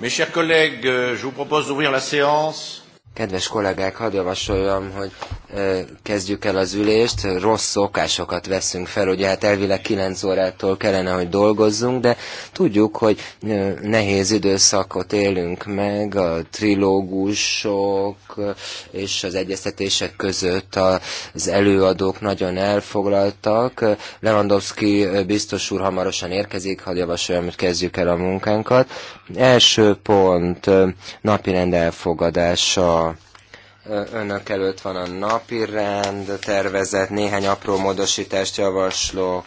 Mes chers collègues, euh, je vous propose d'ouvrir la séance. Kedves kollégák, hadd javasoljam, hogy kezdjük el az ülést, rossz szokásokat veszünk fel, ugye hát elvileg 9 órától kellene, hogy dolgozzunk, de tudjuk, hogy nehéz időszakot élünk meg a trilógusok és az egyeztetések között az előadók nagyon elfoglaltak. Lewandowski biztos úr hamarosan érkezik, hadd javasoljam, hogy kezdjük el a munkánkat. Első pont napirend elfogadása önök előtt van a napi rend tervezett néhány apró módosítást javaslok.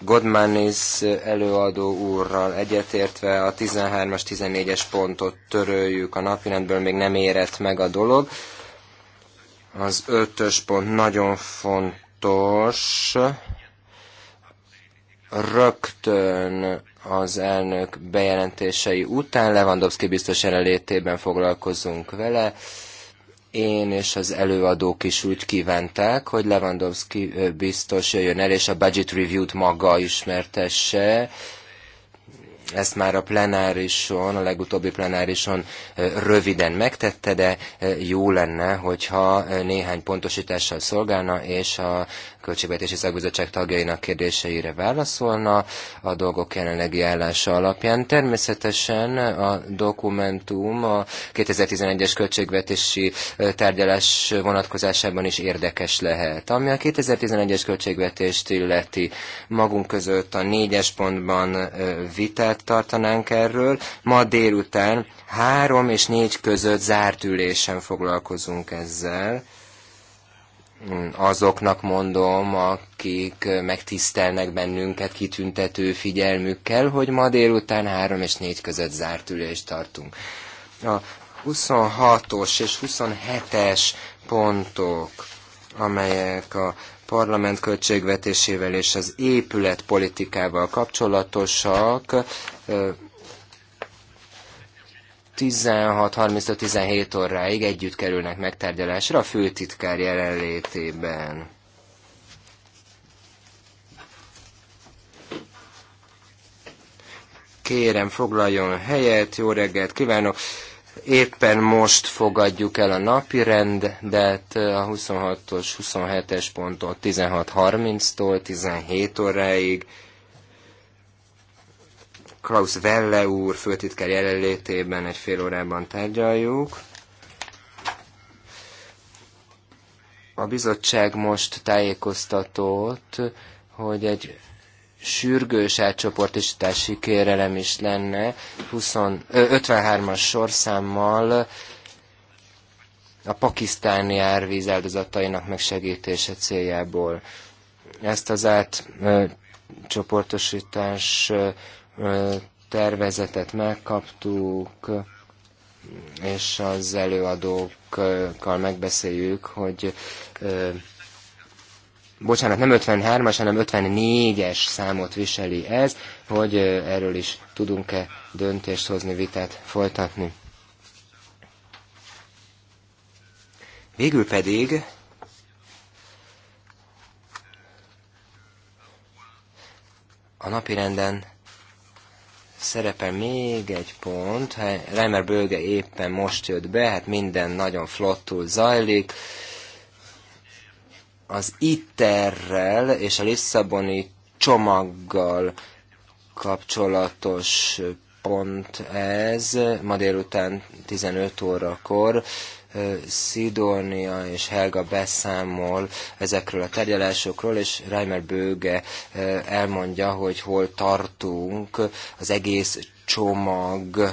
Godmanis előadó úrral egyetértve a 13-as, 14-es pontot töröljük a napirendből, még nem érett meg a dolog. Az ötös pont nagyon fontos. Rögtön az elnök bejelentései után Lewandowski biztos jelenlétében foglalkozunk vele én és az előadók is úgy kívánták, hogy Lewandowski biztos jöjjön el, és a budget review-t maga ismertesse. Ezt már a plenárison, a legutóbbi plenárison röviden megtette, de jó lenne, hogyha néhány pontosítással szolgálna, és a költségvetési szakbizottság tagjainak kérdéseire válaszolna a dolgok jelenlegi állása alapján. Természetesen a dokumentum a 2011-es költségvetési tárgyalás vonatkozásában is érdekes lehet. Ami a 2011-es költségvetést illeti magunk között a négyes pontban vitát tartanánk erről. Ma délután három és négy között zárt ülésen foglalkozunk ezzel azoknak mondom, akik megtisztelnek bennünket kitüntető figyelmükkel, hogy ma délután 3 és 4 között zárt ülést tartunk. A 26-os és 27-es pontok, amelyek a parlament költségvetésével és az épületpolitikával kapcsolatosak, 1630 17 óráig együtt kerülnek megtárgyalásra a főtitkár jelenlétében. Kérem, foglaljon helyet, jó reggelt kívánok! Éppen most fogadjuk el a napi rendet, a 26-os, 27-es pontot 16.30-tól 17 óráig. Klaus Welle úr főtitkár jelenlétében egy fél órában tárgyaljuk. A bizottság most tájékoztatott, hogy egy sürgős átcsoportosítási kérelem is lenne 53-as sorszámmal a pakisztáni árvíz áldozatainak megsegítése céljából. Ezt az átcsoportosítás tervezetet megkaptuk, és az előadókkal megbeszéljük, hogy bocsánat, nem 53-as, hanem 54-es számot viseli ez, hogy erről is tudunk-e döntést hozni, vitát folytatni. Végül pedig a napirenden szerepel még egy pont, Reimer Bölge éppen most jött be, hát minden nagyon flottul zajlik. Az ITER-rel és a Lisszaboni csomaggal kapcsolatos pont ez ma délután 15 órakor Szidónia és Helga beszámol ezekről a tárgyalásokról, és Reimer Bőge elmondja, hogy hol tartunk az egész csomag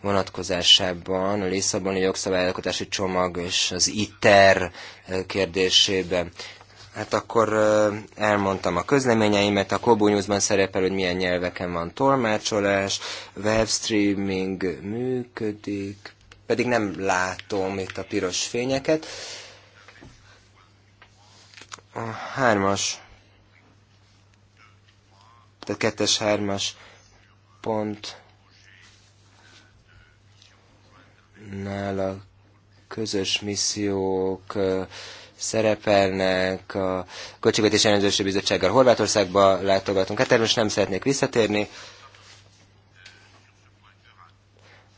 vonatkozásában, a Lisszaboni jogszabályalkotási csomag és az ITER kérdésében. Hát akkor elmondtam a közleményeimet, a Kobo News-ban szerepel, hogy milyen nyelveken van tolmácsolás, webstreaming működik, pedig nem látom itt a piros fényeket. A hármas, tehát kettes, hármas pont nála közös missziók szerepelnek, a Költségvetés Ellenőrzési Bizottsággal Horvátországba látogatunk. Hát most nem szeretnék visszatérni.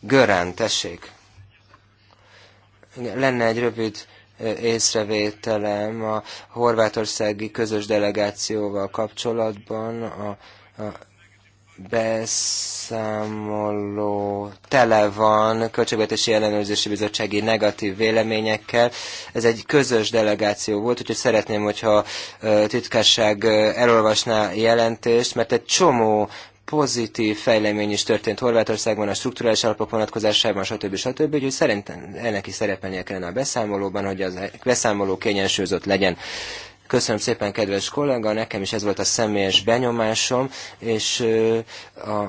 Görán, tessék! Lenne egy rövid észrevételem a horvátországi közös delegációval kapcsolatban. A, a beszámoló tele van Költségvetési Ellenőrzési Bizottsági negatív véleményekkel. Ez egy közös delegáció volt, úgyhogy szeretném, hogyha titkárság elolvasná jelentést, mert egy csomó pozitív fejlemény is történt Horvátországban, a strukturális alapok vonatkozásában, stb. stb. Úgyhogy szerintem ennek is szerepelnie kellene a beszámolóban, hogy az beszámoló kényensúlyozott legyen. Köszönöm szépen, kedves kollega, nekem is ez volt a személyes benyomásom, és a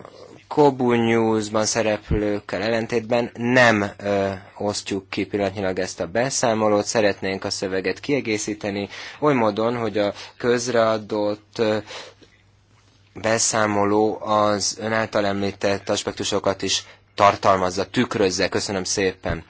Kobu News-ban szereplőkkel ellentétben nem ö, osztjuk ki pillanatnyilag ezt a beszámolót, szeretnénk a szöveget kiegészíteni, oly módon, hogy a közreadott ö, beszámoló az ön által említett aspektusokat is tartalmazza, tükrözze. Köszönöm szépen.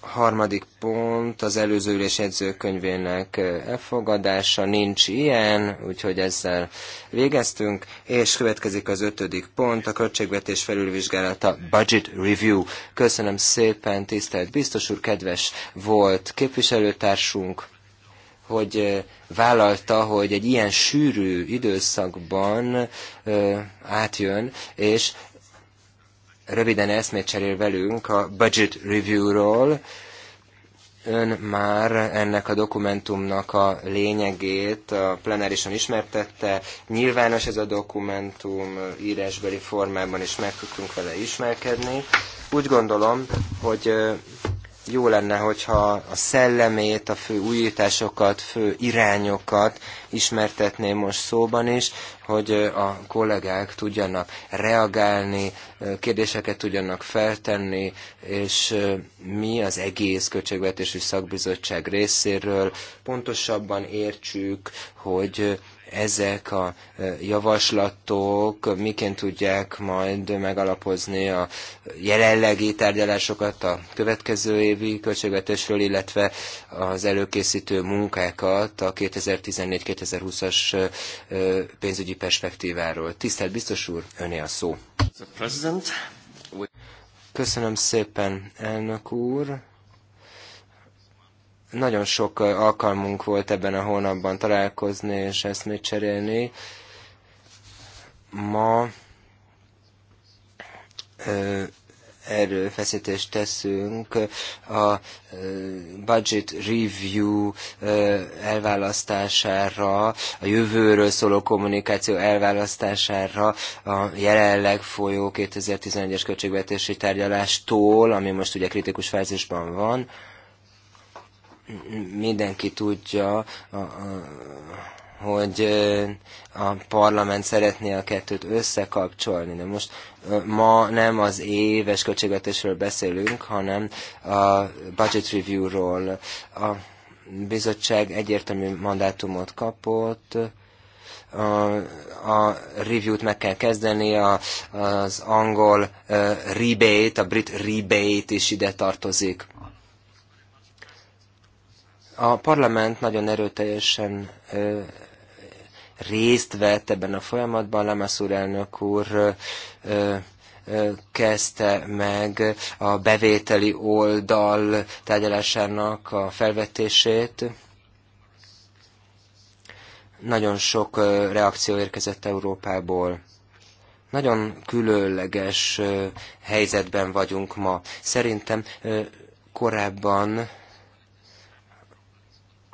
Harmadik pont az előző ülés jegyzőkönyvének elfogadása. Nincs ilyen, úgyhogy ezzel végeztünk. És következik az ötödik pont, a költségvetés felülvizsgálata Budget Review. Köszönöm szépen, tisztelt biztos úr, kedves volt képviselőtársunk hogy vállalta, hogy egy ilyen sűrű időszakban átjön, és röviden eszmét cserél velünk a budget review-ról. Ön már ennek a dokumentumnak a lényegét a plenárison ismertette. Nyilvános ez a dokumentum, írásbeli formában is meg tudtunk vele ismerkedni. Úgy gondolom, hogy jó lenne, hogyha a szellemét, a fő újításokat, fő irányokat ismertetném most szóban is, hogy a kollégák tudjanak reagálni, kérdéseket tudjanak feltenni, és mi az egész költségvetési szakbizottság részéről pontosabban értsük, hogy ezek a e, javaslatok miként tudják majd megalapozni a jelenlegi tárgyalásokat a következő évi költségvetésről, illetve az előkészítő munkákat a 2014-2020-as e, e, pénzügyi perspektíváról. Tisztelt biztos úr, öné a szó. Köszönöm szépen, elnök úr. Nagyon sok alkalmunk volt ebben a hónapban találkozni és eszmét cserélni. Ma erőfeszítést teszünk a budget review elválasztására, a jövőről szóló kommunikáció elválasztására a jelenleg folyó 2011-es költségvetési tárgyalástól, ami most ugye kritikus fázisban van, mindenki tudja, hogy a parlament szeretné a kettőt összekapcsolni. De most ma nem az éves költségvetésről beszélünk, hanem a budget review-ról. A bizottság egyértelmű mandátumot kapott, a, a review-t meg kell kezdeni, a, az angol uh, rebate, a brit rebate is ide tartozik. A parlament nagyon erőteljesen részt vett ebben a folyamatban. Lamassur elnök úr kezdte meg a bevételi oldal tárgyalásának a felvetését. Nagyon sok reakció érkezett Európából. Nagyon különleges helyzetben vagyunk ma. Szerintem korábban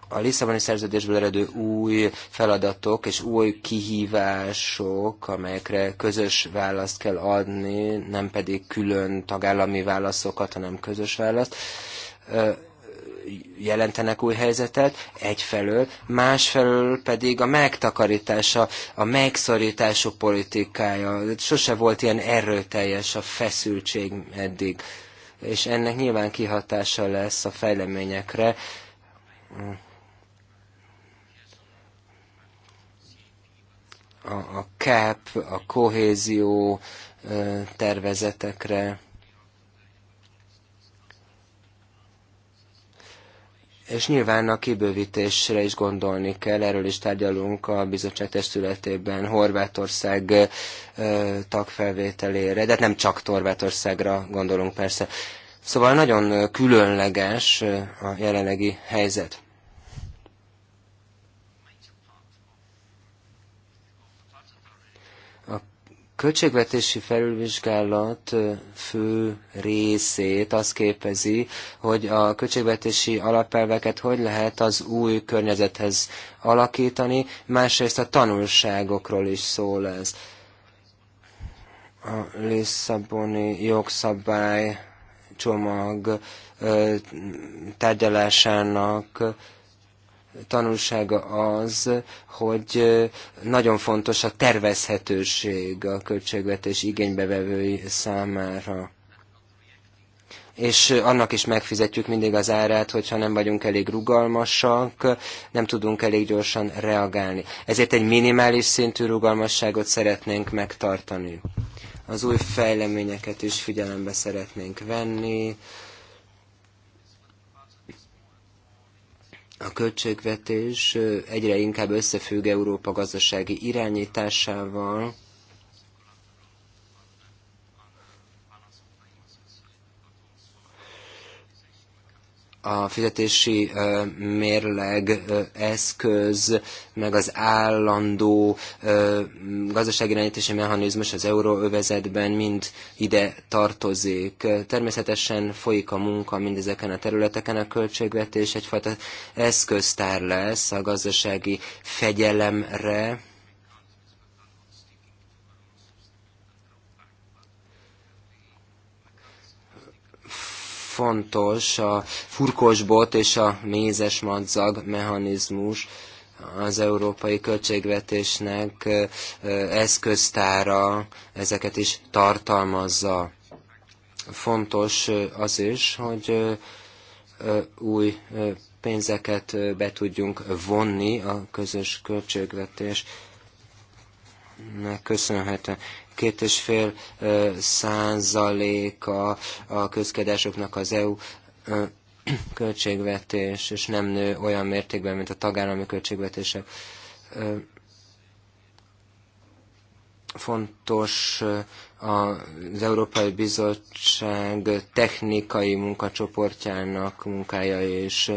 a Lisszaboni szerződésből eredő új feladatok és új kihívások, amelyekre közös választ kell adni, nem pedig külön tagállami válaszokat, hanem közös választ, jelentenek új helyzetet egyfelől, másfelől pedig a megtakarítása, a megszorítású politikája. Sose volt ilyen erőteljes a feszültség eddig, és ennek nyilván kihatása lesz a fejleményekre a, a CAP, a kohézió tervezetekre, És nyilván a kibővítésre is gondolni kell, erről is tárgyalunk a bizottság testületében Horvátország tagfelvételére, de hát nem csak Horvátországra gondolunk persze. Szóval nagyon különleges a jelenlegi helyzet. költségvetési felülvizsgálat fő részét az képezi, hogy a költségvetési alapelveket hogy lehet az új környezethez alakítani, másrészt a tanulságokról is szól ez. A Lisszaboni jogszabály csomag tárgyalásának tanulsága az, hogy nagyon fontos a tervezhetőség a költségvetés igénybevevői számára. És annak is megfizetjük mindig az árát, hogyha nem vagyunk elég rugalmasak, nem tudunk elég gyorsan reagálni. Ezért egy minimális szintű rugalmasságot szeretnénk megtartani. Az új fejleményeket is figyelembe szeretnénk venni, A költségvetés egyre inkább összefügg Európa gazdasági irányításával, a fizetési mérleg eszköz, meg az állandó gazdaságirányítási mechanizmus az euróövezetben mind ide tartozik. Természetesen folyik a munka mindezeken a területeken, a költségvetés egyfajta eszköztár lesz a gazdasági fegyelemre, fontos a furkosbot és a mézes madzag mechanizmus az európai költségvetésnek eszköztára ezeket is tartalmazza. Fontos az is, hogy új pénzeket be tudjunk vonni a közös költségvetésnek köszönhetően két és fél százaléka a közkedásoknak az EU költségvetés, és nem nő olyan mértékben, mint a tagállami költségvetések. Fontos az Európai Bizottság technikai munkacsoportjának munkája és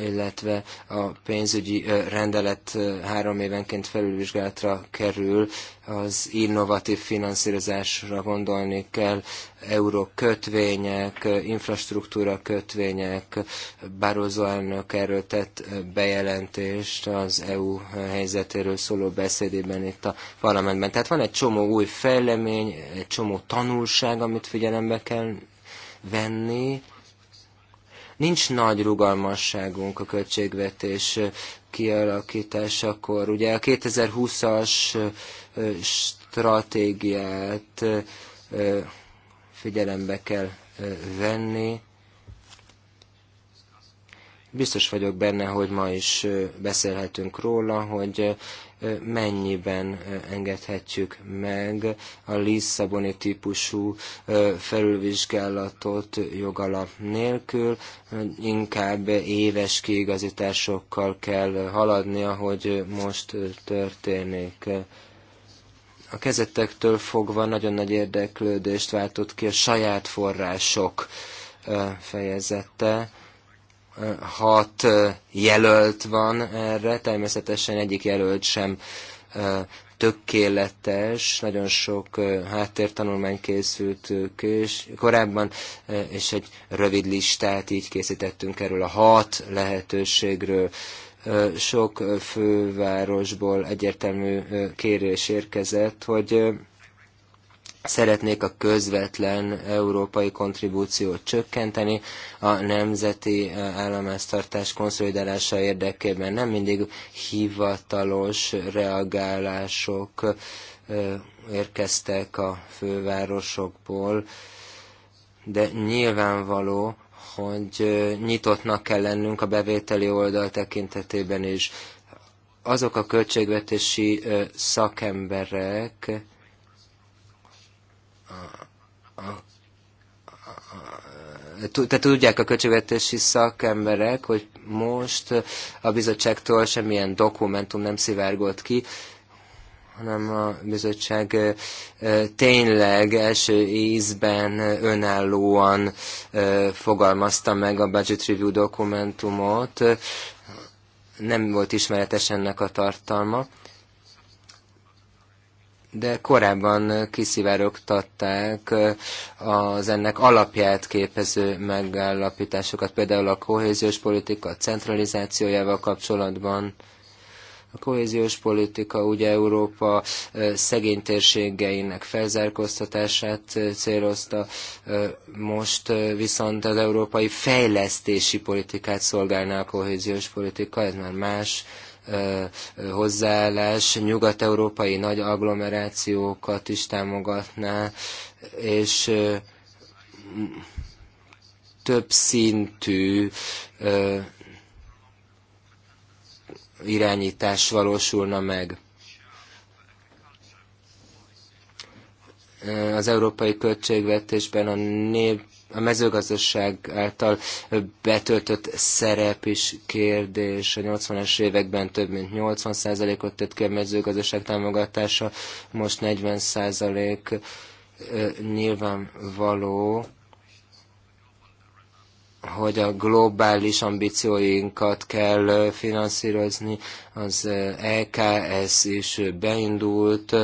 illetve a pénzügyi rendelet három évenként felülvizsgálatra kerül, az innovatív finanszírozásra gondolni kell, euró kötvények, infrastruktúra kötvények, Barroso elnök erről tett bejelentést az EU helyzetéről szóló beszédében itt a parlamentben. Tehát van egy csomó új fejlemény, egy csomó tanulság, amit figyelembe kell venni, Nincs nagy rugalmasságunk a költségvetés kialakításakor. Ugye a 2020-as stratégiát figyelembe kell venni. Biztos vagyok benne, hogy ma is beszélhetünk róla, hogy mennyiben engedhetjük meg a Lisszaboni típusú felülvizsgálatot jogalap nélkül, inkább éves kiigazításokkal kell haladni ahogy most történik a kezetektől fogva nagyon nagy érdeklődést váltott ki a saját források fejezete hat jelölt van erre, természetesen egyik jelölt sem tökéletes, nagyon sok háttértanulmány készült és korábban, és egy rövid listát így készítettünk erről a hat lehetőségről. Sok fővárosból egyértelmű kérés érkezett, hogy szeretnék a közvetlen európai kontribúciót csökkenteni a nemzeti eh, államháztartás konszolidálása érdekében. Nem mindig hivatalos reagálások eh, érkeztek a fővárosokból, de nyilvánvaló, hogy eh, nyitottnak kell lennünk a bevételi oldal tekintetében is. Azok a költségvetési szakemberek, te tudják a költségvetési szakemberek, hogy most a bizottságtól semmilyen dokumentum nem szivárgott ki, hanem a bizottság tényleg első ízben önállóan fogalmazta meg a budget review dokumentumot. Nem volt ismeretes ennek a tartalma de korábban kiszivárogtatták az ennek alapját képező megállapításokat, például a kohéziós politika centralizációjával kapcsolatban. A kohéziós politika ugye Európa szegény térségeinek felzárkóztatását célozta, most viszont az európai fejlesztési politikát szolgálná a kohéziós politika, ez már más hozzáállás nyugat-európai nagy agglomerációkat is támogatná, és több szintű irányítás valósulna meg. Az európai költségvetésben a nép a mezőgazdaság által betöltött szerep is kérdés. A 80-es években több mint 80%-ot tett ki a mezőgazdaság támogatása, most 40% nyilvánvaló, hogy a globális ambícióinkat kell finanszírozni, az EKS is beindult,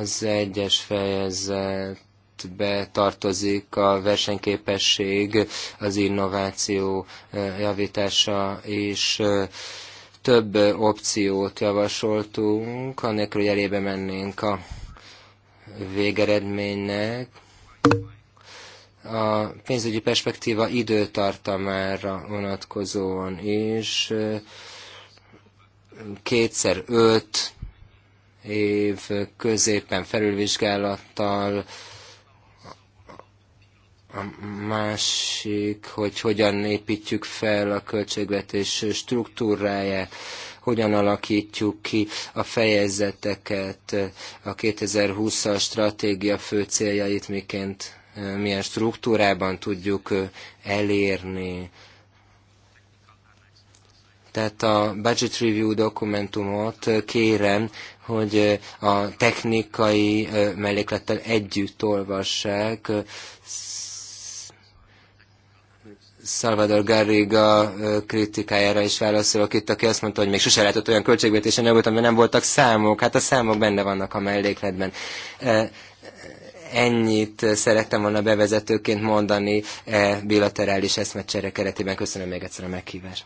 Az egyes fejezetbe tartozik a versenyképesség, az innováció javítása és több opciót javasoltunk, anélkül, hogy elébe mennénk a végeredménynek. A pénzügyi perspektíva időtartamára vonatkozóan is kétszer öt év középen felülvizsgálattal, a másik, hogy hogyan építjük fel a költségvetés struktúráját, hogyan alakítjuk ki a fejezeteket, a 2020-as stratégia fő céljait miként, milyen struktúrában tudjuk elérni. Tehát a budget review dokumentumot kérem, hogy a technikai melléklettel együtt olvassák. Salvador Garriga kritikájára is válaszolok itt, aki azt mondta, hogy még sose lehetett olyan költségvetésen nem volt, nem voltak számok. Hát a számok benne vannak a mellékletben. Ennyit szerettem volna bevezetőként mondani e bilaterális eszmecsere keretében. Köszönöm még egyszer a meghívást.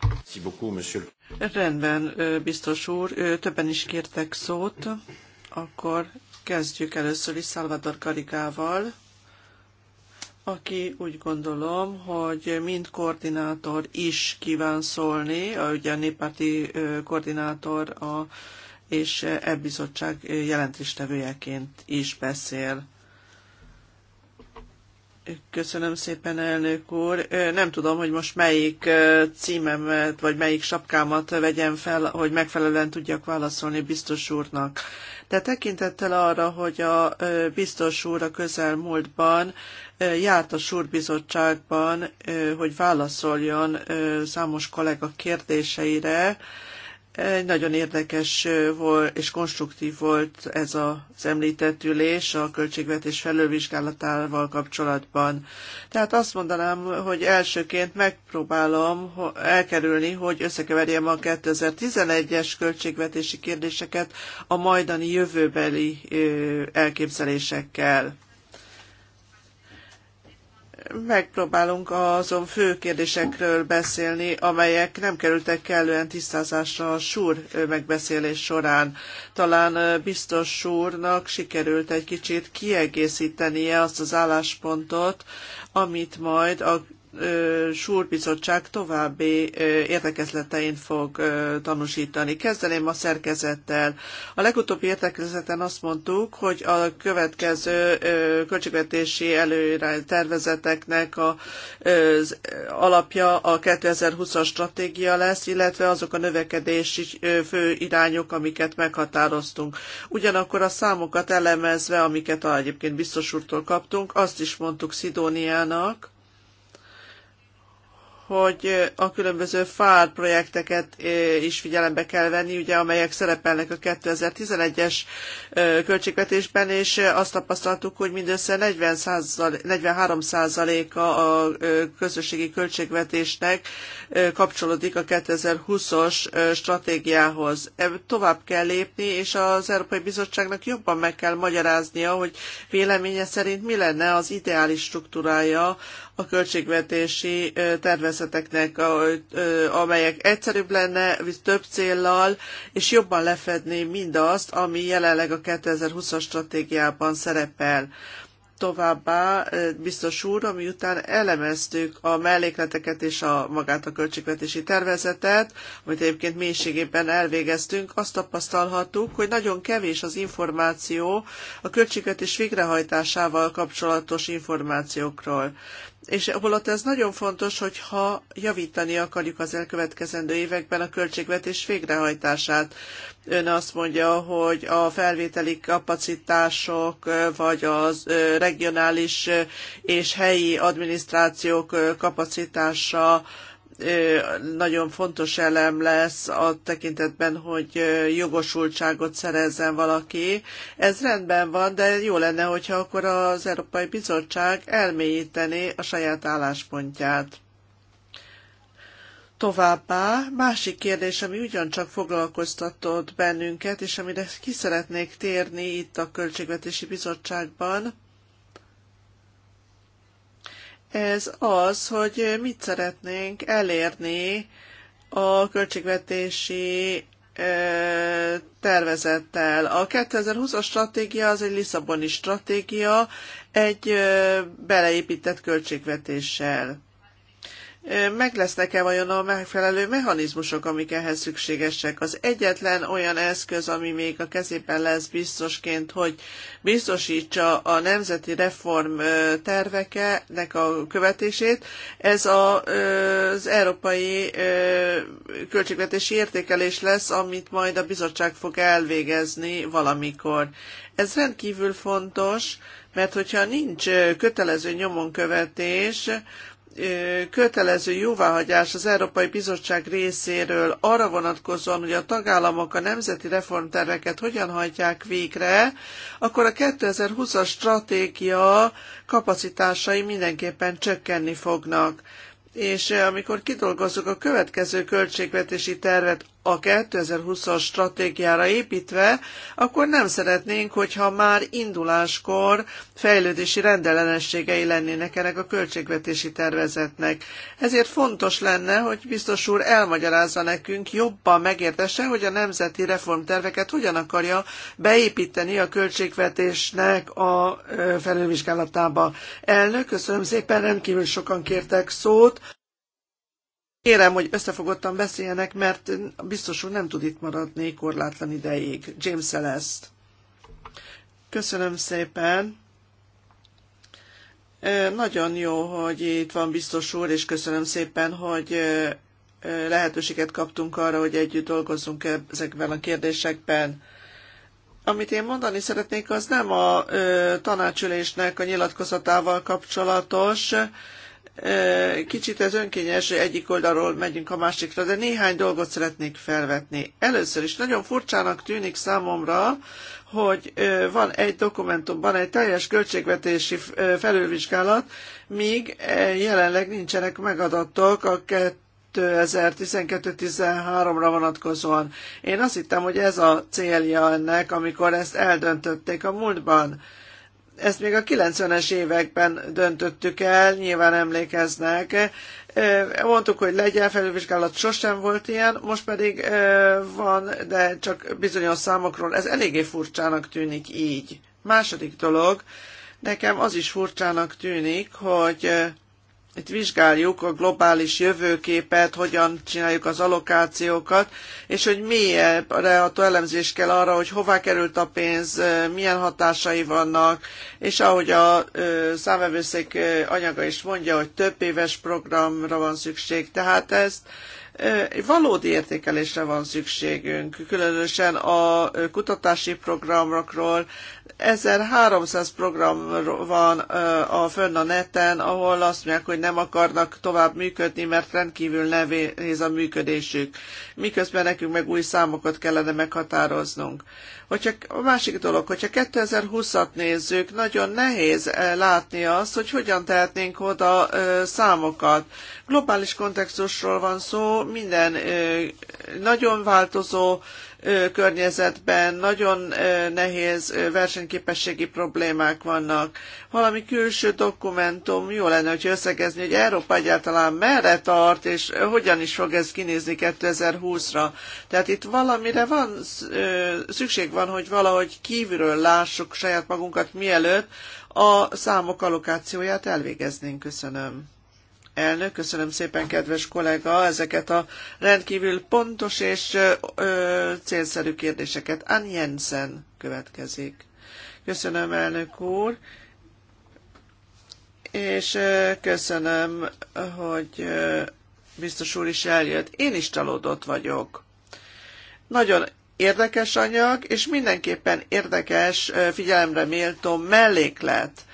Rendben, biztos úr, többen is kértek szót. Akkor kezdjük először is Salvador Garigával, aki úgy gondolom, hogy mind koordinátor is kíván szólni, ugye a néppárti koordinátor a, és e bizottság jelentéstevőjeként is beszél. Köszönöm szépen, elnök úr. Nem tudom, hogy most melyik címemet, vagy melyik sapkámat vegyem fel, hogy megfelelően tudjak válaszolni biztos úrnak. De tekintettel arra, hogy a biztos úr a közelmúltban járt a súrbizottságban, hogy válaszoljon számos kollega kérdéseire, nagyon érdekes volt és konstruktív volt ez az említett ülés a költségvetés felülvizsgálatával kapcsolatban. Tehát azt mondanám, hogy elsőként megpróbálom elkerülni, hogy összekeverjem a 2011-es költségvetési kérdéseket a majdani jövőbeli elképzelésekkel megpróbálunk azon fő kérdésekről beszélni, amelyek nem kerültek kellően tisztázásra a súr megbeszélés során. Talán biztos úrnak sikerült egy kicsit kiegészítenie azt az álláspontot, amit majd a súrbizottság további értekezletein fog tanúsítani. Kezdeném a szerkezettel. A legutóbbi értekezleten azt mondtuk, hogy a következő költségvetési előirány tervezeteknek az alapja a 2020-as stratégia lesz, illetve azok a növekedési fő irányok, amiket meghatároztunk. Ugyanakkor a számokat elemezve, amiket egyébként biztos úrtól kaptunk, azt is mondtuk Szidóniának, hogy a különböző FAR projekteket eh, is figyelembe kell venni, ugye, amelyek szerepelnek a 2011-es eh, költségvetésben, és eh, azt tapasztaltuk, hogy mindössze 40 43%-a a közösségi költségvetésnek kapcsolódik a 2020-os stratégiához. E, tovább kell lépni, és az Európai Bizottságnak jobban meg kell magyaráznia, hogy véleménye szerint mi lenne az ideális struktúrája a költségvetési tervezeteknek, amelyek egyszerűbb lenne, több céllal, és jobban lefedné mindazt, ami jelenleg a 2020-as stratégiában szerepel. Továbbá, biztos úr, után elemeztük a mellékleteket és a magát a költségvetési tervezetet, amit egyébként mélységében elvégeztünk, azt tapasztalhattuk, hogy nagyon kevés az információ a költségvetés végrehajtásával kapcsolatos információkról és holott ez nagyon fontos, hogyha javítani akarjuk az elkövetkezendő években a költségvetés végrehajtását. Ön azt mondja, hogy a felvételi kapacitások, vagy az regionális és helyi adminisztrációk kapacitása, nagyon fontos elem lesz a tekintetben, hogy jogosultságot szerezzen valaki. Ez rendben van, de jó lenne, hogyha akkor az Európai Bizottság elmélyítené a saját álláspontját. Továbbá másik kérdés, ami ugyancsak foglalkoztatott bennünket, és amire ki szeretnék térni itt a Költségvetési Bizottságban, ez az, hogy mit szeretnénk elérni a költségvetési tervezettel. A 2020-as stratégia az egy Lisszaboni stratégia, egy beleépített költségvetéssel meg lesznek-e vajon a megfelelő mechanizmusok, amik ehhez szükségesek. Az egyetlen olyan eszköz, ami még a kezében lesz biztosként, hogy biztosítsa a nemzeti reform terveknek a követését, ez a, az európai költségvetési értékelés lesz, amit majd a bizottság fog elvégezni valamikor. Ez rendkívül fontos, mert hogyha nincs kötelező nyomonkövetés, kötelező jóváhagyás az Európai Bizottság részéről arra vonatkozóan, hogy a tagállamok a nemzeti reformterveket hogyan hajtják végre, akkor a 2020-as stratégia kapacitásai mindenképpen csökkenni fognak és amikor kidolgozzuk a következő költségvetési tervet a 2020-as stratégiára építve, akkor nem szeretnénk, hogyha már induláskor fejlődési rendellenességei lennének ennek a költségvetési tervezetnek. Ezért fontos lenne, hogy biztos úr elmagyarázza nekünk jobban megértese, hogy a nemzeti reformterveket hogyan akarja beépíteni a költségvetésnek a felülvizsgálatába. Elnök, köszönöm szépen, rendkívül sokan kértek szót. Kérem, hogy összefogottan beszéljenek, mert biztos hogy nem tud itt maradni korlátlan ideig. James Celeste. Köszönöm szépen. Nagyon jó, hogy itt van biztos úr, és köszönöm szépen, hogy lehetőséget kaptunk arra, hogy együtt dolgozzunk ezekben a kérdésekben. Amit én mondani szeretnék, az nem a tanácsülésnek a nyilatkozatával kapcsolatos, kicsit ez önkényes, egyik oldalról megyünk a másikra, de néhány dolgot szeretnék felvetni. Először is nagyon furcsának tűnik számomra, hogy van egy dokumentumban egy teljes költségvetési felülvizsgálat, míg jelenleg nincsenek megadatok a 2012-13-ra vonatkozóan. Én azt hittem, hogy ez a célja ennek, amikor ezt eldöntötték a múltban ezt még a 90-es években döntöttük el, nyilván emlékeznek. Mondtuk, hogy legyen felülvizsgálat, sosem volt ilyen, most pedig van, de csak bizonyos számokról. Ez eléggé furcsának tűnik így. Második dolog, nekem az is furcsának tűnik, hogy itt vizsgáljuk a globális jövőképet, hogyan csináljuk az allokációkat, és hogy mélyebb a elemzés kell arra, hogy hová került a pénz, milyen hatásai vannak, és ahogy a számvevőszék anyaga is mondja, hogy több éves programra van szükség, tehát ezt valódi értékelésre van szükségünk, különösen a kutatási programokról, 1300 program van a fönn a neten, ahol azt mondják, hogy nem akarnak tovább működni, mert rendkívül nehéz a működésük. Miközben nekünk meg új számokat kellene meghatároznunk. Hogyha, a másik dolog, hogyha 2020-at nézzük, nagyon nehéz látni azt, hogy hogyan tehetnénk oda számokat. Globális kontextusról van szó, minden nagyon változó, környezetben, nagyon nehéz versenyképességi problémák vannak. Valami külső dokumentum jó lenne, hogy összegezni, hogy Európa egyáltalán merre tart, és hogyan is fog ez kinézni 2020-ra. Tehát itt valamire van szükség van, hogy valahogy kívülről lássuk saját magunkat, mielőtt a számok allokációját elvégeznénk. Köszönöm elnök, köszönöm szépen, kedves kollega, ezeket a rendkívül pontos és ö, célszerű kérdéseket. Ann Jensen következik. Köszönöm, elnök úr, és köszönöm, hogy biztos úr is eljött. Én is csalódott vagyok. Nagyon érdekes anyag, és mindenképpen érdekes, figyelemre méltó melléklet.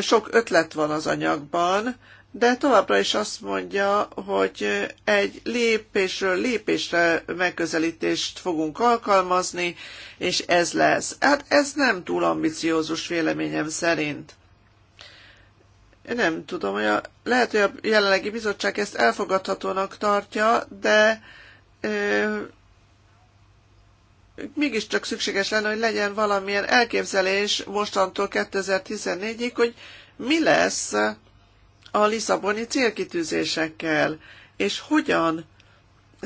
Sok ötlet van az anyagban, de továbbra is azt mondja, hogy egy lépésről lépésre megközelítést fogunk alkalmazni, és ez lesz. Hát ez nem túl ambiciózus véleményem szerint. Én nem tudom, hogy a, lehet, hogy a jelenlegi bizottság ezt elfogadhatónak tartja, de ö, mégiscsak szükséges lenne, hogy legyen valamilyen elképzelés mostantól 2014-ig, hogy mi lesz a Lisszaboni célkitűzésekkel, és hogyan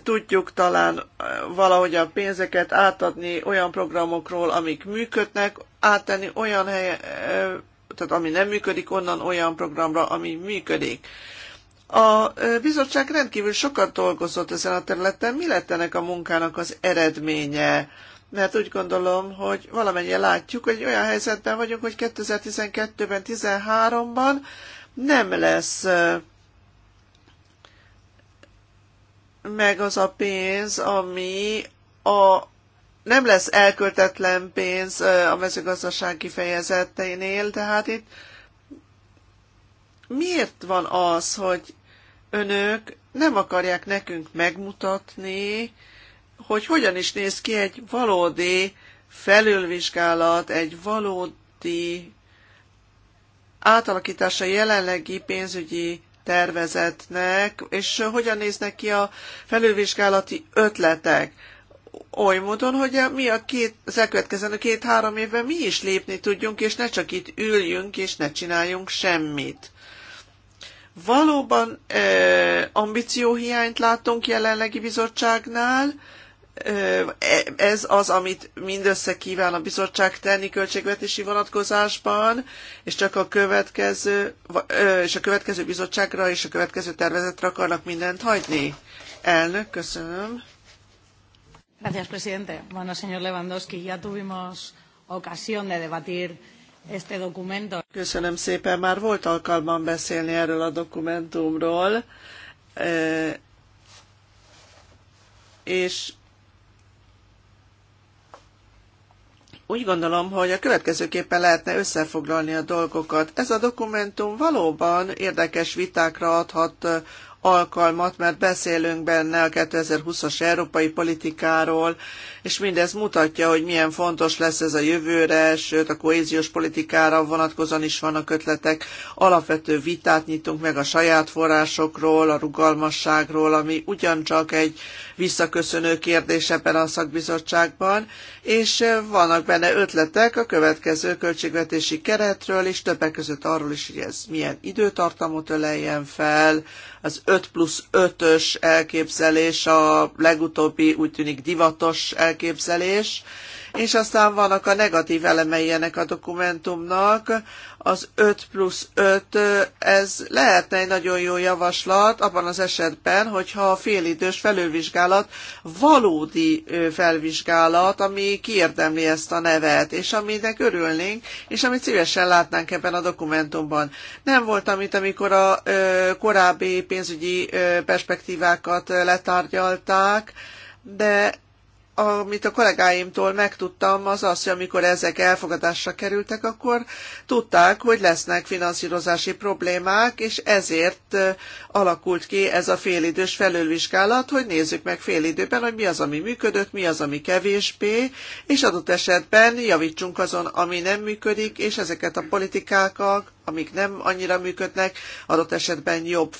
tudjuk talán eh, valahogy a pénzeket átadni olyan programokról, amik működnek, áttenni olyan hely, eh, tehát ami nem működik, onnan olyan programra, ami működik. A eh, bizottság rendkívül sokat dolgozott ezen a területen. Mi lett ennek a munkának az eredménye? Mert úgy gondolom, hogy valamennyien látjuk, hogy olyan helyzetben vagyunk, hogy 2012-ben, 2013 ban nem lesz meg az a pénz, ami a nem lesz elköltetlen pénz a mezőgazdaság kifejezetteinél, tehát itt miért van az, hogy önök nem akarják nekünk megmutatni, hogy hogyan is néz ki egy valódi felülvizsgálat, egy valódi átalakítása jelenlegi pénzügyi tervezetnek, és hogyan néznek ki a felülvizsgálati ötletek oly módon, hogy mi a két, az elkövetkező két-három évben mi is lépni tudjunk, és ne csak itt üljünk, és ne csináljunk semmit. Valóban eh, ambícióhiányt látunk jelenlegi bizottságnál, eh, E, ez az, amit mindössze kíván a bizottság tenni költségvetési vonatkozásban, és csak a következő, és a következő bizottságra és a következő tervezetre akarnak mindent hagyni. Elnök, köszönöm. Gracias, presidente. Bueno, señor Lewandowski, ya tuvimos ocasión de debatir este documento. Köszönöm szépen, már volt alkalmam beszélni erről a dokumentumról, és úgy gondolom, hogy a következőképpen lehetne összefoglalni a dolgokat. Ez a dokumentum valóban érdekes vitákra adhat alkalmat, mert beszélünk benne a 2020-as európai politikáról, és mindez mutatja, hogy milyen fontos lesz ez a jövőre, sőt a kohéziós politikára vonatkozóan is vannak ötletek. Alapvető vitát nyitunk meg a saját forrásokról, a rugalmasságról, ami ugyancsak egy visszaköszönő kérdés ebben a szakbizottságban, és vannak benne ötletek a következő költségvetési keretről, és többek között arról is, hogy ez milyen időtartamot öleljen fel, az 5 plusz 5-ös elképzelés, a legutóbbi úgy tűnik divatos elképzelés, és aztán vannak a negatív elemei ennek a dokumentumnak, az 5 plusz 5, ez lehetne egy nagyon jó javaslat abban az esetben, hogyha a félidős felülvizsgálat valódi felvizsgálat, ami kiérdemli ezt a nevet, és aminek örülnénk, és amit szívesen látnánk ebben a dokumentumban. Nem voltam itt, amikor a korábbi pénzügyi perspektívákat letárgyalták, de amit a kollégáimtól megtudtam, az az, hogy amikor ezek elfogadásra kerültek, akkor tudták, hogy lesznek finanszírozási problémák, és ezért alakult ki ez a félidős felülvizsgálat, hogy nézzük meg félidőben, hogy mi az, ami működött, mi az, ami kevésbé, és adott esetben javítsunk azon, ami nem működik, és ezeket a politikákat amik nem annyira működnek, adott esetben jobb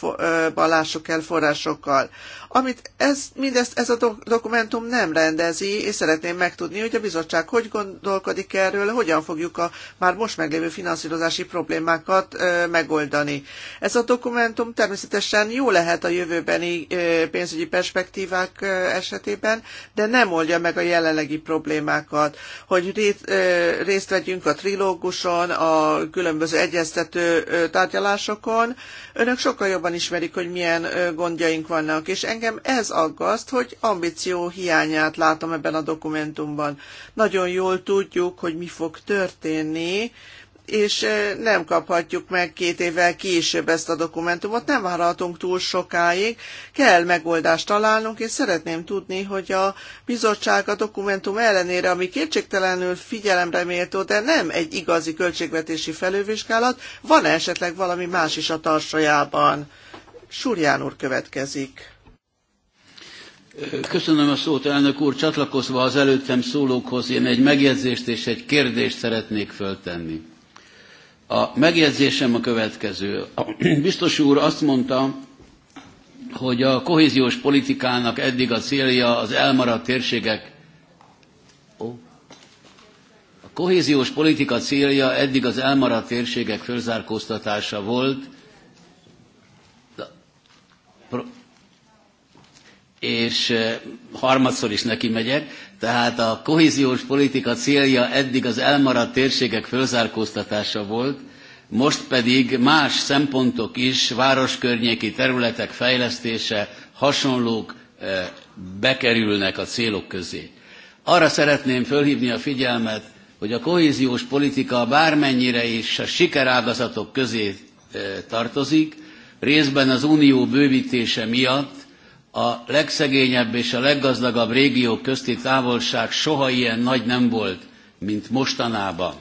vallások el forrásokkal. Amit ez, mindezt ez a dok- dokumentum nem rendezi, és szeretném megtudni, hogy a bizottság hogy gondolkodik erről, hogyan fogjuk a már most meglévő finanszírozási problémákat ö, megoldani. Ez a dokumentum természetesen jó lehet a jövőbeni ö, pénzügyi perspektívák ö, esetében, de nem oldja meg a jelenlegi problémákat, hogy rét, ö, részt vegyünk a trilóguson, a különböző egyes egyeztető tárgyalásokon. Önök sokkal jobban ismerik, hogy milyen gondjaink vannak, és engem ez aggaszt, hogy ambíció hiányát látom ebben a dokumentumban. Nagyon jól tudjuk, hogy mi fog történni, és eh, nem kaphatjuk meg két évvel később ezt a dokumentumot, nem várhatunk túl sokáig, kell megoldást találnunk, és szeretném tudni, hogy a bizottság a dokumentum ellenére, ami kétségtelenül figyelemre méltó, de nem egy igazi költségvetési felővizsgálat, van -e esetleg valami más is a tarsajában? Súrján úr következik. Köszönöm a szót, elnök úr. Csatlakozva az előttem szólókhoz én egy megjegyzést és egy kérdést szeretnék föltenni. A megjegyzésem a következő. A biztos úr azt mondta, hogy a kohéziós politikának eddig a célja az elmaradt térségek a kohéziós politika célja eddig az elmaradt térségek fölzárkóztatása volt, és harmadszor is neki megyek, tehát a kohéziós politika célja eddig az elmaradt térségek fölzárkóztatása volt, most pedig más szempontok is, városkörnyéki területek fejlesztése, hasonlók bekerülnek a célok közé. Arra szeretném fölhívni a figyelmet, hogy a kohéziós politika bármennyire is a sikerágazatok közé tartozik, részben az unió bővítése miatt, a legszegényebb és a leggazdagabb régiók közti távolság soha ilyen nagy nem volt, mint mostanában.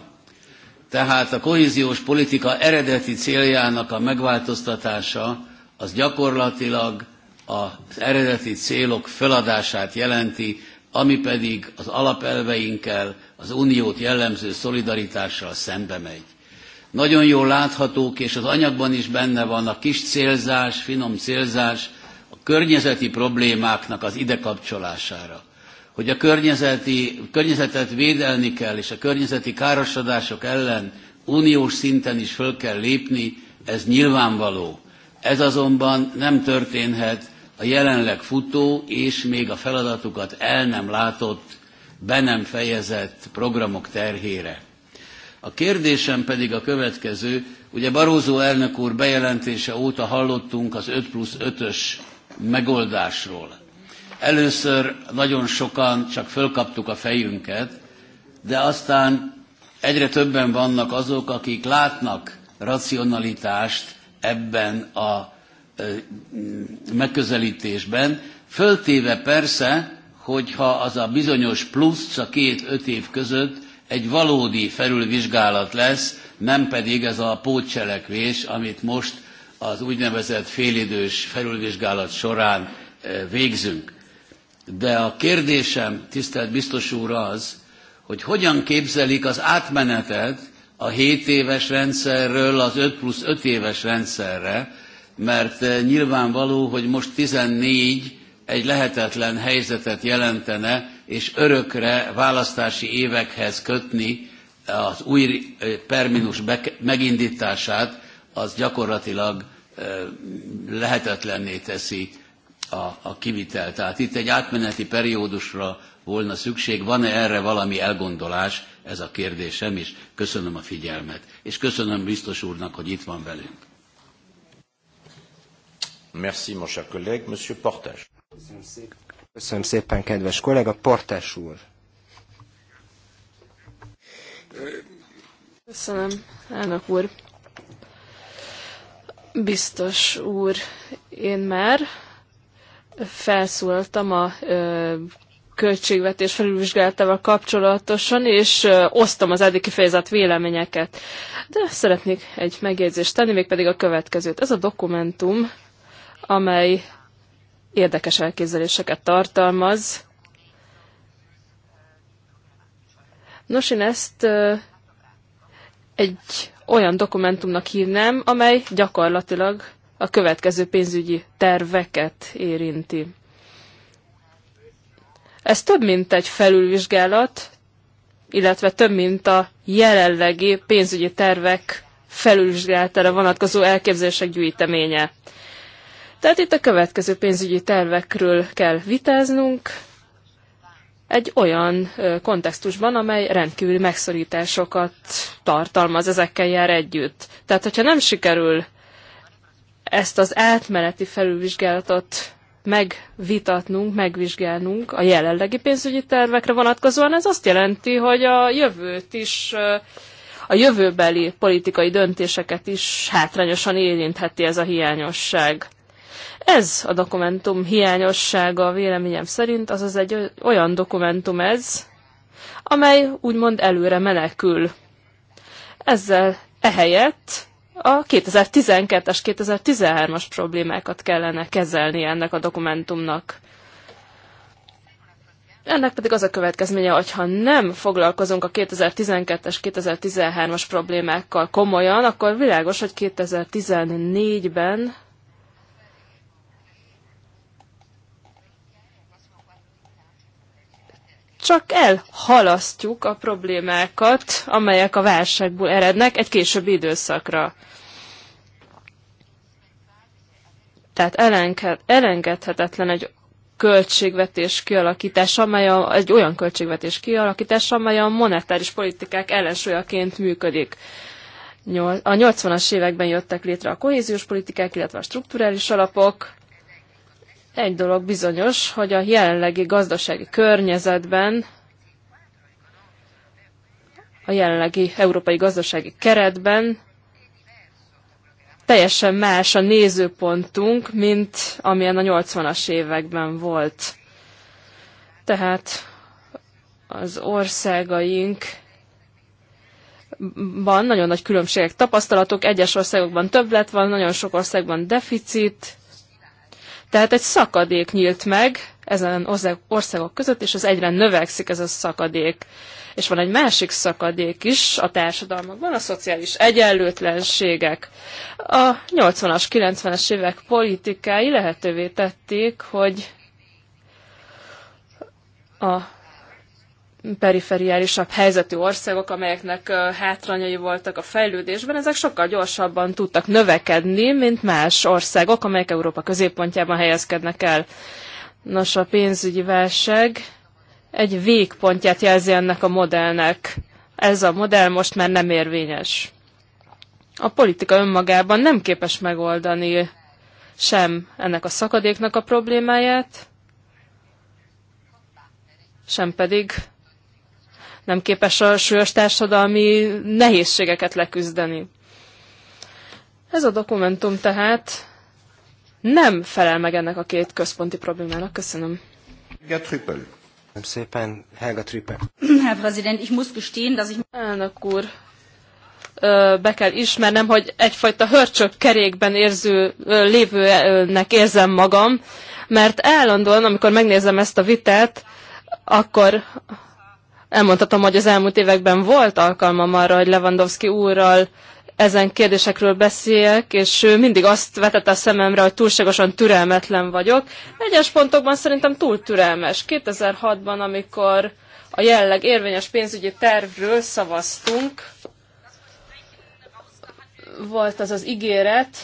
Tehát a kohéziós politika eredeti céljának a megváltoztatása az gyakorlatilag az eredeti célok feladását jelenti, ami pedig az alapelveinkkel, az uniót jellemző szolidaritással szembe megy. Nagyon jól láthatók, és az anyagban is benne van a kis célzás, finom célzás, környezeti problémáknak az idekapcsolására, hogy a környezeti, környezetet védelni kell, és a környezeti károsodások ellen uniós szinten is föl kell lépni, ez nyilvánvaló. Ez azonban nem történhet a jelenleg futó és még a feladatukat el nem látott, be nem fejezett programok terhére. A kérdésem pedig a következő, ugye Barózó elnök úr bejelentése óta hallottunk az 5 plusz 5-ös megoldásról. Először nagyon sokan csak fölkaptuk a fejünket, de aztán egyre többen vannak azok, akik látnak racionalitást ebben a megközelítésben, föltéve persze, hogyha az a bizonyos plusz a két-öt év között egy valódi felülvizsgálat lesz, nem pedig ez a pótcselekvés, amit most az úgynevezett félidős felülvizsgálat során eh, végzünk. De a kérdésem, tisztelt biztos úr, az, hogy hogyan képzelik az átmenetet a 7 éves rendszerről az 5 plusz 5 éves rendszerre, mert eh, nyilvánvaló, hogy most 14 egy lehetetlen helyzetet jelentene, és örökre választási évekhez kötni az új eh, terminus megindítását, az gyakorlatilag lehetetlenné teszi a, a kivitelt. Tehát itt egy átmeneti periódusra volna szükség. Van-e erre valami elgondolás? Ez a kérdésem, is. köszönöm a figyelmet. És köszönöm biztos úrnak, hogy itt van velünk. Merci, mon cher collègue. Monsieur Portes. Köszönöm szépen, kedves kollega. Portes úr. Köszönöm, elnök úr. Biztos úr, én már felszóltam a ö, költségvetés felülvizsgálatával kapcsolatosan, és ö, osztom az eddig kifejezett véleményeket. De szeretnék egy megjegyzést tenni, mégpedig a következőt. Ez a dokumentum, amely érdekes elképzeléseket tartalmaz. Nos, én ezt ö, egy olyan dokumentumnak hívnám, amely gyakorlatilag a következő pénzügyi terveket érinti. Ez több, mint egy felülvizsgálat, illetve több, mint a jelenlegi pénzügyi tervek felülvizsgálatára vonatkozó elképzelések gyűjteménye. Tehát itt a következő pénzügyi tervekről kell vitáznunk, egy olyan kontextusban, amely rendkívüli megszorításokat tartalmaz, ezekkel jár együtt. Tehát, hogyha nem sikerül ezt az átmeneti felülvizsgálatot megvitatnunk, megvizsgálnunk a jelenlegi pénzügyi tervekre vonatkozóan, ez azt jelenti, hogy a jövőt is, a jövőbeli politikai döntéseket is hátrányosan érintheti ez a hiányosság. Ez a dokumentum hiányossága véleményem szerint, azaz egy olyan dokumentum ez, amely úgymond előre menekül. Ezzel ehelyett a 2012-es, 2013-as problémákat kellene kezelni ennek a dokumentumnak. Ennek pedig az a következménye, hogy ha nem foglalkozunk a 2012-es, 2013-as problémákkal komolyan, akkor világos, hogy 2014-ben csak elhalasztjuk a problémákat, amelyek a válságból erednek egy későbbi időszakra. Tehát elengedhetetlen egy költségvetés kialakítása, amely a, egy olyan költségvetés kialakítása, amely a monetáris politikák ellensúlyaként működik. A 80-as években jöttek létre a kohéziós politikák, illetve a strukturális alapok, egy dolog bizonyos, hogy a jelenlegi gazdasági környezetben, a jelenlegi európai gazdasági keretben teljesen más a nézőpontunk, mint amilyen a 80-as években volt. Tehát az országaink van nagyon nagy különbségek, tapasztalatok, egyes országokban többlet van, nagyon sok országban deficit, tehát egy szakadék nyílt meg ezen országok között, és az egyre növekszik ez a szakadék. És van egy másik szakadék is a társadalmakban, a szociális egyenlőtlenségek. A 80-as, 90-es évek politikái lehetővé tették, hogy a perifériálisabb helyzetű országok, amelyeknek hátrányai voltak a fejlődésben, ezek sokkal gyorsabban tudtak növekedni, mint más országok, amelyek Európa középpontjában helyezkednek el. Nos, a pénzügyi válság egy végpontját jelzi ennek a modellnek. Ez a modell most már nem érvényes. A politika önmagában nem képes megoldani sem ennek a szakadéknak a problémáját, sem pedig nem képes a súlyos társadalmi nehézségeket leküzdeni. Ez a dokumentum tehát nem felel meg ennek a két központi problémának. Köszönöm. Köszönöm szépen, Helga Trüppel. Herr Präsident, ich muss gestehen, dass ich... Elnök úr, be kell ismernem, hogy egyfajta hörcsök kerékben érző, lévőnek érzem magam, mert állandóan, amikor megnézem ezt a vitát, akkor elmondhatom, hogy az elmúlt években volt alkalmam arra, hogy Lewandowski úrral ezen kérdésekről beszéljek, és ő mindig azt vetette a szememre, hogy túlságosan türelmetlen vagyok. Egyes pontokban szerintem túl türelmes. 2006-ban, amikor a jelleg érvényes pénzügyi tervről szavaztunk, volt az az ígéret,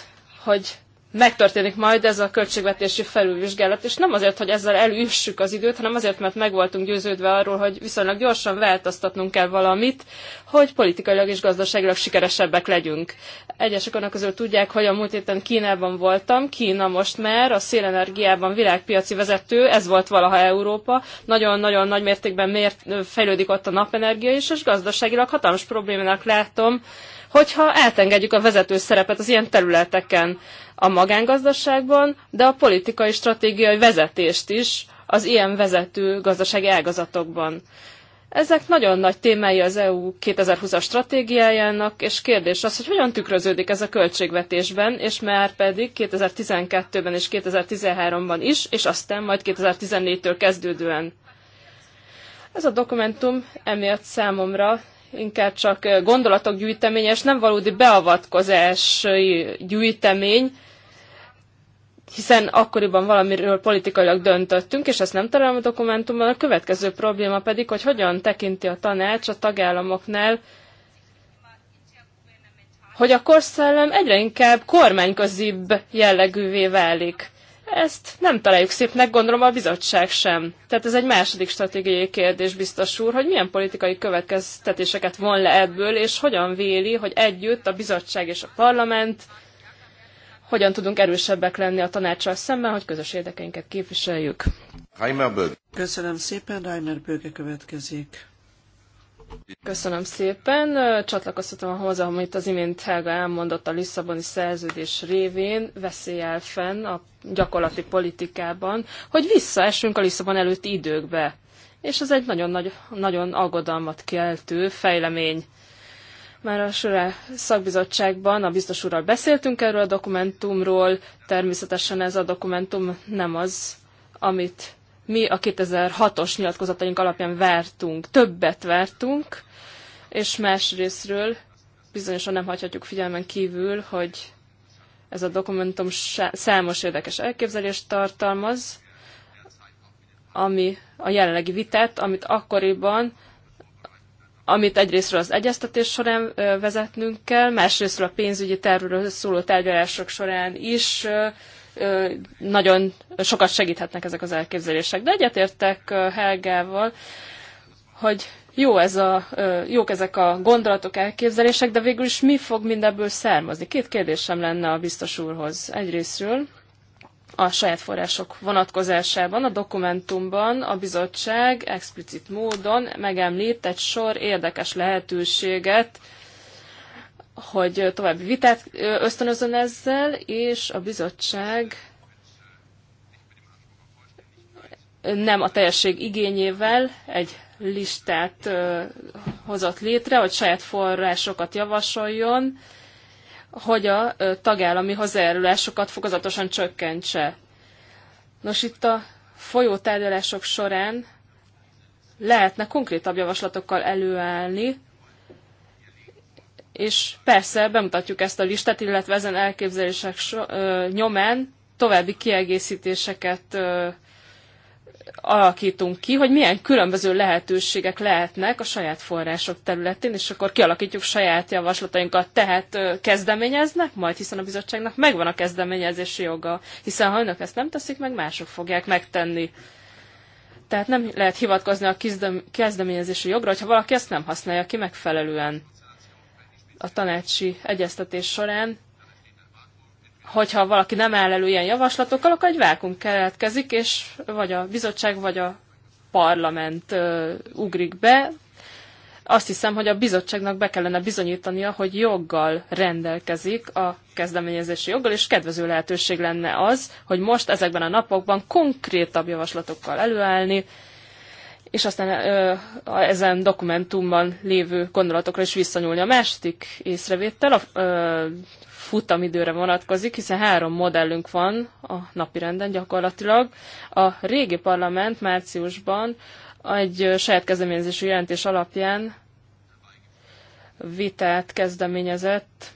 hogy megtörténik majd ez a költségvetési felülvizsgálat, és nem azért, hogy ezzel elüssük az időt, hanem azért, mert meg voltunk győződve arról, hogy viszonylag gyorsan változtatnunk kell valamit, hogy politikailag és gazdaságilag sikeresebbek legyünk. Egyesek annak közül tudják, hogy a múlt héten Kínában voltam, Kína most már a szélenergiában világpiaci vezető, ez volt valaha Európa, nagyon-nagyon nagy mértékben mért, fejlődik ott a napenergia is, és gazdaságilag hatalmas problémának látom, hogyha eltengedjük a vezető szerepet az ilyen területeken a magángazdaságban, de a politikai stratégiai vezetést is az ilyen vezető gazdasági ágazatokban. Ezek nagyon nagy témái az EU 2020-as stratégiájának, és kérdés az, hogy hogyan tükröződik ez a költségvetésben, és már pedig 2012-ben és 2013-ban is, és aztán majd 2014-től kezdődően. Ez a dokumentum emiatt számomra inkább csak gondolatok gyűjteménye, és nem valódi beavatkozás gyűjtemény, hiszen akkoriban valamiről politikailag döntöttünk, és ezt nem találom a dokumentumban. A következő probléma pedig, hogy hogyan tekinti a tanács a tagállamoknál, hogy a korszellem egyre inkább kormányközibb jellegűvé válik. Ezt nem találjuk szépnek, gondolom a bizottság sem. Tehát ez egy második stratégiai kérdés, biztos úr, hogy milyen politikai következtetéseket von le ebből, és hogyan véli, hogy együtt a bizottság és a parlament hogyan tudunk erősebbek lenni a tanácssal szemben, hogy közös érdekeinket képviseljük. Köszönöm szépen, Reimer Böge következik. Köszönöm szépen. Csatlakoztatom hozzá, amit az imént Helga elmondott a Lisszaboni szerződés révén, veszélyel fenn a gyakorlati politikában, hogy visszaesünk a Lisszabon előtti időkbe. És ez egy nagyon, nagy, nagyon aggodalmat keltő fejlemény. Már a Sure szakbizottságban a biztos úrral beszéltünk erről a dokumentumról, természetesen ez a dokumentum nem az, amit mi a 2006-os nyilatkozataink alapján vártunk, többet vártunk, és másrésztről bizonyosan nem hagyhatjuk figyelmen kívül, hogy ez a dokumentum számos érdekes elképzelést tartalmaz, ami a jelenlegi vitát, amit akkoriban, amit egyrésztről az egyeztetés során vezetnünk kell, másrésztről a pénzügyi tervről szóló tárgyalások során is nagyon sokat segíthetnek ezek az elképzelések. De egyetértek Helgával, hogy jó ez a, jók ezek a gondolatok, elképzelések, de végül is mi fog mindebből származni? Két kérdésem lenne a biztos úrhoz. Egyrésztről a saját források vonatkozásában, a dokumentumban a bizottság explicit módon megemlít egy sor érdekes lehetőséget, hogy további vitát ösztönözön ezzel, és a bizottság nem a teljesség igényével egy listát hozott létre, hogy saját forrásokat javasoljon, hogy a tagállami hozzájárulásokat fokozatosan csökkentse. Nos, itt a folyó tárgyalások során lehetne konkrétabb javaslatokkal előállni, és persze bemutatjuk ezt a listát, illetve ezen elképzelések so, ö, nyomán további kiegészítéseket ö, alakítunk ki, hogy milyen különböző lehetőségek lehetnek a saját források területén, és akkor kialakítjuk saját javaslatainkat. Tehát ö, kezdeményeznek, majd hiszen a bizottságnak megvan a kezdeményezési joga, hiszen ha önök ezt nem teszik, meg mások fogják megtenni. Tehát nem lehet hivatkozni a kezdeményezési jogra, hogyha valaki ezt nem használja ki megfelelően a tanácsi egyeztetés során, hogyha valaki nem áll elő ilyen javaslatokkal, akkor egy vákum keletkezik, és vagy a bizottság, vagy a parlament ö, ugrik be. Azt hiszem, hogy a bizottságnak be kellene bizonyítania, hogy joggal rendelkezik a kezdeményezési joggal, és kedvező lehetőség lenne az, hogy most ezekben a napokban konkrétabb javaslatokkal előállni, és aztán ezen dokumentumban lévő gondolatokra is visszanyúlni. A második észrevétel a futamidőre vonatkozik, hiszen három modellünk van a napirenden gyakorlatilag. A régi parlament márciusban egy saját kezdeményezésű jelentés alapján vitát kezdeményezett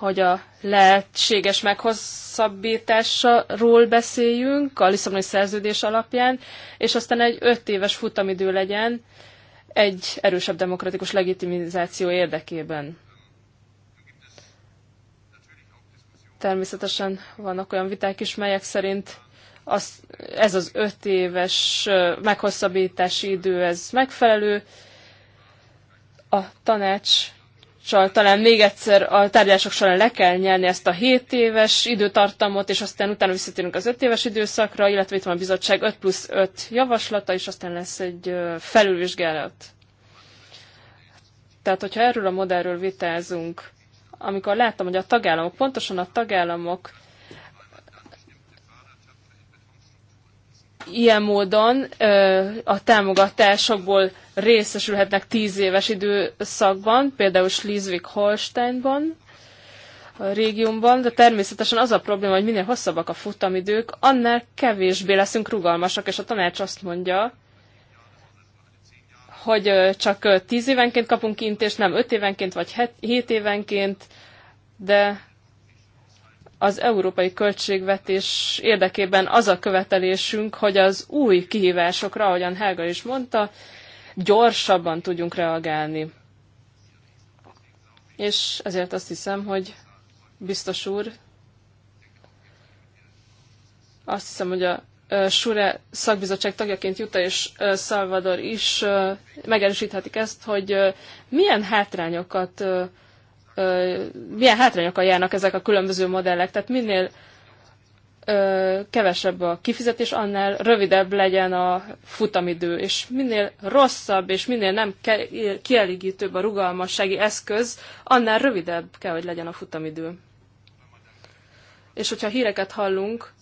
hogy a lehetséges meghosszabbításról beszéljünk a Lisszaboni szerződés alapján, és aztán egy öt éves futamidő legyen egy erősebb demokratikus legitimizáció érdekében. Természetesen vannak olyan viták is, melyek szerint az, ez az öt éves meghosszabbítási idő, ez megfelelő. A tanács csal talán még egyszer a tárgyalások során le kell nyerni ezt a 7 éves időtartamot, és aztán utána visszatérünk az 5 éves időszakra, illetve itt van a bizottság 5 plusz 5 javaslata, és aztán lesz egy felülvizsgálat. Tehát, hogyha erről a modellről vitázunk, amikor láttam, hogy a tagállamok, pontosan a tagállamok ilyen módon a támogatásokból részesülhetnek tíz éves időszakban, például Schleswig-Holsteinban, a régiumban, de természetesen az a probléma, hogy minél hosszabbak a futamidők, annál kevésbé leszünk rugalmasak, és a tanács azt mondja, hogy csak tíz évenként kapunk kint, nem öt évenként vagy hét évenként, de az európai költségvetés érdekében az a követelésünk, hogy az új kihívásokra, ahogyan Helga is mondta, gyorsabban tudjunk reagálni. És ezért azt hiszem, hogy biztos úr, azt hiszem, hogy a Sure szakbizottság tagjaként Juta és Salvador is megerősíthetik ezt, hogy milyen hátrányokat milyen hátrányokkal járnak ezek a különböző modellek. Tehát minél kevesebb a kifizetés, annál rövidebb legyen a futamidő, és minél rosszabb, és minél nem kielégítőbb a rugalmassági eszköz, annál rövidebb kell, hogy legyen a futamidő. És hogyha híreket hallunk,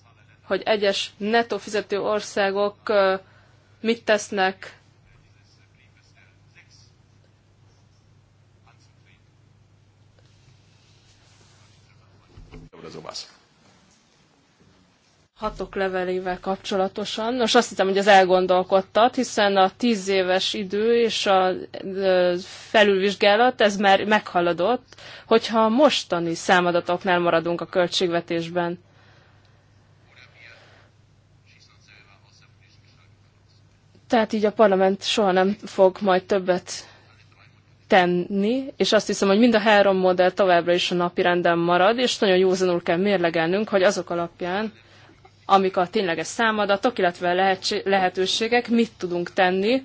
hogy egyes netto fizető országok mit tesznek oder sowas. Hatok levelével kapcsolatosan. Nos, azt hiszem, hogy az elgondolkodtat, hiszen a tíz éves idő és a felülvizsgálat, ez már meghaladott, hogyha a mostani számadatoknál maradunk a költségvetésben. Tehát így a parlament soha nem fog majd többet tenni, és azt hiszem, hogy mind a három modell továbbra is a napi renden marad, és nagyon józanul kell mérlegelnünk, hogy azok alapján, amik a tényleges számadatok, illetve lehetőségek, mit tudunk tenni,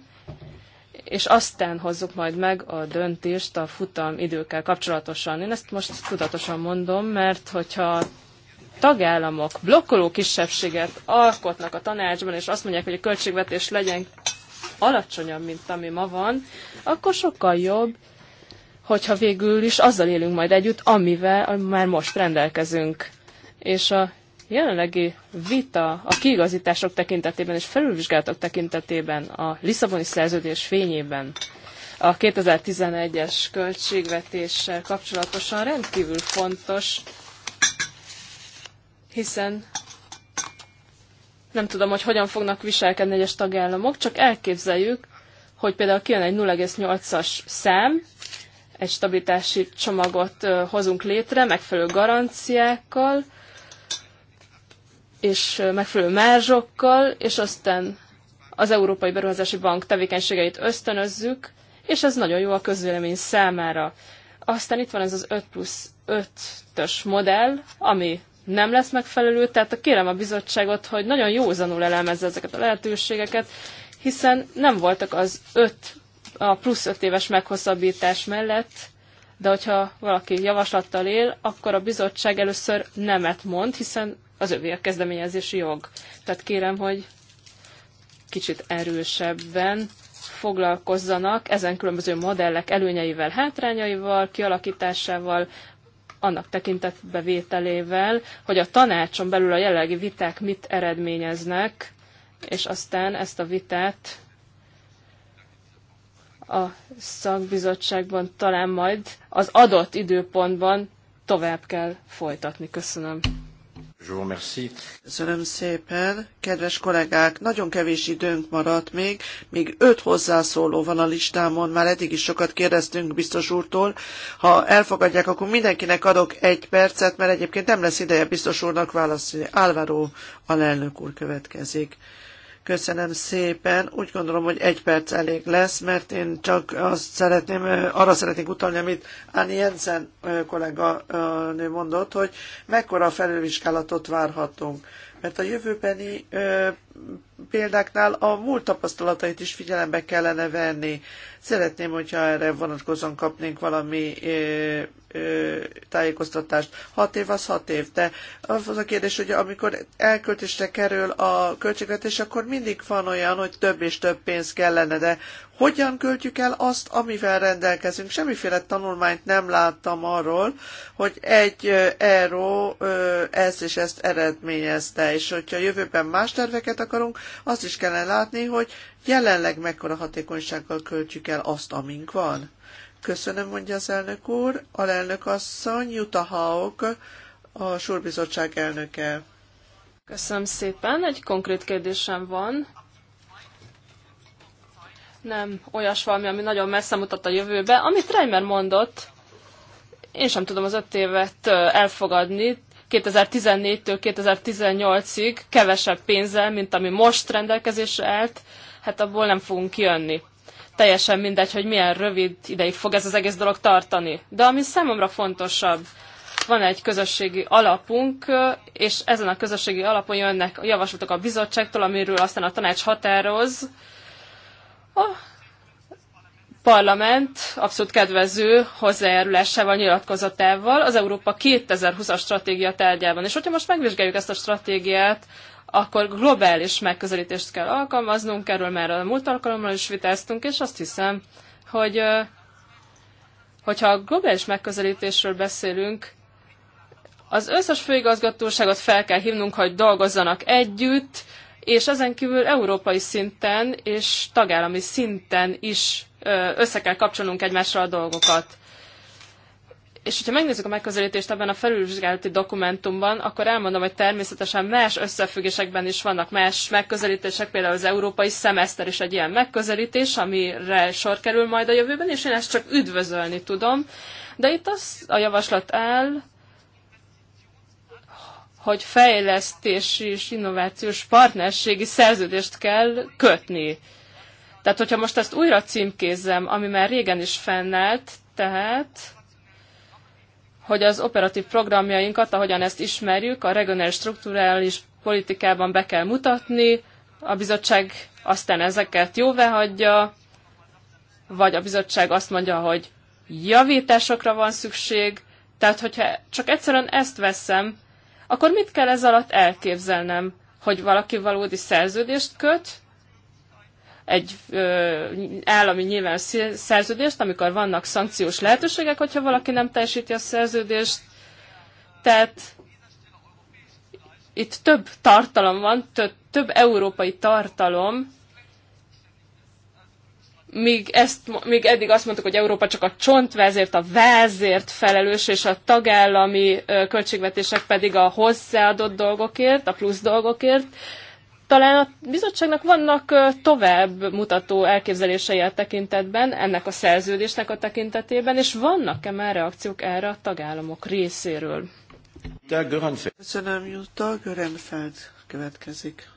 és aztán hozzuk majd meg a döntést a futam időkkel kapcsolatosan. Én ezt most tudatosan mondom, mert hogyha tagállamok blokkoló kisebbséget alkotnak a tanácsban, és azt mondják, hogy a költségvetés legyen alacsonyabb, mint ami ma van, akkor sokkal jobb, hogyha végül is azzal élünk majd együtt, amivel már most rendelkezünk. És a jelenlegi vita a kiigazítások tekintetében és felülvizsgálatok tekintetében a Lisszaboni szerződés fényében a 2011-es költségvetéssel kapcsolatosan rendkívül fontos, hiszen nem tudom, hogy hogyan fognak viselkedni egyes tagállamok, csak elképzeljük, hogy például kijön egy 0,8-as szám, egy stabilitási csomagot hozunk létre, megfelelő garanciákkal, és megfelelő márzsokkal, és aztán az Európai Beruházási Bank tevékenységeit ösztönözzük, és ez nagyon jó a közvélemény számára. Aztán itt van ez az 5 plusz 5-ös modell, ami nem lesz megfelelő, tehát kérem a bizottságot, hogy nagyon józanul elemezze ezeket a lehetőségeket, hiszen nem voltak az öt, a plusz öt éves meghosszabbítás mellett, de hogyha valaki javaslattal él, akkor a bizottság először nemet mond, hiszen az övé a kezdeményezési jog. Tehát kérem, hogy kicsit erősebben foglalkozzanak ezen különböző modellek előnyeivel, hátrányaival, kialakításával, annak tekintetbe vételével, hogy a tanácson belül a jelenlegi viták mit eredményeznek, és aztán ezt a vitát a szakbizottságban talán majd az adott időpontban tovább kell folytatni. Köszönöm. Köszönöm szépen, kedves kollégák, nagyon kevés időnk maradt még, még öt hozzászóló van a listámon, már eddig is sokat kérdeztünk biztos úrtól. Ha elfogadják, akkor mindenkinek adok egy percet, mert egyébként nem lesz ideje biztos úrnak válaszolni. Álvaro alelnök úr következik. Köszönöm szépen. Úgy gondolom, hogy egy perc elég lesz, mert én csak azt szeretném, arra szeretnék utalni, amit Áni Jensen kollega nő mondott, hogy mekkora felülvizsgálatot várhatunk. Mert a jövőbeni példáknál a múlt tapasztalatait is figyelembe kellene venni. Szeretném, hogyha erre vonatkozóan kapnénk valami ö, ö, tájékoztatást. Hat év az hat év, de az a kérdés, hogy amikor elköltésre kerül a költségvetés, akkor mindig van olyan, hogy több és több pénz kellene, de hogyan költjük el azt, amivel rendelkezünk? Semmiféle tanulmányt nem láttam arról, hogy egy euró ezt és ezt eredményezte, és hogyha jövőben más terveket akarunk, azt is kellene látni, hogy jelenleg mekkora hatékonysággal költjük el azt, amink van. Köszönöm, mondja az elnök úr. Alelnök asszony, Jutta Haug, a Súrbizottság elnöke. Köszönöm szépen. Egy konkrét kérdésem van. Nem olyas valami, ami nagyon messze mutat a jövőbe. Amit Reimer mondott, én sem tudom az öt évet elfogadni, 2014-től 2018-ig kevesebb pénzzel, mint ami most rendelkezésre állt, hát abból nem fogunk kijönni. Teljesen mindegy, hogy milyen rövid ideig fog ez az egész dolog tartani. De ami számomra fontosabb, van egy közösségi alapunk, és ezen a közösségi alapon jönnek javaslatok a bizottságtól, amiről aztán a tanács határoz. A ah, parlament abszolút kedvező hozzájárulásával, nyilatkozatával az Európa 2020-as stratégia tárgyában. És hogyha most megvizsgáljuk ezt a stratégiát, akkor globális megközelítést kell alkalmaznunk, erről már a múlt alkalommal is vitáztunk, és azt hiszem, hogy hogyha a globális megközelítésről beszélünk, az összes főigazgatóságot fel kell hívnunk, hogy dolgozzanak együtt, és ezen kívül európai szinten és tagállami szinten is össze kell kapcsolnunk egymásra a dolgokat. És hogyha megnézzük a megközelítést ebben a felülvizsgálati dokumentumban, akkor elmondom, hogy természetesen más összefüggésekben is vannak más megközelítések, például az európai szemeszter is egy ilyen megközelítés, amire sor kerül majd a jövőben, és én ezt csak üdvözölni tudom. De itt az a javaslat áll, hogy fejlesztési és innovációs partnerségi szerződést kell kötni. Tehát, hogyha most ezt újra címkézzem, ami már régen is fennállt, tehát hogy az operatív programjainkat, ahogyan ezt ismerjük, a regionális struktúrális politikában be kell mutatni, a bizottság aztán ezeket jóvá hagyja, vagy a bizottság azt mondja, hogy javításokra van szükség, tehát hogyha csak egyszerűen ezt veszem, akkor mit kell ez alatt elképzelnem? Hogy valaki valódi szerződést köt, egy ö, állami nyilván szerződést, amikor vannak szankciós lehetőségek, hogyha valaki nem teljesíti a szerződést. Tehát itt több tartalom van, több, több európai tartalom, míg, ezt, míg eddig azt mondtuk, hogy Európa csak a csontvezért, a vázért felelős, és a tagállami költségvetések pedig a hozzáadott dolgokért, a plusz dolgokért. Ö, talán a bizottságnak vannak tovább mutató elképzelései a tekintetben, ennek a szerződésnek a tekintetében, és vannak-e már reakciók erre a tagállamok részéről? Köszönöm, Jutta. Göremfeld következik.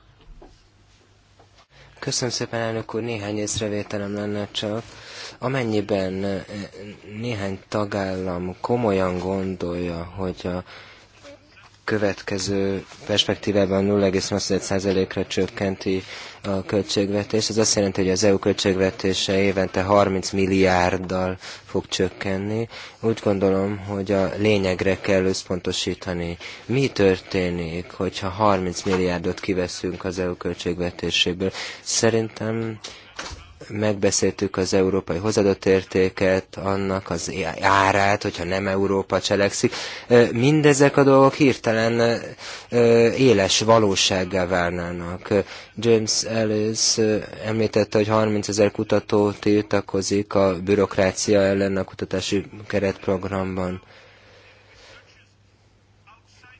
Köszönöm szépen, elnök úr. Néhány észrevételem lenne csak. Amennyiben eh, néhány tagállam komolyan gondolja, hogy a következő perspektívában 0,8%-ra csökkenti a költségvetés. Ez azt jelenti, hogy az EU költségvetése évente 30 milliárddal fog csökkenni. Úgy gondolom, hogy a lényegre kell összpontosítani. Mi történik, hogyha 30 milliárdot kiveszünk az EU költségvetéséből? Szerintem megbeszéltük az európai hozadott értéket, annak az árát, hogyha nem Európa cselekszik. Mindezek a dolgok hirtelen éles valósággá válnának. James Ellis említette, hogy 30 ezer kutató tiltakozik a bürokrácia ellen a kutatási keretprogramban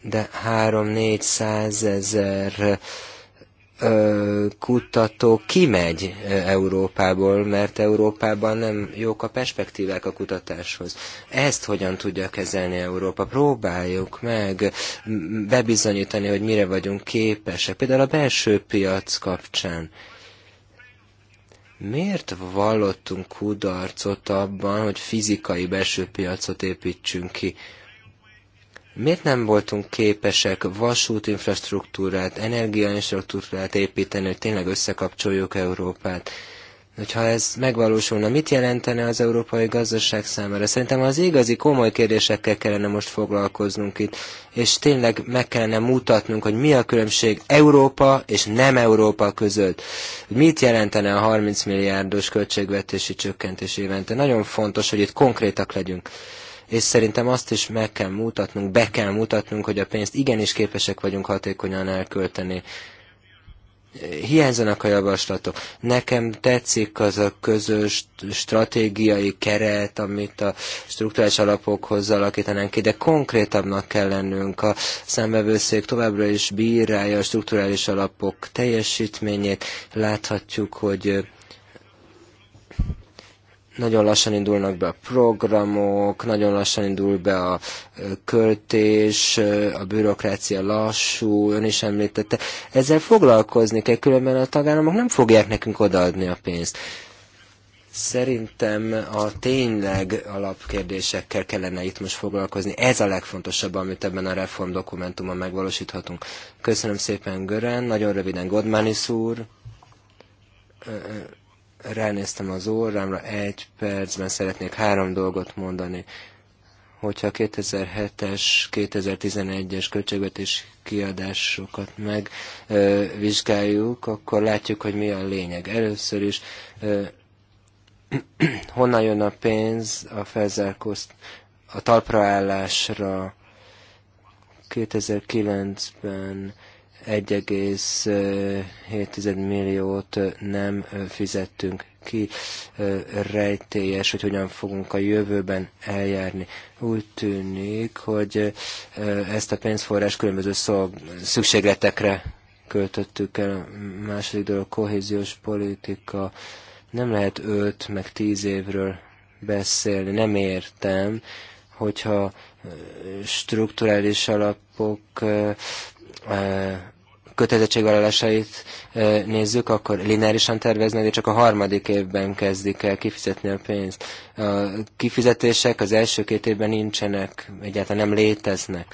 de 3-4 százezer kutató kimegy Európából, mert Európában nem jók a perspektívák a kutatáshoz. Ezt hogyan tudja kezelni Európa? Próbáljuk meg bebizonyítani, hogy mire vagyunk képesek. Például a belső piac kapcsán. Miért vallottunk kudarcot abban, hogy fizikai belső piacot építsünk ki? Miért nem voltunk képesek vasútinfrastruktúrát, energiainfrastruktúrát építeni, hogy tényleg összekapcsoljuk Európát? Hogyha ez megvalósulna, mit jelentene az európai gazdaság számára? Szerintem az igazi komoly kérdésekkel kellene most foglalkoznunk itt, és tényleg meg kellene mutatnunk, hogy mi a különbség Európa és nem Európa között. Mit jelentene a 30 milliárdos költségvetési csökkentés évente? Nagyon fontos, hogy itt konkrétak legyünk és szerintem azt is meg kell mutatnunk, be kell mutatnunk, hogy a pénzt igenis képesek vagyunk hatékonyan elkölteni. Hiányzanak a javaslatok. Nekem tetszik az a közös stratégiai keret, amit a struktúrás alapokhoz alakítanánk ki, de konkrétabbnak kell lennünk. A szembevőszék továbbra is bírálja a strukturális alapok teljesítményét. Láthatjuk, hogy nagyon lassan indulnak be a programok, nagyon lassan indul be a költés, a bürokrácia lassú, ön is említette. Ezzel foglalkozni kell, különben a tagállamok nem fogják nekünk odaadni a pénzt. Szerintem a tényleg alapkérdésekkel kellene itt most foglalkozni. Ez a legfontosabb, amit ebben a reform dokumentumon megvalósíthatunk. Köszönöm szépen, Gören. Nagyon röviden, Godmanis úr ránéztem az órámra, egy percben szeretnék három dolgot mondani. Hogyha 2007-es, 2011-es költségvetési kiadásokat megvizsgáljuk, akkor látjuk, hogy mi a lényeg. Először is ö, honnan jön a pénz a felzárkózt, a talpraállásra 2009-ben 1,7 milliót nem fizettünk ki, rejtélyes, hogy hogyan fogunk a jövőben eljárni. Úgy tűnik, hogy ezt a pénzforrás különböző szükségletekre költöttük el. A második dolog, kohéziós politika. Nem lehet 5 meg 10 évről beszélni. Nem értem, hogyha strukturális alapok kötelezettségvállalásait nézzük, akkor lineárisan terveznek, de csak a harmadik évben kezdik el kifizetni a pénzt. A kifizetések az első két évben nincsenek, egyáltalán nem léteznek.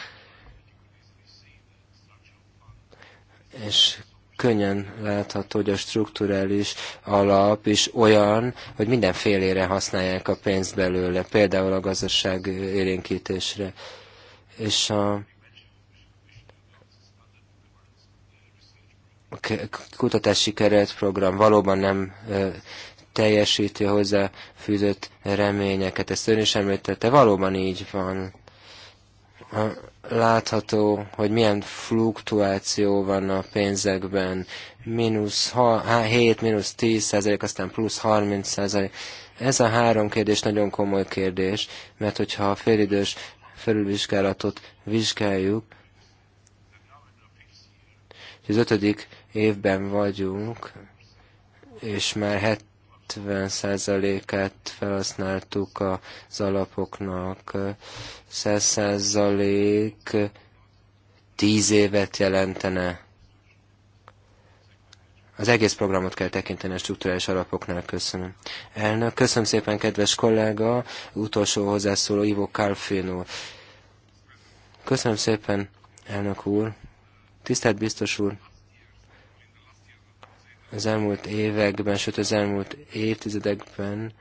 És könnyen látható, hogy a strukturális alap is olyan, hogy mindenfélére használják a pénzt belőle, például a gazdaság érénkítésre. És a kutatási keretprogram valóban nem teljesíti hozzá fűzött reményeket. Ezt ön is említette, valóban így van. Látható, hogy milyen fluktuáció van a pénzekben. Mínusz 7, mínusz 10 százalék, aztán plusz 30 százalék. Ez a három kérdés nagyon komoly kérdés, mert hogyha a félidős felülvizsgálatot vizsgáljuk, és az ötödik évben vagyunk, és már 70%-át felhasználtuk az alapoknak. 100% 10 évet jelentene. Az egész programot kell tekinteni a struktúrális alapoknál, köszönöm. Elnök, köszönöm szépen, kedves kollega, utolsó hozzászóló Ivo Calfin Köszönöm szépen, elnök úr. Tisztelt biztos úr az elmúlt években, sőt az elmúlt évtizedekben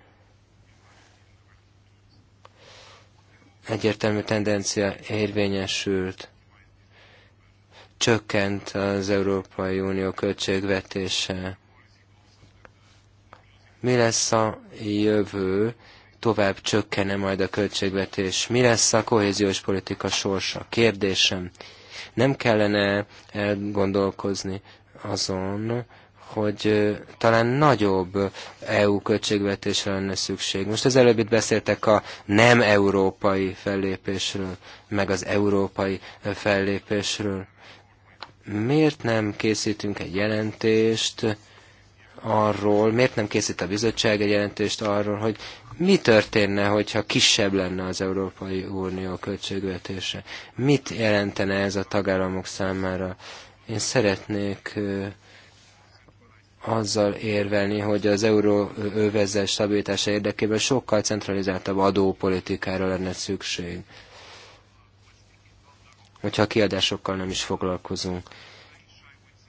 egyértelmű tendencia érvényesült. Csökkent az Európai Unió költségvetése. Mi lesz a jövő? Tovább csökkene majd a költségvetés. Mi lesz a kohéziós politika sorsa? Kérdésem. Nem kellene elgondolkozni azon, hogy talán nagyobb EU költségvetésre lenne szükség. Most az előbb itt beszéltek a nem európai fellépésről, meg az európai fellépésről. Miért nem készítünk egy jelentést arról, miért nem készít a bizottság egy jelentést arról, hogy mi történne, hogyha kisebb lenne az Európai Unió költségvetése? Mit jelentene ez a tagállamok számára? Én szeretnék azzal érvelni, hogy az euróövezet stabilitása érdekében sokkal centralizáltabb adópolitikára lenne szükség, hogyha a kiadásokkal nem is foglalkozunk.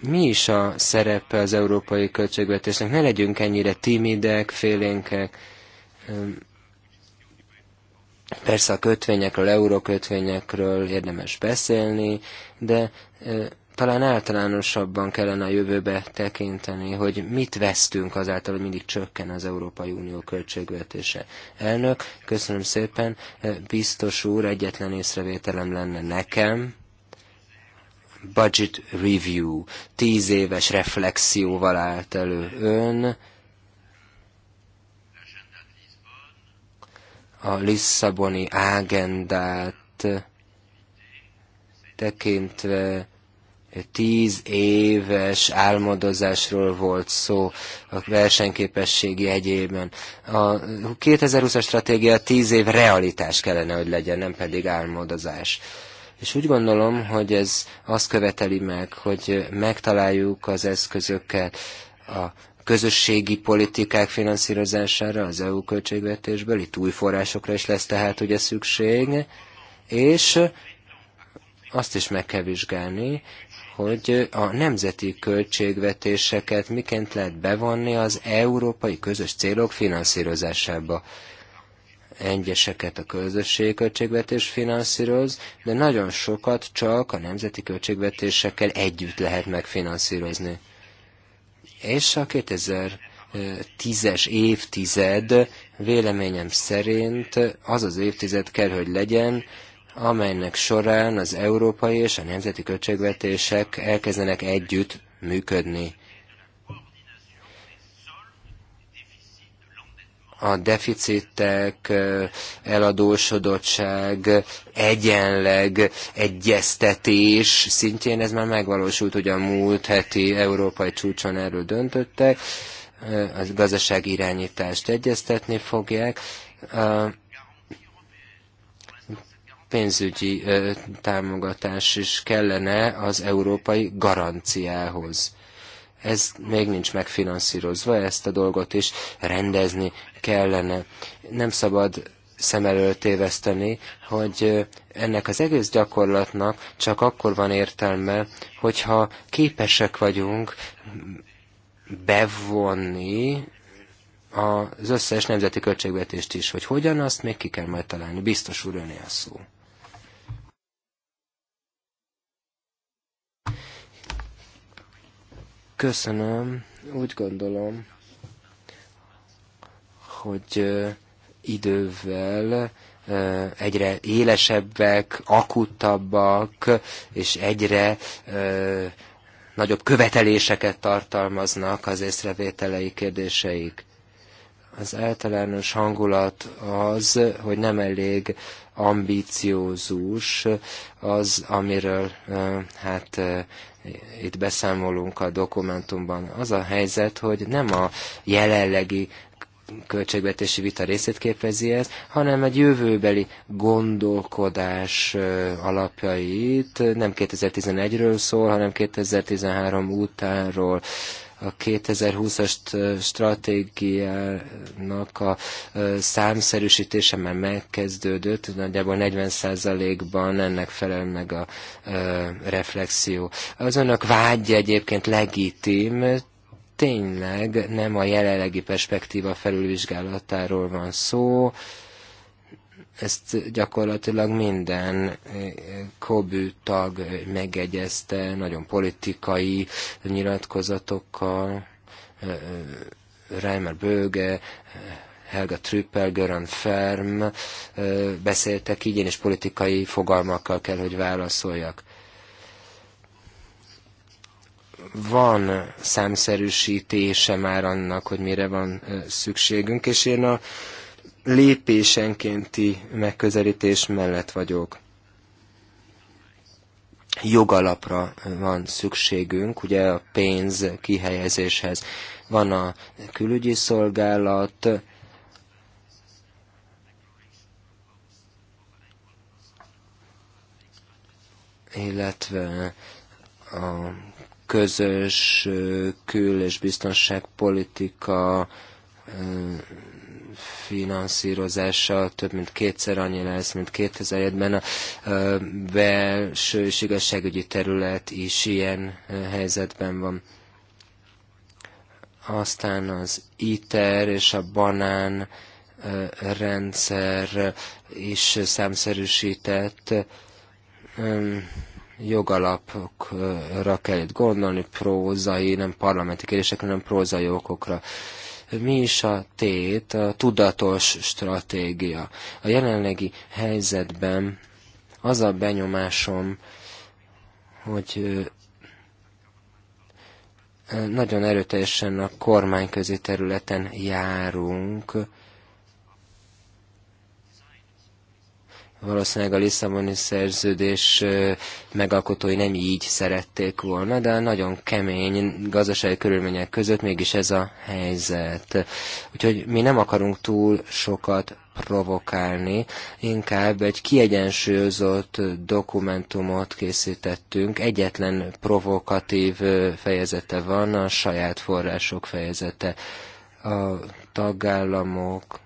Mi is a szerepe az európai költségvetésnek? Ne legyünk ennyire timidek, félénkek. Persze a kötvényekről, eurókötvényekről érdemes beszélni, de talán általánosabban kellene a jövőbe tekinteni, hogy mit vesztünk azáltal, hogy mindig csökken az Európai Unió költségvetése. Elnök, köszönöm szépen, biztos úr, egyetlen észrevételem lenne nekem. Budget Review, tíz éves reflexióval állt elő ön. A Lisszaboni ágendát tekintve tíz éves álmodozásról volt szó a versenyképességi egyében. A 2020-as stratégia tíz év realitás kellene, hogy legyen, nem pedig álmodozás. És úgy gondolom, hogy ez azt követeli meg, hogy megtaláljuk az eszközöket a közösségi politikák finanszírozására az EU költségvetésből, itt új forrásokra is lesz tehát ugye szükség, és azt is meg kell vizsgálni, hogy a nemzeti költségvetéseket miként lehet bevonni az európai közös célok finanszírozásába. Egyeseket a közösségi költségvetés finanszíroz, de nagyon sokat csak a nemzeti költségvetésekkel együtt lehet megfinanszírozni. És a 2010-es évtized véleményem szerint az az évtized kell, hogy legyen, amelynek során az európai és a nemzeti költségvetések elkezdenek együtt működni. a deficitek, eladósodottság, egyenleg, egyeztetés szintjén ez már megvalósult, hogy a múlt heti európai csúcson erről döntöttek, a gazdaság irányítást egyeztetni fogják pénzügyi támogatás is kellene az európai garanciához. Ez még nincs megfinanszírozva, ezt a dolgot is rendezni kellene. Nem szabad szem elől téveszteni, hogy ennek az egész gyakorlatnak csak akkor van értelme, hogyha képesek vagyunk bevonni az összes nemzeti költségvetést is, hogy hogyan, azt még ki kell majd találni. Biztos úr, a szó. Köszönöm. Úgy gondolom, hogy idővel egyre élesebbek, akutabbak, és egyre nagyobb követeléseket tartalmaznak az észrevételei kérdéseik. Az általános hangulat az, hogy nem elég ambíciózus az, amiről hát itt beszámolunk a dokumentumban. Az a helyzet, hogy nem a jelenlegi költségvetési vita részét képezi ez, hanem egy jövőbeli gondolkodás alapjait nem 2011-ről szól, hanem 2013 utánról a 2020-as stratégiának a számszerűsítése már megkezdődött, nagyjából 40%-ban ennek felel meg a reflexió. Az önök vágyja egyébként legitim, tényleg nem a jelenlegi perspektíva felülvizsgálatáról van szó, ezt gyakorlatilag minden eh, kobű tag megegyezte, nagyon politikai nyilatkozatokkal, eh, eh, Reimer Böge, Helga Trüppel, Göran Ferm beszéltek így, én is politikai fogalmakkal kell, hogy válaszoljak. Van számszerűsítése már annak, hogy mire van szükségünk, és én a lépésenkénti megközelítés mellett vagyok. Jogalapra van szükségünk, ugye a pénz kihelyezéshez. Van a külügyi szolgálat, illetve a közös kül- és biztonságpolitika finanszírozása több mint kétszer annyi lesz, mint 2007-ben. A belső és igazságügyi terület is ilyen helyzetben van. Aztán az ITER és a banán rendszer is számszerűsített jogalapokra kell itt gondolni, prózai, nem parlamenti kérdésekre, hanem prózai okokra. Mi is a tét, a tudatos stratégia? A jelenlegi helyzetben az a benyomásom, hogy nagyon erőteljesen a kormányközi területen járunk, Valószínűleg a Lisszaboni szerződés megalkotói nem így szerették volna, de nagyon kemény gazdasági körülmények között mégis ez a helyzet. Úgyhogy mi nem akarunk túl sokat provokálni, inkább egy kiegyensúlyozott dokumentumot készítettünk, egyetlen provokatív fejezete van, a saját források fejezete. A tagállamok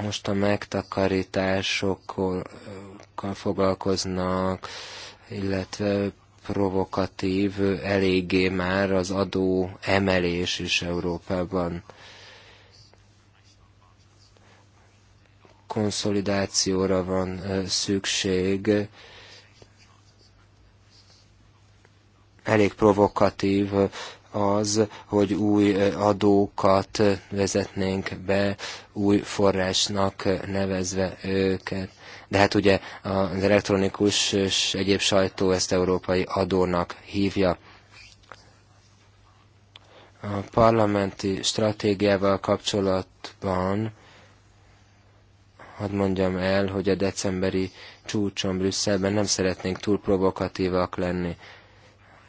Most a megtakarításokkal foglalkoznak, illetve provokatív, eléggé már az adó emelés is Európában. Konszolidációra van szükség. Elég provokatív az, hogy új adókat vezetnénk be, új forrásnak nevezve őket. De hát ugye az elektronikus és egyéb sajtó ezt európai adónak hívja. A parlamenti stratégiával kapcsolatban hadd mondjam el, hogy a decemberi csúcson Brüsszelben nem szeretnénk túl provokatívak lenni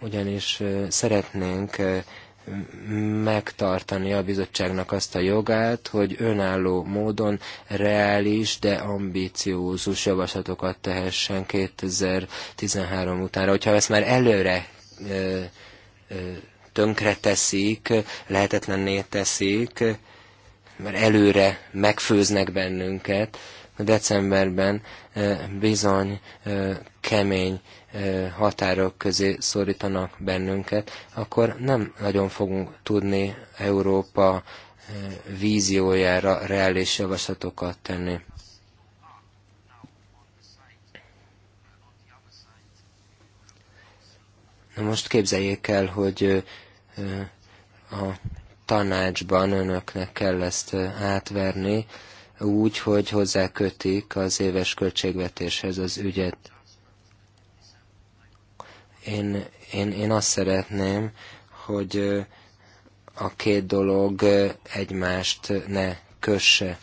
ugyanis szeretnénk megtartani a bizottságnak azt a jogát, hogy önálló módon reális, de ambiciózus javaslatokat tehessen 2013 utánra. Hogyha ezt már előre ö, ö, tönkre teszik, lehetetlenné teszik, mert előre megfőznek bennünket, decemberben bizony kemény határok közé szorítanak bennünket, akkor nem nagyon fogunk tudni Európa víziójára reális javaslatokat tenni. Na most képzeljék el, hogy a tanácsban önöknek kell ezt átverni, úgy, hogy hozzákötik az éves költségvetéshez az ügyet. Én, én, én azt szeretném, hogy a két dolog egymást ne kösse.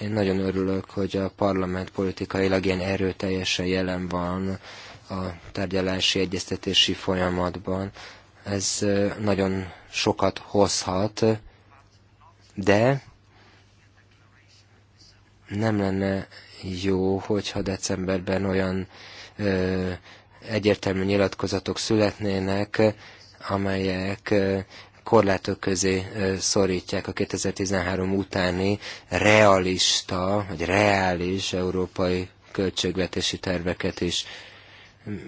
Én nagyon örülök, hogy a parlament politikailag ilyen erőteljesen jelen van a tárgyalási egyeztetési folyamatban. Ez nagyon sokat hozhat, de nem lenne jó, hogyha decemberben olyan ö, egyértelmű nyilatkozatok születnének, amelyek korlátok közé szorítják a 2013 utáni realista, vagy reális európai költségvetési terveket is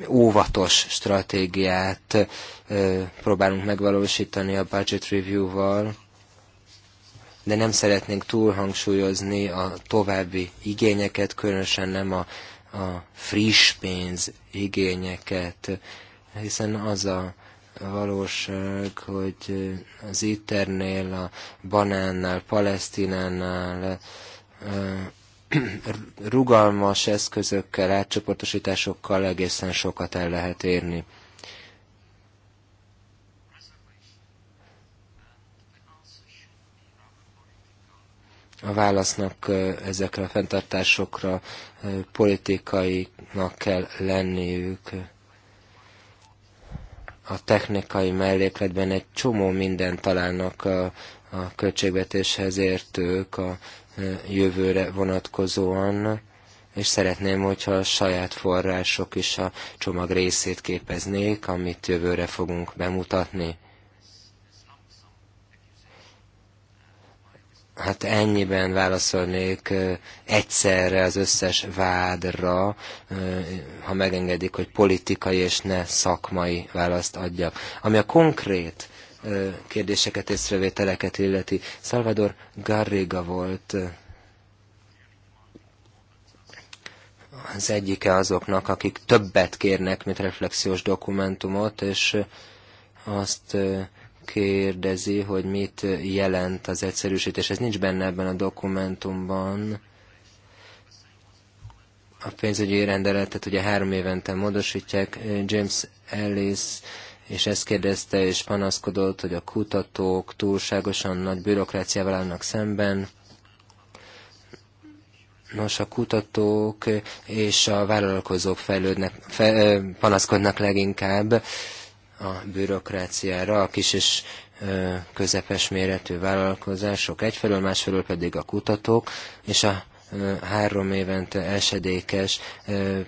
óvatos stratégiát próbálunk megvalósítani a budget review-val, de nem szeretnénk túlhangsúlyozni a további igényeket, különösen nem a a friss pénz igényeket, hiszen az a valóság, hogy az Iternél, a Banánnál, Palesztinánál rugalmas eszközökkel, átcsoportosításokkal egészen sokat el lehet érni. a válasznak ezekre a fenntartásokra politikainak kell lenniük. A technikai mellékletben egy csomó mindent találnak a, a költségvetéshez értők a jövőre vonatkozóan, és szeretném, hogyha a saját források is a csomag részét képeznék, amit jövőre fogunk bemutatni. Hát ennyiben válaszolnék egyszerre az összes vádra, ha megengedik, hogy politikai és ne szakmai választ adjak. Ami a konkrét kérdéseket, észrevételeket illeti, Salvador Garriga volt az egyike azoknak, akik többet kérnek, mint reflexiós dokumentumot, és azt kérdezi, hogy mit jelent az egyszerűsítés. Ez nincs benne ebben a dokumentumban. A pénzügyi rendeletet ugye három évente módosítják. James Ellis és ezt kérdezte, és panaszkodott, hogy a kutatók túlságosan nagy bürokráciával állnak szemben. Nos, a kutatók és a vállalkozók fejlődnek, fe, panaszkodnak leginkább a bürokráciára a kis és közepes méretű vállalkozások, egyfelől, másfelől pedig a kutatók, és a három évente esedékes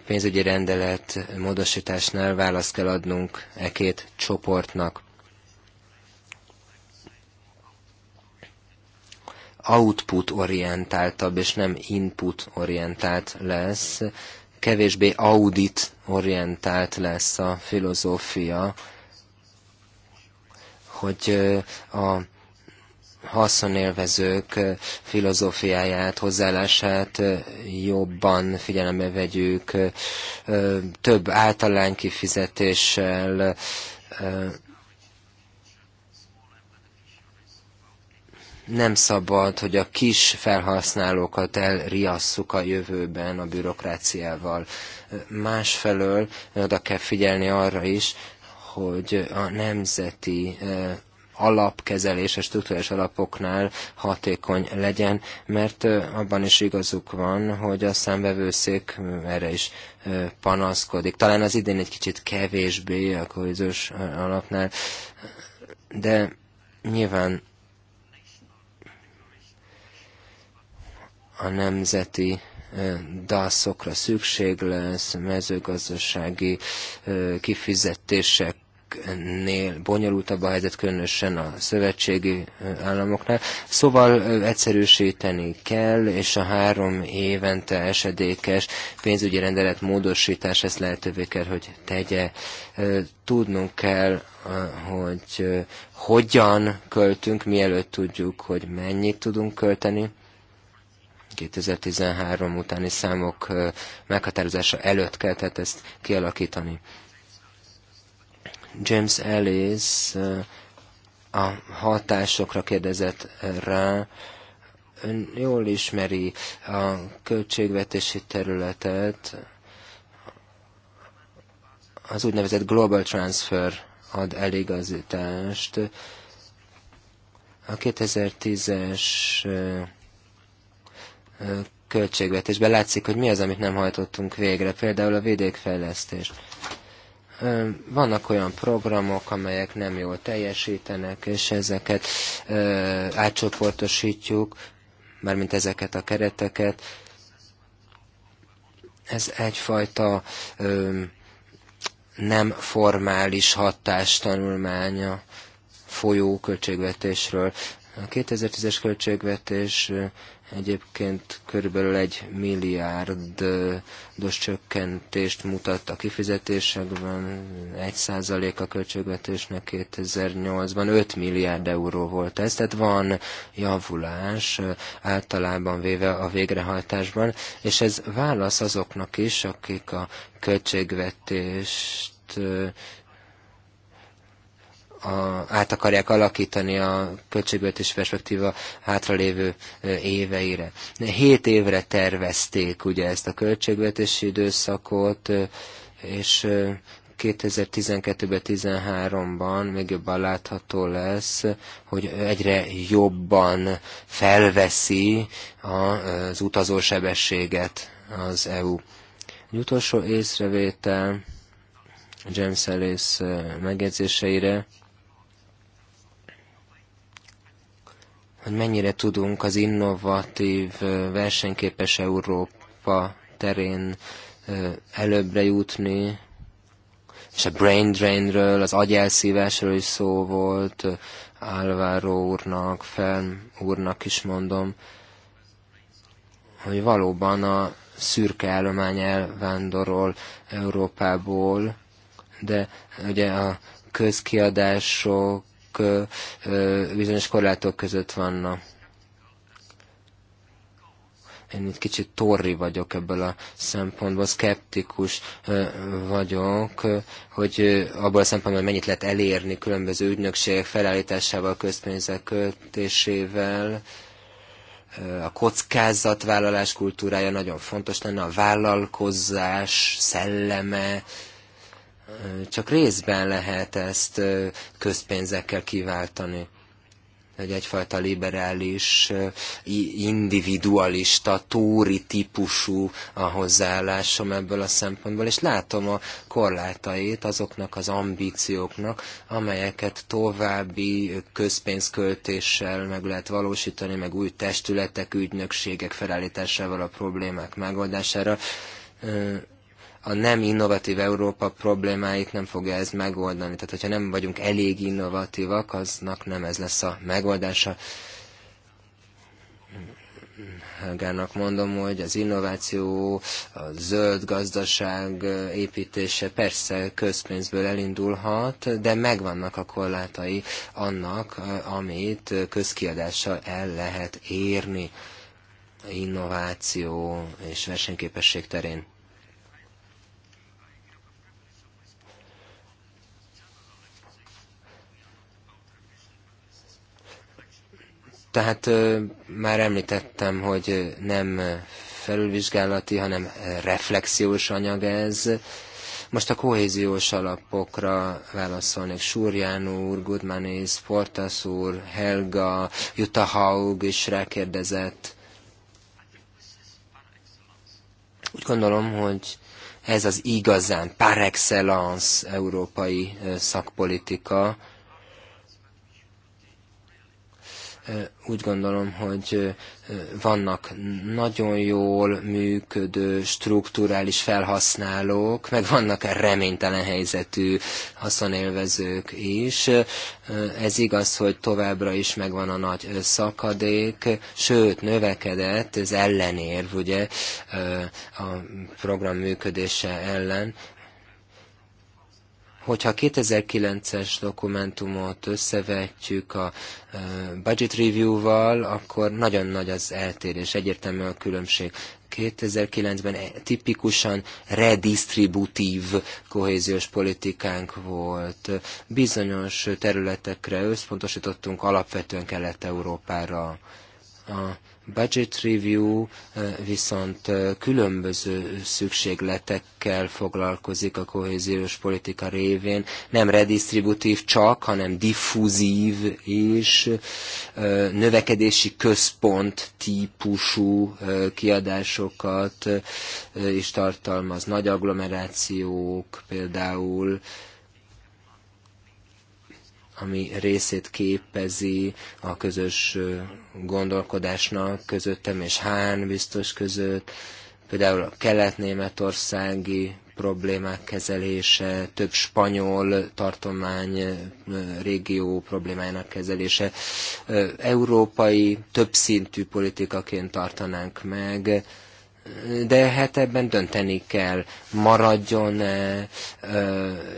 pénzügyi rendelet módosításnál választ kell adnunk e két csoportnak. output-orientáltabb és nem input-orientált lesz, kevésbé audit-orientált lesz a filozófia hogy a haszonélvezők filozófiáját, hozzáállását jobban figyelembe vegyük, több általány kifizetéssel, nem szabad, hogy a kis felhasználókat elriasszuk a jövőben a bürokráciával. Másfelől oda kell figyelni arra is, hogy a nemzeti alapkezelés, a struktúrás alapoknál hatékony legyen, mert abban is igazuk van, hogy a számbevőszék erre is panaszkodik. Talán az idén egy kicsit kevésbé a kohéziós alapnál, de nyilván a nemzeti daszokra szükség lesz, mezőgazdasági kifizetések cégeknél bonyolultabb a helyzet, különösen a szövetségi államoknál. Szóval egyszerűsíteni kell, és a három évente esedékes pénzügyi rendelet módosítás ezt lehetővé kell, hogy tegye. Tudnunk kell, hogy hogyan költünk, mielőtt tudjuk, hogy mennyit tudunk költeni. 2013 utáni számok meghatározása előtt kell tehát ezt kialakítani. James Ellis eh, a hatásokra kérdezett eh, rá, ön jól ismeri a költségvetési területet, az úgynevezett global transfer ad eligazítást. A 2010-es eh, költségvetésben látszik, hogy mi az, amit nem hajtottunk végre, például a vidékfejlesztést. Vannak olyan programok, amelyek nem jól teljesítenek, és ezeket átcsoportosítjuk, mármint ezeket a kereteket. Ez egyfajta nem formális hatástanulmánya folyó költségvetésről. A 2010-es költségvetés Egyébként körülbelül egy milliárdos csökkentést mutat a kifizetésekben, egy a költségvetésnek 2008-ban, 5 milliárd euró volt ez, tehát van javulás általában véve a végrehajtásban, és ez válasz azoknak is, akik a költségvetést a, át akarják alakítani a költségvetés perspektíva hátralévő éveire. Hét évre tervezték ugye ezt a költségvetési időszakot, és 2012-ben, 13-ban még jobban látható lesz, hogy egyre jobban felveszi az utazósebességet az EU. Egy utolsó észrevétel James Ellis megjegyzéseire, hogy mennyire tudunk az innovatív, versenyképes Európa terén előbbre jutni, és a brain drainről, az agyelszívásról is szó volt, Álváró úrnak, Fel úrnak is mondom, hogy valóban a szürke állomány elvándorol Európából, de ugye a közkiadások bizonyos korlátok között vannak. Én itt kicsit torri vagyok ebből a szempontból, szkeptikus vagyok, hogy abból a szempontból, hogy mennyit lehet elérni különböző ügynökségek felállításával, közpénzek költésével, a kockázatvállalás kultúrája nagyon fontos lenne, a vállalkozás szelleme, csak részben lehet ezt közpénzekkel kiváltani egy egyfajta liberális, individualista, tóri típusú a hozzáállásom ebből a szempontból, és látom a korlátait azoknak az ambícióknak, amelyeket további közpénzköltéssel meg lehet valósítani, meg új testületek, ügynökségek felállításával a problémák megoldására a nem innovatív Európa problémáit nem fogja ez megoldani. Tehát, hogyha nem vagyunk elég innovatívak, aznak nem ez lesz a megoldása. Helgának mondom, hogy az innováció, a zöld gazdaság építése persze közpénzből elindulhat, de megvannak a korlátai annak, amit közkiadással el lehet érni innováció és versenyképesség terén. Tehát már említettem, hogy nem felülvizsgálati, hanem reflexiós anyag ez. Most a kohéziós alapokra válaszolnék. Súrján úr, Gudmanis, Portas úr, Helga, Jutta Haug is rákérdezett. Úgy gondolom, hogy ez az igazán par excellence európai szakpolitika, Úgy gondolom, hogy vannak nagyon jól működő strukturális felhasználók, meg vannak reménytelen helyzetű haszonélvezők is. Ez igaz, hogy továbbra is megvan a nagy szakadék, sőt, növekedett, ez ellenér, ugye a program működése ellen, Hogyha 2009-es dokumentumot összevetjük a budget review-val, akkor nagyon nagy az eltérés, egyértelmű a különbség. 2009-ben e, tipikusan redistributív kohéziós politikánk volt. Bizonyos területekre összpontosítottunk, alapvetően Kelet-Európára. A budget review eh, viszont eh, különböző szükségletekkel foglalkozik a kohéziós politika révén, nem redistributív csak, hanem diffúzív és eh, növekedési központ típusú kiadásokat is tartalmaz. Nagy agglomerációk például, ami részét képezi a közös gondolkodásnak közöttem és Hán biztos között, például a kelet-németországi problémák kezelése, több spanyol tartomány régió problémájának kezelése. Európai többszintű politikaként tartanánk meg, de hát ebben dönteni kell, maradjon -e,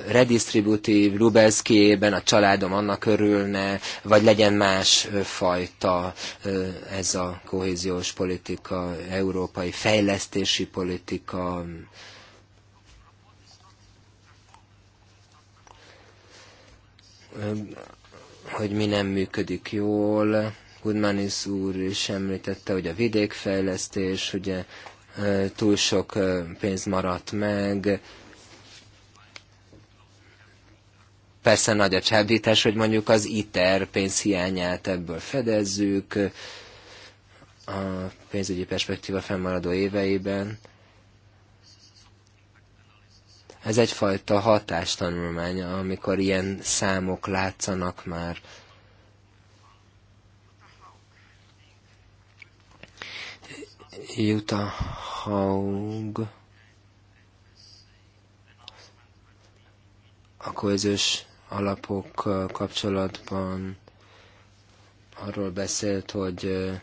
redistributív, Rubelszkijében a családom annak örülne, vagy legyen más eh, fajta ez a kohéziós politika, európai fejlesztési politika, hogy mi nem működik jól. Gudmanis úr is említette, hogy a vidékfejlesztés, ugye túl sok pénz maradt meg. Persze nagy a csábítás, hogy mondjuk az ITER pénzhiányát ebből fedezzük a pénzügyi perspektíva fennmaradó éveiben. Ez egyfajta hatástanulmány, amikor ilyen számok látszanak már Jutta Haug a közös alapok kapcsolatban arról beszélt, hogy eh,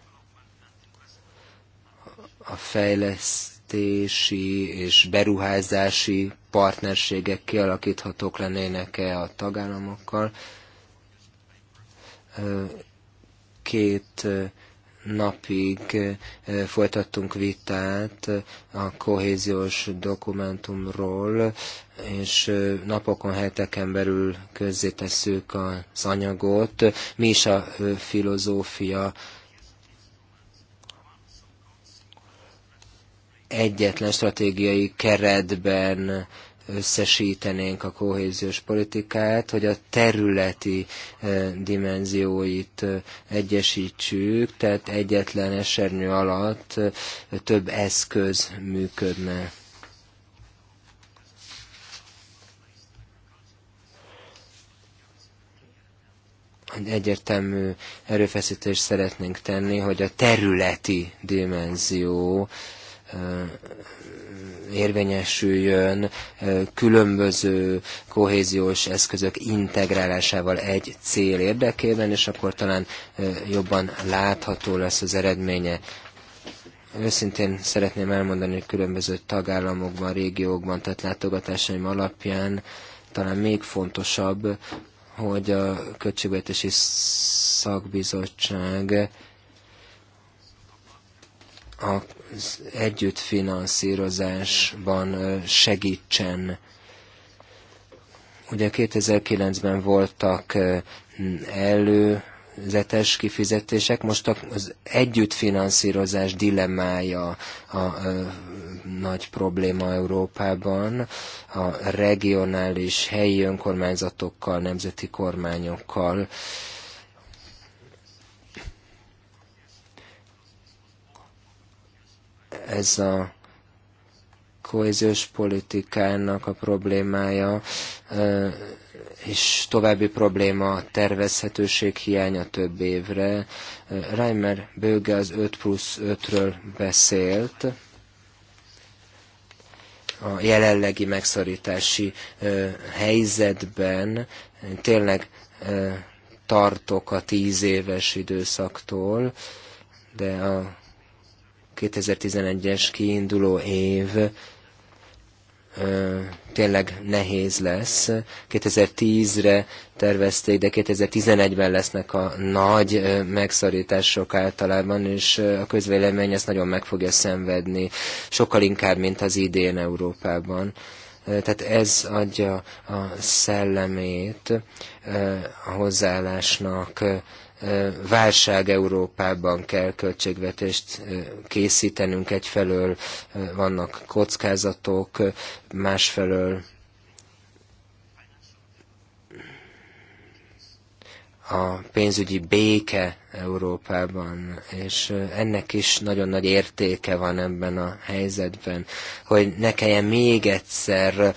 a fejlesztési és beruházási partnerségek kialakíthatók lennének-e a tagállamokkal. Eh, két eh, napig eh, folytattunk vitát a kohéziós dokumentumról, és eh, napokon, heteken belül közzétesszük az anyagot. Mi is a eh, filozófia egyetlen stratégiai keretben összesítenénk a kohéziós politikát, hogy a területi eh, dimenzióit eh, egyesítsük, tehát egyetlen esernyő alatt eh, több eszköz működne. egyértelmű erőfeszítést szeretnénk tenni, hogy a területi dimenzió érvényesüljön különböző kohéziós eszközök integrálásával egy cél érdekében, és akkor talán jobban látható lesz az eredménye őszintén szeretném elmondani, hogy különböző tagállamokban, régiókban tett látogatásaim alapján talán még fontosabb, hogy a Költségvetési Szakbizottság az együttfinanszírozásban segítsen. Ugye 2009-ben voltak előzetes kifizetések, most az együttfinanszírozás dilemmája a nagy probléma Európában, a regionális helyi önkormányzatokkal, nemzeti kormányokkal ez a kohéziós politikának a problémája, és további probléma a tervezhetőség hiánya több évre. Reimer Böge az 5 plusz 5-ről beszélt, a jelenlegi megszorítási helyzetben tényleg tartok a tíz éves időszaktól, de a 2011-es kiinduló év tényleg nehéz lesz. 2010-re tervezték, de 2011-ben lesznek a nagy megszorítások általában, és a közvélemény ezt nagyon meg fogja szenvedni, sokkal inkább, mint az idén Európában. Tehát ez adja a szellemét a hozzáállásnak, válság Európában kell költségvetést készítenünk. Egyfelől vannak kockázatok, másfelől a pénzügyi béke Európában, és ennek is nagyon nagy értéke van ebben a helyzetben, hogy ne kelljen még egyszer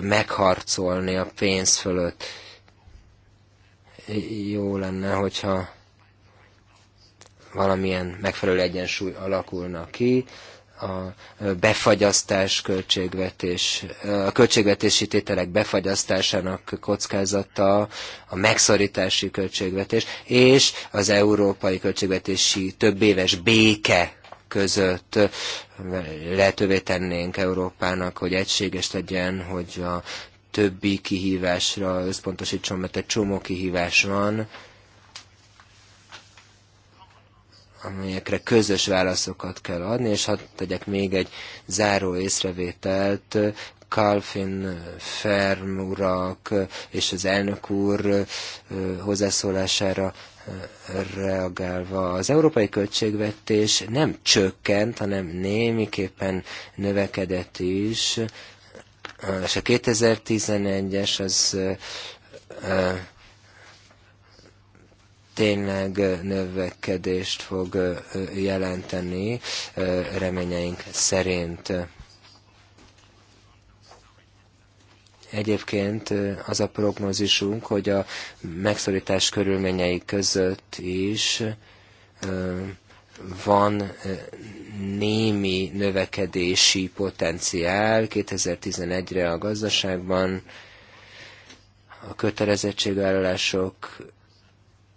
megharcolni a pénz fölött jó lenne, hogyha valamilyen megfelelő egyensúly alakulna ki, a befagyasztás költségvetés, a költségvetési tételek befagyasztásának kockázata, a megszorítási költségvetés és az európai költségvetési több éves béke között lehetővé tennénk Európának, hogy egységes legyen, hogy a többi kihívásra összpontosítson, mert egy csomó kihívás van, amelyekre közös válaszokat kell adni, és hadd tegyek még egy záró észrevételt. Calvin Ferm urak és az elnök úr hozzászólására reagálva. Az európai költségvetés nem csökkent, hanem némiképpen növekedett is és a 2011-es az tényleg növekedést fog jelenteni reményeink szerint. Egyébként az a prognózisunk, hogy a megszorítás körülményei között is van némi növekedési potenciál 2011-re a gazdaságban, a kötelezettségvállalások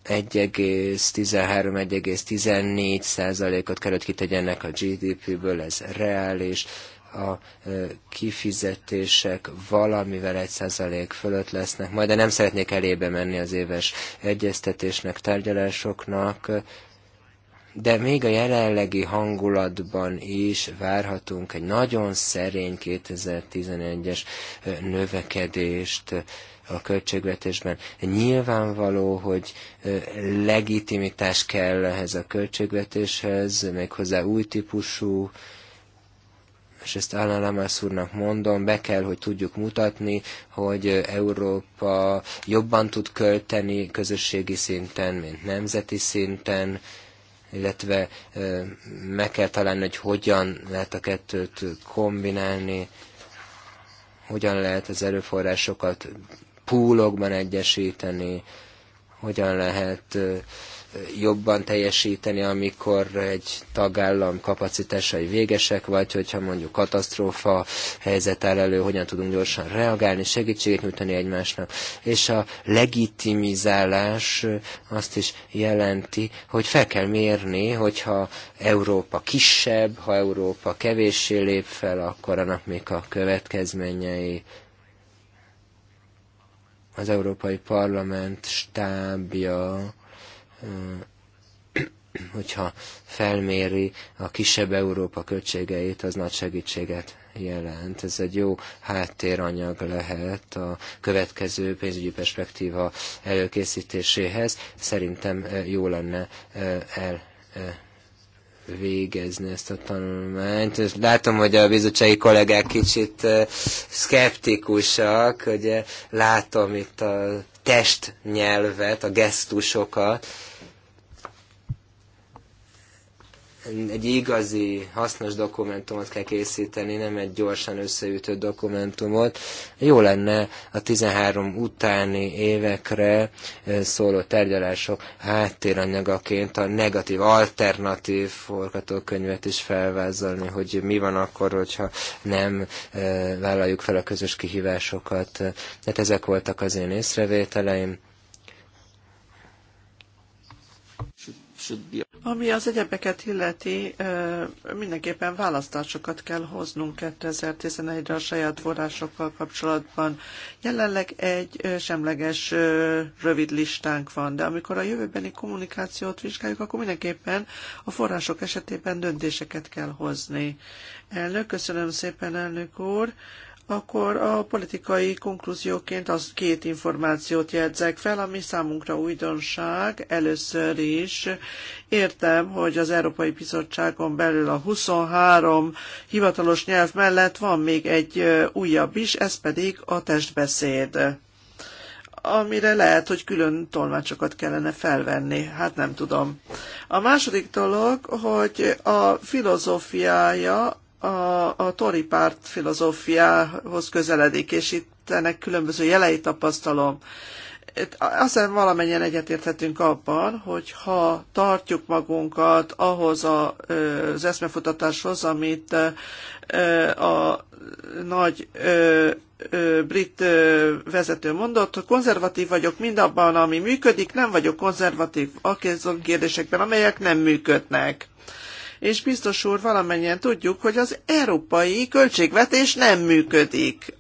1,13-1,14 százalékot kellett kitegyenek a GDP-ből, ez reális, a kifizetések valamivel egy százalék fölött lesznek, majd de nem szeretnék elébe menni az éves egyeztetésnek, tárgyalásoknak, de még a jelenlegi hangulatban is várhatunk egy nagyon szerény 2011-es növekedést a költségvetésben. Nyilvánvaló, hogy legitimitás kell ehhez a költségvetéshez, méghozzá új típusú, és ezt Alan Lamas úrnak mondom, be kell, hogy tudjuk mutatni, hogy Európa jobban tud költeni közösségi szinten, mint nemzeti szinten, illetve meg kell találni, hogy hogyan lehet a kettőt kombinálni, hogyan lehet az erőforrásokat púlokban egyesíteni, hogyan lehet jobban teljesíteni, amikor egy tagállam kapacitásai végesek, vagy hogyha mondjuk katasztrófa helyzet áll elő, hogyan tudunk gyorsan reagálni, segítséget nyújtani egymásnak. És a legitimizálás azt is jelenti, hogy fel kell mérni, hogyha Európa kisebb, ha Európa kevéssé lép fel, akkor annak még a következményei az Európai Parlament stábja hogyha felméri a kisebb Európa költségeit, az nagy segítséget jelent. Ez egy jó háttéranyag lehet a következő pénzügyi perspektíva előkészítéséhez. Szerintem jó lenne el végezni ezt a tanulmányt. Látom, hogy a bizottsági kollégák kicsit szkeptikusak, ugye látom itt a testnyelvet, a gesztusokat, egy igazi, hasznos dokumentumot kell készíteni, nem egy gyorsan összeütött dokumentumot. Jó lenne a 13 utáni évekre eh, szóló tárgyalások háttéranyagaként a negatív, alternatív forgatókönyvet is felvázolni, hogy mi van akkor, hogyha nem eh, vállaljuk fel a közös kihívásokat. Tehát ezek voltak az én észrevételeim. should be ami az egyebeket illeti, mindenképpen választásokat kell hoznunk 2011-re a saját forrásokkal kapcsolatban. Jelenleg egy semleges rövid listánk van, de amikor a jövőbeni kommunikációt vizsgáljuk, akkor mindenképpen a források esetében döntéseket kell hozni. Elnök, köszönöm szépen, elnök úr! akkor a politikai konklúzióként az két információt jegyzek fel, ami számunkra újdonság. Először is értem, hogy az Európai Bizottságon belül a 23 hivatalos nyelv mellett van még egy újabb is, ez pedig a testbeszéd amire lehet, hogy külön tolmácsokat kellene felvenni. Hát nem tudom. A második dolog, hogy a filozófiája a, a Tori párt filozófiához közeledik, és itt ennek különböző jeleit tapasztalom. Aztán valamennyien egyetérthetünk abban, hogy ha tartjuk magunkat ahhoz a, az eszmefutatáshoz, amit a nagy brit vezető mondott, hogy konzervatív vagyok mindabban, ami működik, nem vagyok konzervatív a kérdésekben, amelyek nem működnek és biztos úr, valamennyien tudjuk, hogy az európai költségvetés nem működik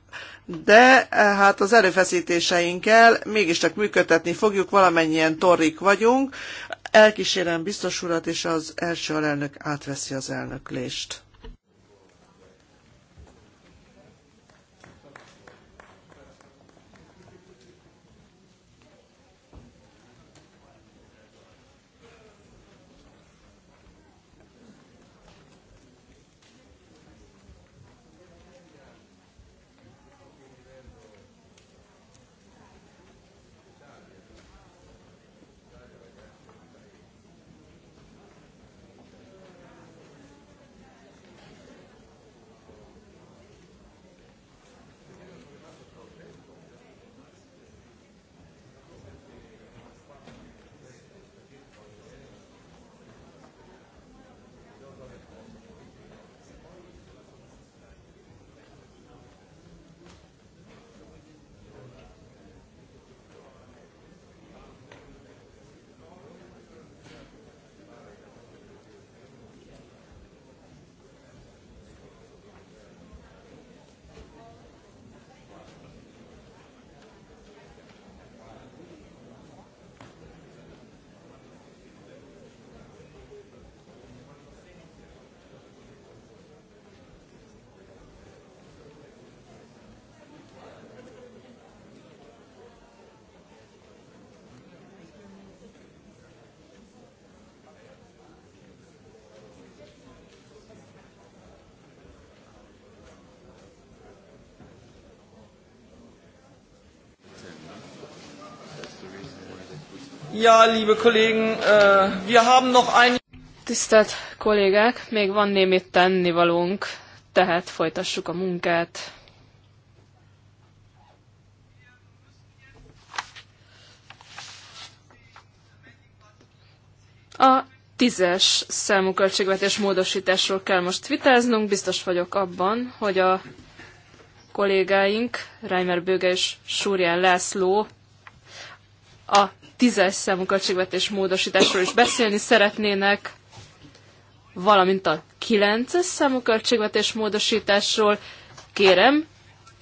de eh, hát az erőfeszítéseinkkel mégiscsak működtetni fogjuk, valamennyien torrik vagyunk. Elkísérem biztos urat, és az első alelnök átveszi az elnöklést. Ja, liebe Kollegen, äh, wir haben noch ein... Tisztelt kollégák, még van némi tennivalónk, tehát folytassuk a munkát. A tízes számú költségvetés módosításról kell most vitáznunk. Biztos vagyok abban, hogy a kollégáink, Reimer Bőge és Súrján László a tízes számú költségvetés módosításról is beszélni szeretnének, valamint a kilences számú költségvetés módosításról. Kérem,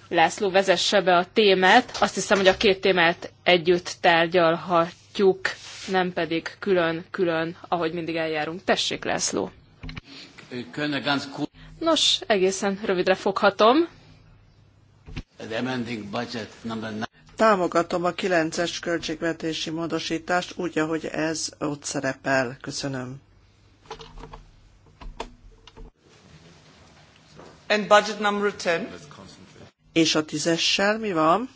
László vezesse be a témát. Azt hiszem, hogy a két témát együtt tárgyalhatjuk, nem pedig külön-külön, ahogy mindig eljárunk. Tessék, László! Nos, egészen rövidre foghatom támogatom a 9-es költségvetési módosítást úgy, ahogy ez ott szerepel. Köszönöm. And budget number 10. És a tízessel mi van?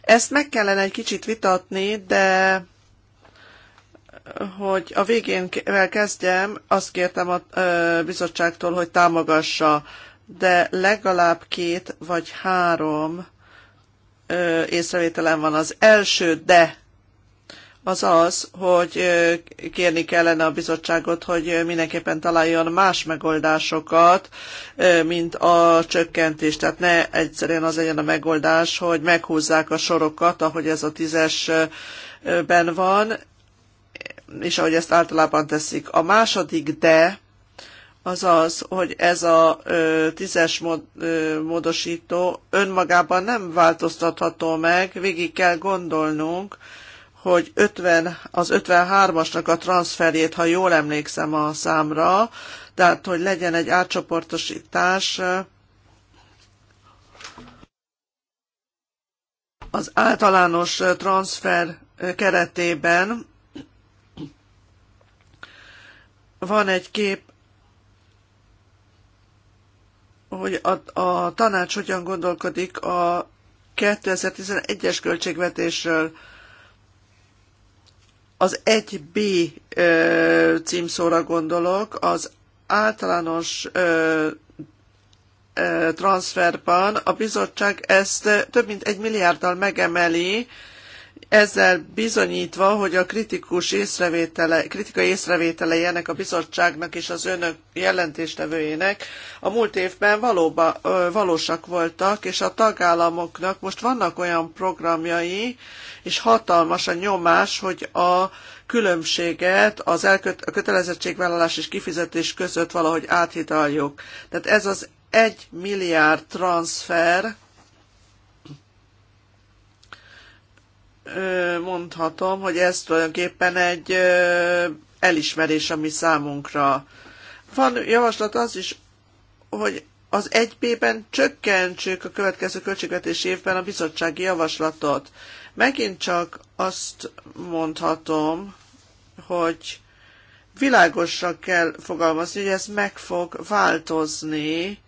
Ezt meg kellene egy kicsit vitatni, de hogy a végén kezdjem, azt kértem a bizottságtól, hogy támogassa, de legalább két vagy három ö, észrevételem van. Az első, de az az, hogy kérni kellene a bizottságot, hogy mindenképpen találjon más megoldásokat, mint a csökkentés. Tehát ne egyszerűen az legyen a megoldás, hogy meghúzzák a sorokat, ahogy ez a tízesben van, és ahogy ezt általában teszik. A második de, az az, hogy ez a ö, tízes mod, ö, módosító önmagában nem változtatható meg, végig kell gondolnunk, hogy 50, az 53-asnak a transferjét, ha jól emlékszem a számra, tehát hogy legyen egy átcsoportosítás az általános transfer keretében, van egy kép hogy a, a tanács hogyan gondolkodik a 2011-es költségvetésről az 1B ö, címszóra gondolok, az általános ö, transferban a bizottság ezt több mint egy milliárddal megemeli ezzel bizonyítva, hogy a kritikus észrevétele, kritikai észrevételei ennek a bizottságnak és az önök jelentéstevőjének a múlt évben valóba, valósak voltak, és a tagállamoknak most vannak olyan programjai, és hatalmas a nyomás, hogy a különbséget az elköt, a kötelezettségvállalás és kifizetés között valahogy áthidaljuk. Tehát ez az egy milliárd transfer, mondhatom, hogy ez tulajdonképpen egy elismerés, ami számunkra. Van javaslat az is, hogy az 1B-ben csökkentsük a következő költségvetés évben a bizottsági javaslatot. Megint csak azt mondhatom, hogy világosra kell fogalmazni, hogy ez meg fog változni,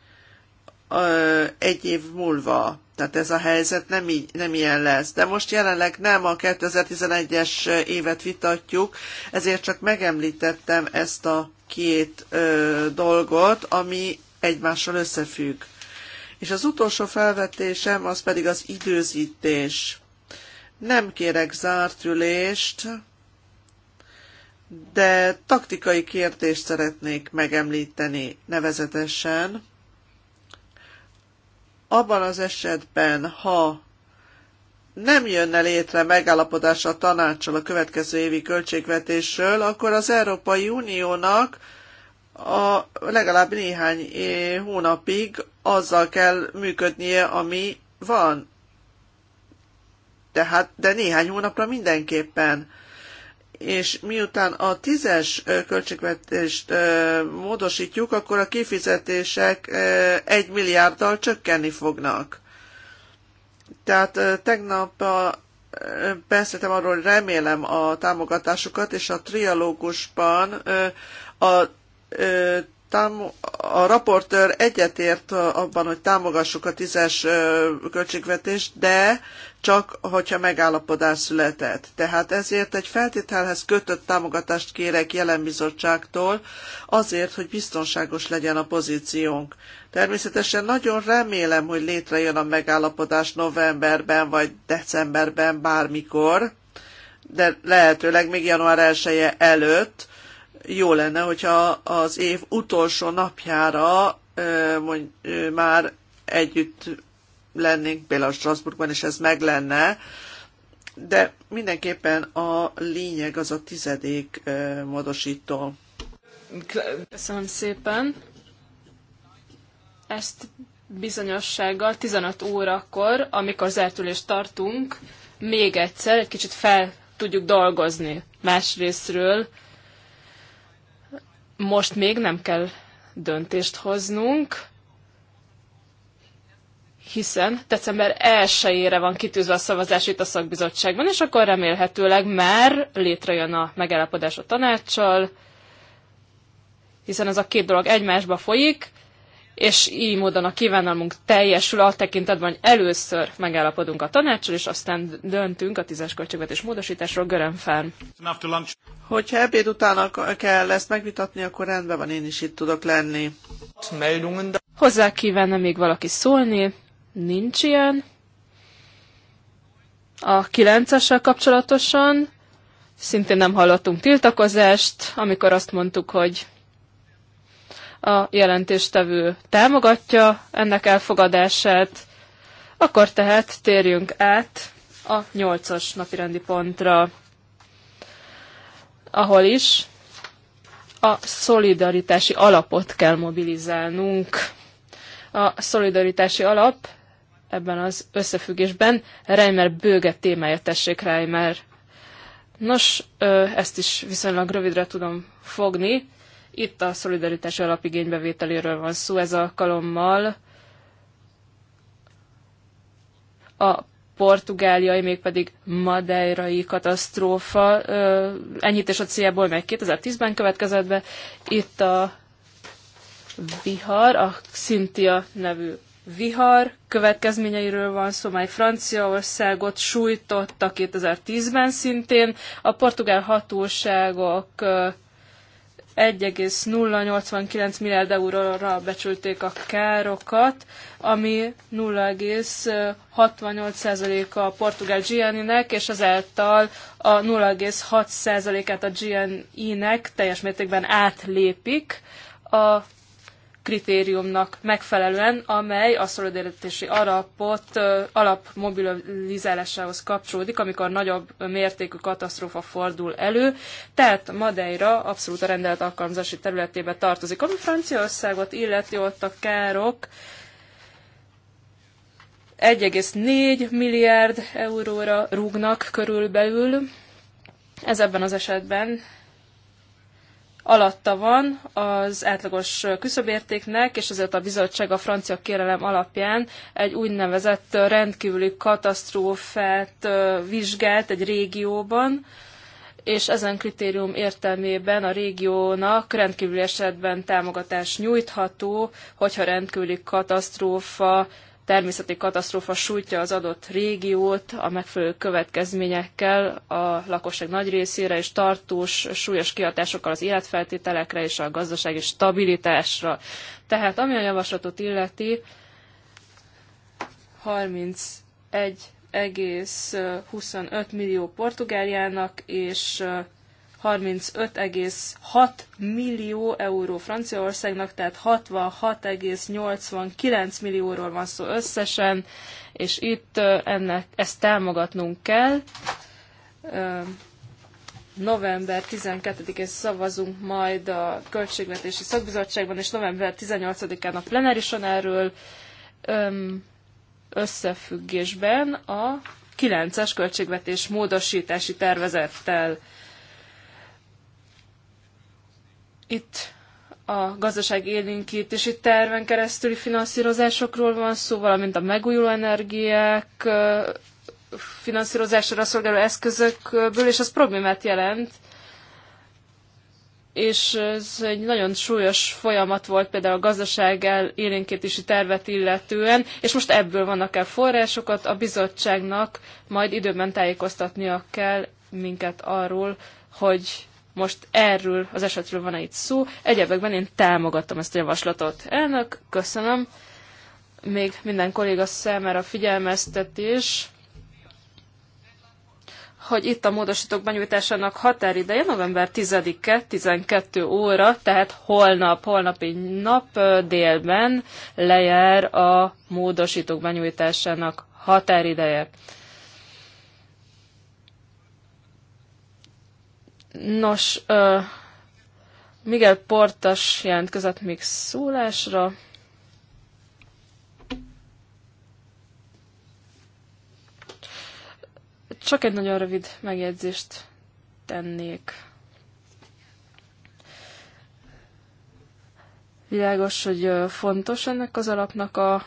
egy év múlva. Tehát ez a helyzet nem, így, nem ilyen lesz. De most jelenleg nem a 2011-es évet vitatjuk, ezért csak megemlítettem ezt a két ö, dolgot, ami egymással összefügg. És az utolsó felvetésem az pedig az időzítés. Nem kérek zárt ülést, de taktikai kérdést szeretnék megemlíteni nevezetesen abban az esetben, ha nem jönne létre megállapodás a tanácssal a következő évi költségvetésről, akkor az Európai Uniónak a legalább néhány hónapig azzal kell működnie, ami van. Tehát, de néhány hónapra mindenképpen és miután a tízes költségvetést módosítjuk, akkor a kifizetések egy milliárddal csökkenni fognak. Tehát tegnap beszéltem arról, hogy remélem a támogatásukat, és a trialógusban a a raportőr egyetért abban, hogy támogassuk a tízes költségvetést, de csak hogyha megállapodás született. Tehát ezért egy feltételhez kötött támogatást kérek jelen bizottságtól, azért, hogy biztonságos legyen a pozíciónk. Természetesen nagyon remélem, hogy létrejön a megállapodás novemberben vagy decemberben bármikor, de lehetőleg még január 1 -e előtt jó lenne, hogyha az év utolsó napjára mondj, már együtt lennénk, például Strasbourgban, és ez meg lenne, de mindenképpen a lényeg az a tizedék módosító. Köszönöm szépen. Ezt bizonyossággal 15 órakor, amikor zártülést tartunk, még egyszer egy kicsit fel tudjuk dolgozni másrésztről. Most még nem kell döntést hoznunk, hiszen december 1-ére van kitűzve a szavazás itt a szakbizottságban, és akkor remélhetőleg már létrejön a megállapodás a tanácssal, hiszen ez a két dolog egymásba folyik, és így módon a kívánalmunk teljesül a tekintetben, hogy először megállapodunk a tanácsról, és aztán döntünk a tízes költségvetés módosításról Görönfán. Hogyha ebéd után kell ezt megvitatni, akkor rendben van, én is itt tudok lenni. Hozzá kívánna még valaki szólni? Nincs ilyen. A 9 kapcsolatosan szintén nem hallottunk tiltakozást, amikor azt mondtuk, hogy a jelentéstevő támogatja ennek elfogadását, akkor tehát térjünk át a 8-as napirendi pontra, ahol is a szolidaritási alapot kell mobilizálnunk. A szolidaritási alap ebben az összefüggésben. Reimer bőge témája, tessék Reimer. Nos, ezt is viszonylag rövidre tudom fogni. Itt a szolidaritási alapigénybevételéről van szó ez alkalommal. A portugáliai, mégpedig madeirai katasztrófa és a céljából, mely 2010-ben következett be. Itt a vihar, a Cynthia nevű vihar következményeiről van szó, mely Franciaországot sújtotta 2010-ben szintén. A portugál hatóságok 1,089 milliárd euróra becsülték a károkat, ami 0,68%-a a portugál GNI-nek, és ezáltal a 0,6%-át a GNI-nek teljes mértékben átlépik. A kritériumnak megfelelően, amely a szolidaritási alapot alap mobilizálásához kapcsolódik, amikor nagyobb mértékű katasztrófa fordul elő, tehát Madeira abszolút a rendelet alkalmazási területébe tartozik. Ami Franciaországot illeti, ott a károk 1,4 milliárd euróra rúgnak körülbelül. Ez ebben az esetben alatta van az átlagos küszöbértéknek, és ezért a bizottság a francia kérelem alapján egy úgynevezett rendkívüli katasztrófát vizsgált egy régióban, és ezen kritérium értelmében a régiónak rendkívüli esetben támogatás nyújtható, hogyha rendkívüli katasztrófa természeti katasztrófa sújtja az adott régiót a megfelelő következményekkel a lakosság nagy részére és tartós súlyos kihatásokkal az életfeltételekre és a gazdasági stabilitásra. Tehát ami a javaslatot illeti, 31,25 millió Portugáliának és 35,6 millió euró Franciaországnak, tehát 66,89 millióról van szó összesen, és itt ennek, ezt támogatnunk kell. November 12-én szavazunk majd a Költségvetési Szakbizottságban, és november 18-án a plenárison erről összefüggésben a 9-es költségvetés módosítási tervezettel itt a gazdaság élénkítési terven keresztüli finanszírozásokról van szó, valamint a megújuló energiák finanszírozására szolgáló eszközökből, és ez problémát jelent. És ez egy nagyon súlyos folyamat volt például a gazdaság élénkítési tervet illetően, és most ebből vannak el forrásokat, a bizottságnak majd időben tájékoztatnia kell minket arról, hogy most erről az esetről van -e itt szó. Egyebekben én támogattam ezt a javaslatot. Elnök, köszönöm. Még minden kolléga számára figyelmeztetés hogy itt a módosítók benyújtásának határideje november 10-e, 12 óra, tehát holnap, holnapi nap délben lejár a módosítók benyújtásának határideje. Nos, uh, Miguel Portas jelentkezett még szólásra. Csak egy nagyon rövid megjegyzést tennék. Világos, hogy fontos ennek az alapnak a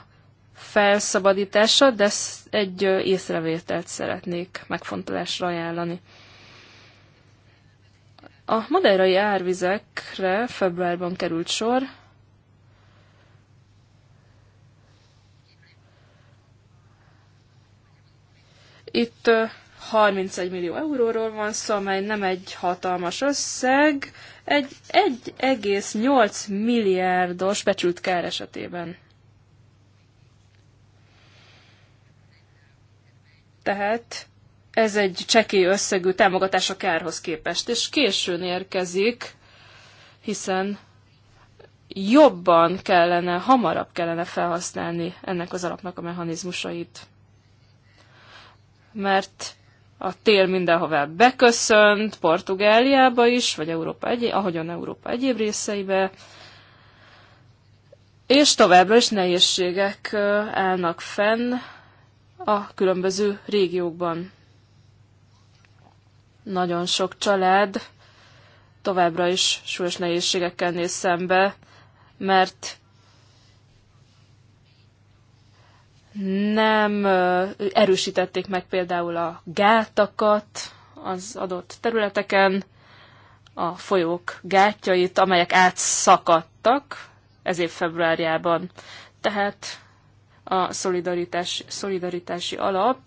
felszabadítása, de egy észrevételt szeretnék megfontolásra ajánlani. A madeirai árvizekre februárban került sor, Itt 31 millió euróról van szó, amely nem egy hatalmas összeg, egy 1,8 milliárdos becsült kár esetében. Tehát ez egy csekély összegű támogatás a kárhoz képest, és későn érkezik, hiszen jobban kellene, hamarabb kellene felhasználni ennek az alapnak a mechanizmusait. Mert a tél mindenhová beköszönt, Portugáliába is, vagy Európa egy, ahogyan Európa egyéb részeibe, és továbbra is nehézségek állnak fenn a különböző régiókban. Nagyon sok család továbbra is súlyos nehézségekkel néz szembe, mert nem erősítették meg például a gátakat az adott területeken, a folyók gátjait, amelyek átszakadtak ez év februárjában. Tehát a szolidaritás, szolidaritási alap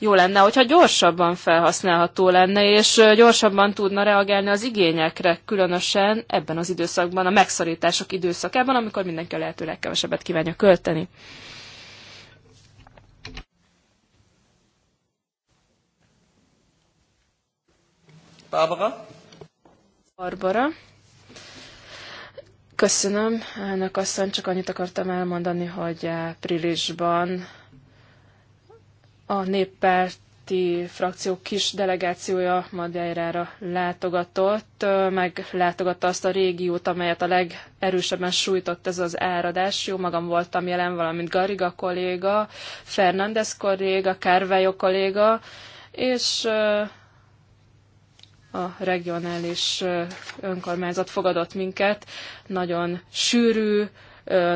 jó lenne, hogyha gyorsabban felhasználható lenne, és gyorsabban tudna reagálni az igényekre, különösen ebben az időszakban, a megszorítások időszakában, amikor mindenki a lehető legkevesebbet kívánja költeni. Barbara? Barbara. Köszönöm, elnök asszony, csak annyit akartam elmondani, hogy áprilisban a néppárti frakció kis delegációja Madeirára látogatott, meglátogatta azt a régiót, amelyet a legerősebben sújtott ez az áradás. Jó magam voltam jelen, valamint Gariga kolléga, Fernandes kolléga, Carvalho kolléga, és a regionális önkormányzat fogadott minket. Nagyon sűrű,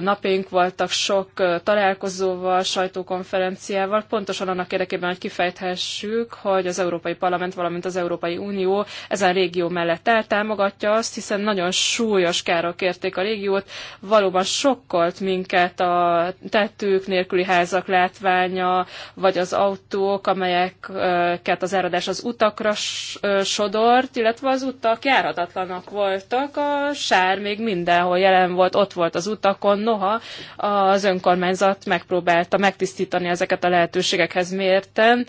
napjaink voltak sok találkozóval, sajtókonferenciával, pontosan annak érdekében, hogy kifejthessük, hogy az Európai Parlament, valamint az Európai Unió ezen régió mellett eltámogatja azt, hiszen nagyon súlyos károk érték a régiót, valóban sokkolt minket a tettők nélküli házak látványa, vagy az autók, amelyeket az áradás az utakra sodort, illetve az utak járatatlanak voltak, a sár még mindenhol jelen volt, ott volt az utak, utakon. Noha az önkormányzat megpróbálta megtisztítani ezeket a lehetőségekhez mérten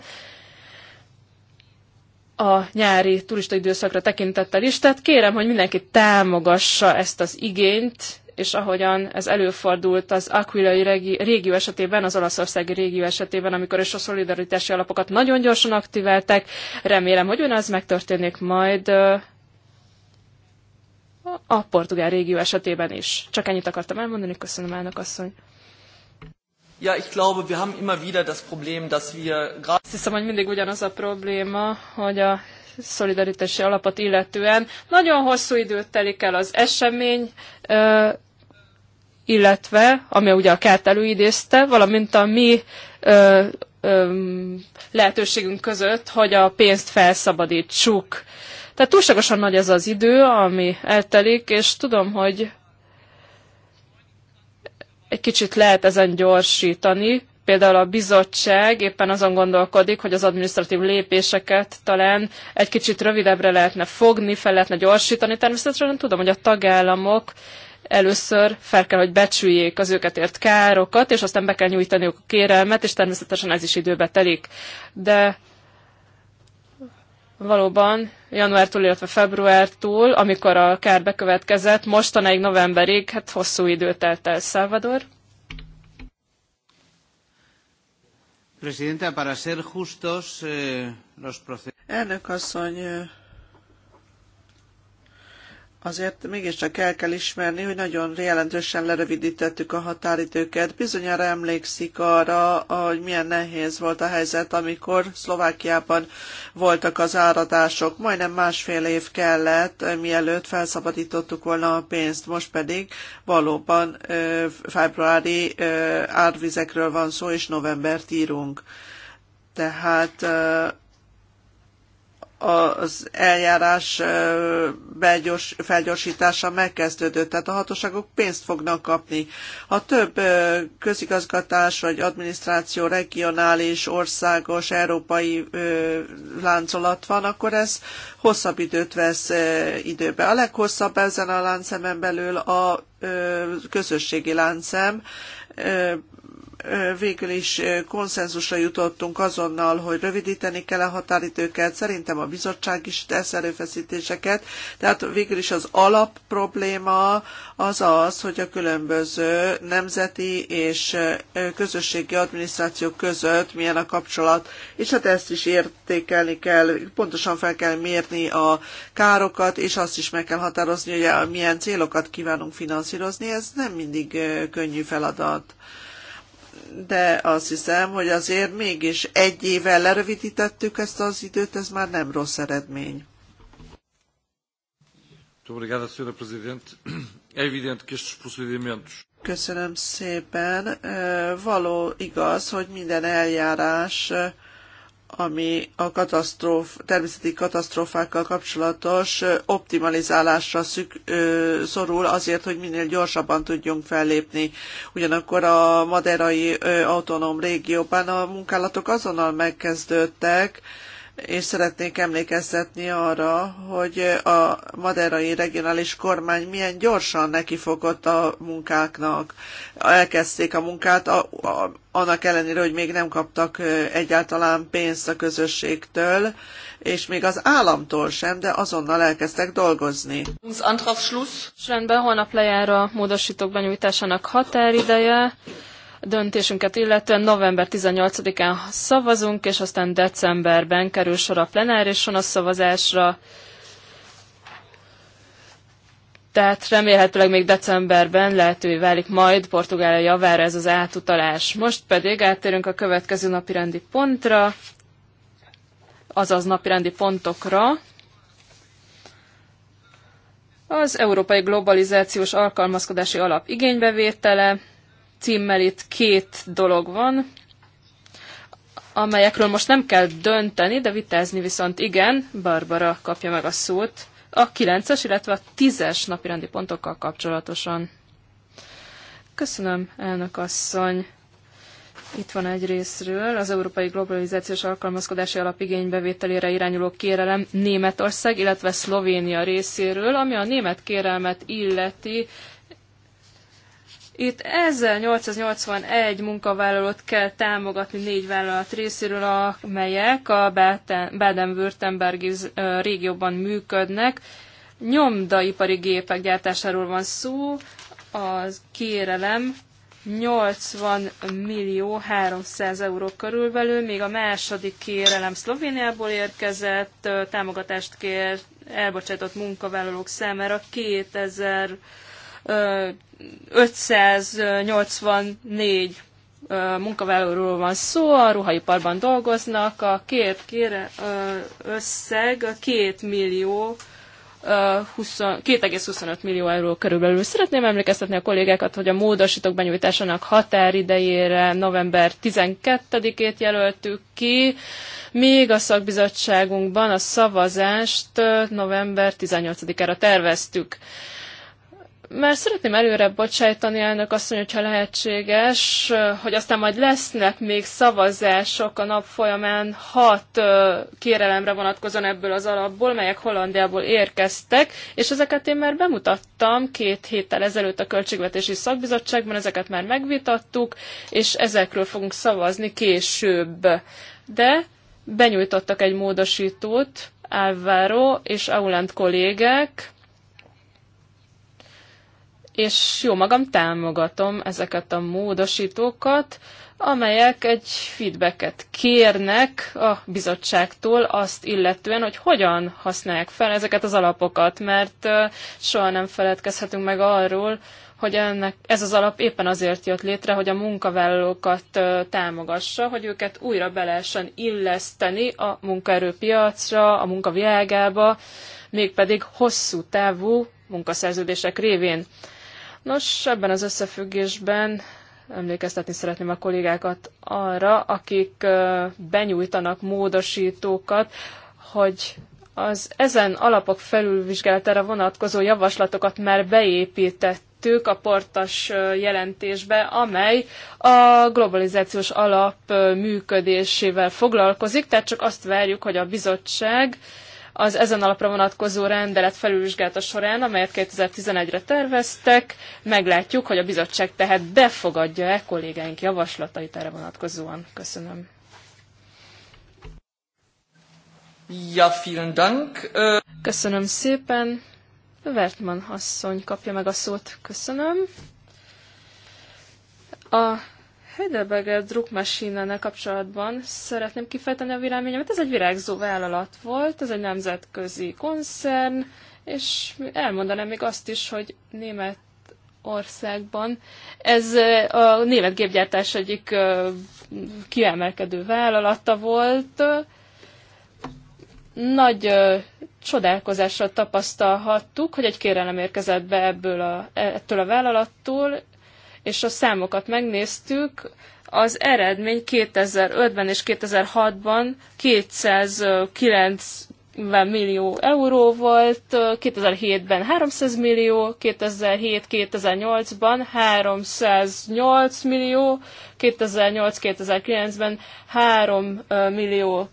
a nyári turista időszakra tekintettel is. Tehát kérem, hogy mindenki támogassa ezt az igényt, és ahogyan ez előfordult az Aquilai régió esetében, az olaszországi régió esetében, amikor is a szolidaritási alapokat nagyon gyorsan aktiválták. Remélem, hogy ön az megtörténik majd a portugál régió esetében is. Csak ennyit akartam elmondani, köszönöm elnök asszony. Ja, ich glaube, wir haben immer wieder das Problem, dass wir gerade... hiszem, hogy mindig ugyanaz a probléma, hogy a szolidaritási alapot illetően nagyon hosszú időt telik el az esemény, illetve, ami ugye a kert előidézte, valamint a mi ö, ö, lehetőségünk között, hogy a pénzt felszabadítsuk. Ö, tehát túlságosan nagy ez az idő, ami eltelik, és tudom, hogy egy kicsit lehet ezen gyorsítani. Például a bizottság éppen azon gondolkodik, hogy az administratív lépéseket talán egy kicsit rövidebbre lehetne fogni, fel lehetne gyorsítani. Természetesen tudom, hogy a tagállamok először fel kell, hogy becsüljék az őket ért károkat, és aztán be kell nyújtaniuk a kérelmet, és természetesen ez is időbe telik. De valóban januártól, illetve februártól, amikor a kár bekövetkezett, mostanáig novemberig, hát hosszú idő telt el Salvador. Presidenta, para ser justos, eh, los Elnök asszony, eh, azért mégiscsak el kell ismerni, hogy nagyon jelentősen lerövidítettük a határidőket. Bizonyára emlékszik arra, hogy milyen nehéz volt a helyzet, amikor Szlovákiában voltak az áradások. Majdnem másfél év kellett, mielőtt felszabadítottuk volna a pénzt. Most pedig valóban februári árvizekről van szó, és novembert írunk. Tehát az eljárás begyors, felgyorsítása megkezdődött, tehát a hatóságok pénzt fognak kapni. Ha több közigazgatás vagy adminisztráció regionális, országos, európai láncolat van, akkor ez hosszabb időt vesz időbe. A leghosszabb ezen a láncemen belül a közösségi láncem, végül is konszenzusra jutottunk azonnal, hogy rövidíteni kell a határidőket, szerintem a bizottság is tesz erőfeszítéseket, tehát végül is az alap probléma az az, hogy a különböző nemzeti és közösségi adminisztrációk között milyen a kapcsolat, és hát ezt is értékelni kell, pontosan fel kell mérni a károkat, és azt is meg kell határozni, hogy milyen célokat kívánunk finanszírozni, ez nem mindig könnyű feladat de azt hiszem, hogy azért mégis egy évvel lerövidítettük ezt az időt, ez már nem rossz eredmény. Köszönöm szépen. Való igaz, hogy minden eljárás ami a katasztróf, természeti katasztrófákkal kapcsolatos optimalizálásra szük, ö, szorul azért, hogy minél gyorsabban tudjunk fellépni. Ugyanakkor a maderai ö, autonóm régióban a munkálatok azonnal megkezdődtek, ö, és szeretnék emlékeztetni arra, hogy a maderai regionális kormány milyen gyorsan nekifogott a munkáknak. Elkezdték a munkát, a, a, annak ellenére, hogy még nem kaptak egyáltalán pénzt a közösségtől, és még az államtól sem, de azonnal elkezdtek dolgozni. Rendben, holnap lejár a módosítók benyújtásának határideje döntésünket illetően november 18-án szavazunk, és aztán decemberben kerül sor a plenárison a szavazásra. Tehát remélhetőleg még decemberben lehetővé válik majd Portugália javára ez az átutalás. Most pedig áttérünk a következő napirendi pontra, azaz napirendi pontokra. Az Európai Globalizációs Alkalmazkodási Alap igénybevétele, címmel itt két dolog van, amelyekről most nem kell dönteni, de vitázni viszont igen. Barbara kapja meg a szót a 9-es, illetve a 10-es napirendi pontokkal kapcsolatosan. Köszönöm, elnök asszony. Itt van egy részről az Európai Globalizációs Alkalmazkodási Alap igénybevételére irányuló kérelem Németország, illetve Szlovénia részéről, ami a német kérelmet illeti itt 1881 munkavállalót kell támogatni négy vállalat részéről, amelyek a baden württemberg régióban működnek. Nyomdaipari gépek gyártásáról van szó, az kérelem 80 millió 300 euró körülbelül, még a második kérelem Szlovéniából érkezett, támogatást kér elbocsátott munkavállalók számára 2000 584 munkavállalóról van szó, a ruhaiparban dolgoznak, a két kére, összeg 2 millió 2,25 millió euró körülbelül. Szeretném emlékeztetni a kollégákat, hogy a módosítók benyújtásának határidejére november 12-ét jelöltük ki, még a szakbizottságunkban a szavazást november 18-ára terveztük. Már szeretném előre bocsájtani elnök asszony, hogyha lehetséges, hogy aztán majd lesznek még szavazások a nap folyamán hat kérelemre vonatkozóan ebből az alapból, melyek Hollandiából érkeztek, és ezeket én már bemutattam két héttel ezelőtt a Költségvetési Szakbizottságban, ezeket már megvitattuk, és ezekről fogunk szavazni később. De benyújtottak egy módosítót, Álváró és Auland kollégek, és jó magam támogatom ezeket a módosítókat, amelyek egy feedbacket kérnek a bizottságtól azt illetően, hogy hogyan használják fel ezeket az alapokat, mert soha nem feledkezhetünk meg arról, hogy ennek, ez az alap éppen azért jött létre, hogy a munkavállalókat támogassa, hogy őket újra be lehessen illeszteni a munkaerőpiacra, a munkavilágába, mégpedig hosszú távú munkaszerződések révén. Nos, ebben az összefüggésben emlékeztetni szeretném a kollégákat arra, akik benyújtanak módosítókat, hogy az ezen alapok felülvizsgálatára vonatkozó javaslatokat már beépítettük a portas jelentésbe, amely a globalizációs alap működésével foglalkozik, tehát csak azt várjuk, hogy a bizottság az ezen alapra vonatkozó rendelet felülvizsgálata során, amelyet 2011-re terveztek, meglátjuk, hogy a bizottság tehát befogadja-e kollégáink javaslatait erre vonatkozóan. Köszönöm. Ja, vielen Dank. Köszönöm szépen. Wertmann asszony kapja meg a szót. Köszönöm. A Heidelberger Druckmaschine kapcsolatban szeretném kifejteni a véleményemet. Ez egy virágzó vállalat volt, ez egy nemzetközi koncern, és elmondanám még azt is, hogy német országban. Ez a német gépgyártás egyik kiemelkedő vállalata volt. Nagy csodálkozásra tapasztalhattuk, hogy egy kérelem érkezett be ebből a, ettől a vállalattól, és a számokat megnéztük, az eredmény 2005-ben és 2006-ban 209 millió euró volt, 2007-ben 300 millió, 2007-2008-ban 308 millió, 2008-2009-ben 3 millió,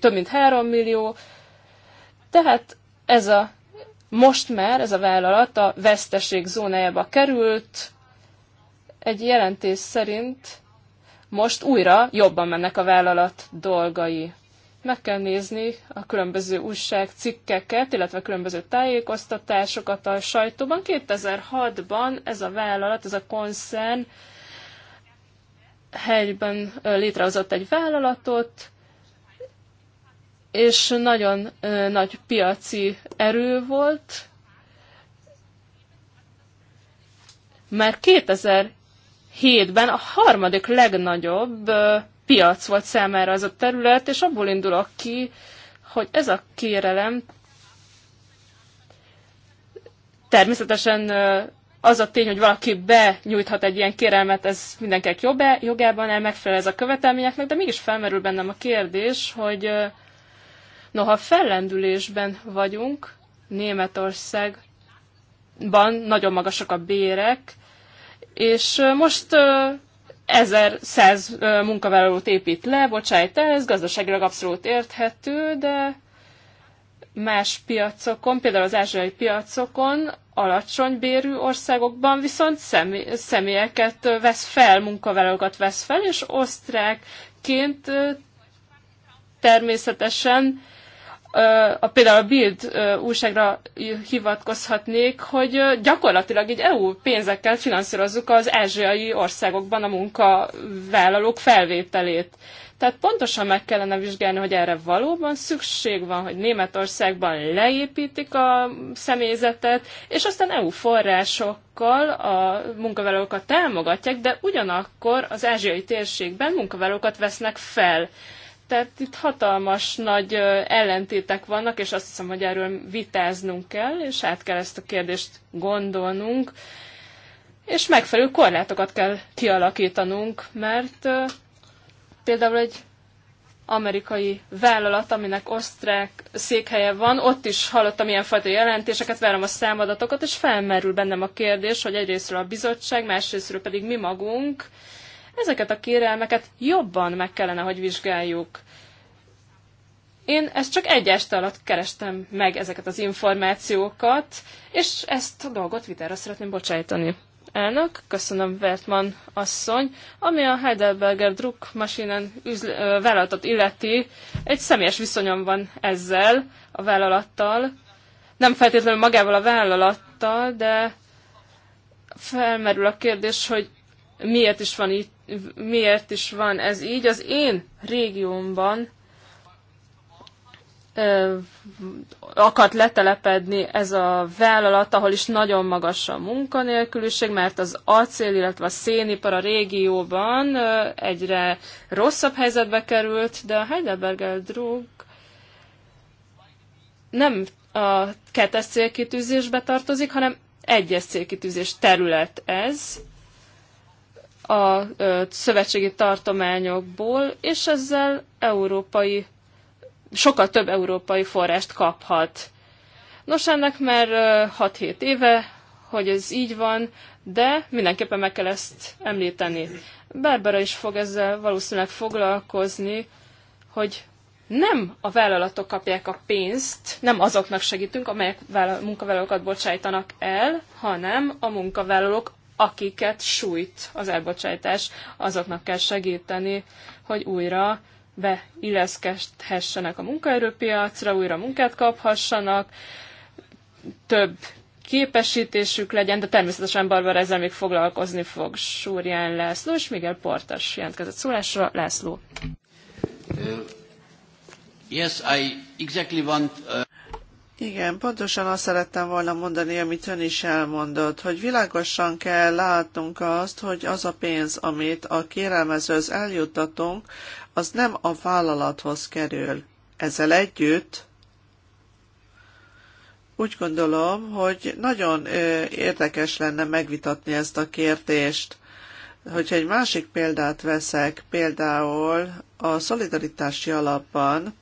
több mint 3 millió. Tehát ez a most már ez a vállalat a veszteség zónájába került, egy jelentés szerint most újra jobban mennek a vállalat dolgai. Meg kell nézni a különböző újságcikkeket, illetve különböző tájékoztatásokat a sajtóban. 2006-ban ez a vállalat, ez a koncern helyben létrehozott egy vállalatot, és nagyon nagy piaci erő volt. Már 2000 2007-ben a harmadik legnagyobb piac volt számára az a terület, és abból indulok ki, hogy ez a kérelem természetesen az a tény, hogy valaki benyújthat egy ilyen kérelmet, ez mindenkinek jobb jogában el megfelel ez a követelményeknek, de mégis felmerül bennem a kérdés, hogy noha fellendülésben vagyunk, Németországban nagyon magasak a bérek, és most ezer száz munkavállalót épít le, bocsájt ez gazdaságilag abszolút érthető, de más piacokon, például az ázsiai piacokon, alacsony bérű országokban viszont személy, személyeket vesz fel, munkavállalókat vesz fel, és osztrákként természetesen a, például a Bild újságra hivatkozhatnék, hogy gyakorlatilag egy EU pénzekkel finanszírozzuk az ázsiai országokban a munkavállalók felvételét. Tehát pontosan meg kellene vizsgálni, hogy erre valóban szükség van, hogy Németországban leépítik a személyzetet, és aztán EU forrásokkal a munkavállalókat támogatják, de ugyanakkor az ázsiai térségben munkavállalókat vesznek fel. Tehát itt hatalmas nagy ellentétek vannak, és azt hiszem, hogy erről vitáznunk kell, és át kell ezt a kérdést gondolnunk, és megfelelő korlátokat kell kialakítanunk, mert például egy amerikai vállalat, aminek osztrák székhelye van, ott is hallottam ilyen fajta jelentéseket, várom a számadatokat, és felmerül bennem a kérdés, hogy egyrésztről a bizottság, másrésztről pedig mi magunk, Ezeket a kérelmeket jobban meg kellene, hogy vizsgáljuk. Én ezt csak egy este alatt kerestem meg ezeket az információkat, és ezt a dolgot vitára szeretném bocsájtani. Elnök, köszönöm Vertman asszony, ami a Heidelberger Druckmaschinen üzle- vállalatot illeti, egy személyes viszonyom van ezzel a vállalattal, nem feltétlenül magával a vállalattal, de felmerül a kérdés, hogy miért is van itt miért is van ez így. Az én régiómban akart letelepedni ez a vállalat, ahol is nagyon magas a munkanélküliség, mert az acél, illetve a szénipar a régióban egyre rosszabb helyzetbe került, de a Heidelberger drug nem a kettes célkitűzésbe tartozik, hanem egyes célkitűzés terület ez, a szövetségi tartományokból, és ezzel európai, sokkal több európai forrást kaphat. Nos, ennek már 6-7 éve, hogy ez így van, de mindenképpen meg kell ezt említeni. Barbara is fog ezzel valószínűleg foglalkozni, hogy nem a vállalatok kapják a pénzt, nem azoknak segítünk, amelyek munkavállalókat bocsájtanak el, hanem a munkavállalók akiket sújt az elbocsátás, azoknak kell segíteni, hogy újra beilleszkedhessenek a munkaerőpiacra, újra munkát kaphassanak, több képesítésük legyen, de természetesen Barbara ezzel még foglalkozni fog Súrján László és Miguel Portas jelentkezett szólásra. László. Uh, yes, I exactly want, uh... Igen, pontosan azt szerettem volna mondani, amit ön is elmondott, hogy világosan kell látnunk azt, hogy az a pénz, amit a kérelmezőhöz eljuttatunk, az nem a vállalathoz kerül. Ezzel együtt úgy gondolom, hogy nagyon érdekes lenne megvitatni ezt a kérdést. Hogyha egy másik példát veszek, például a szolidaritási alapban,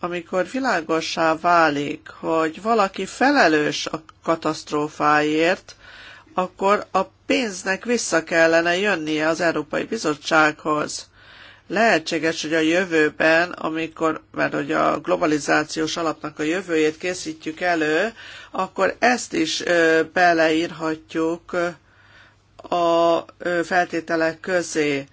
amikor világossá válik, hogy valaki felelős a katasztrófáért, akkor a pénznek vissza kellene jönnie az Európai Bizottsághoz. Lehetséges, hogy a jövőben, amikor, mert hogy a globalizációs alapnak a jövőjét készítjük elő, akkor ezt is beleírhatjuk a feltételek közé.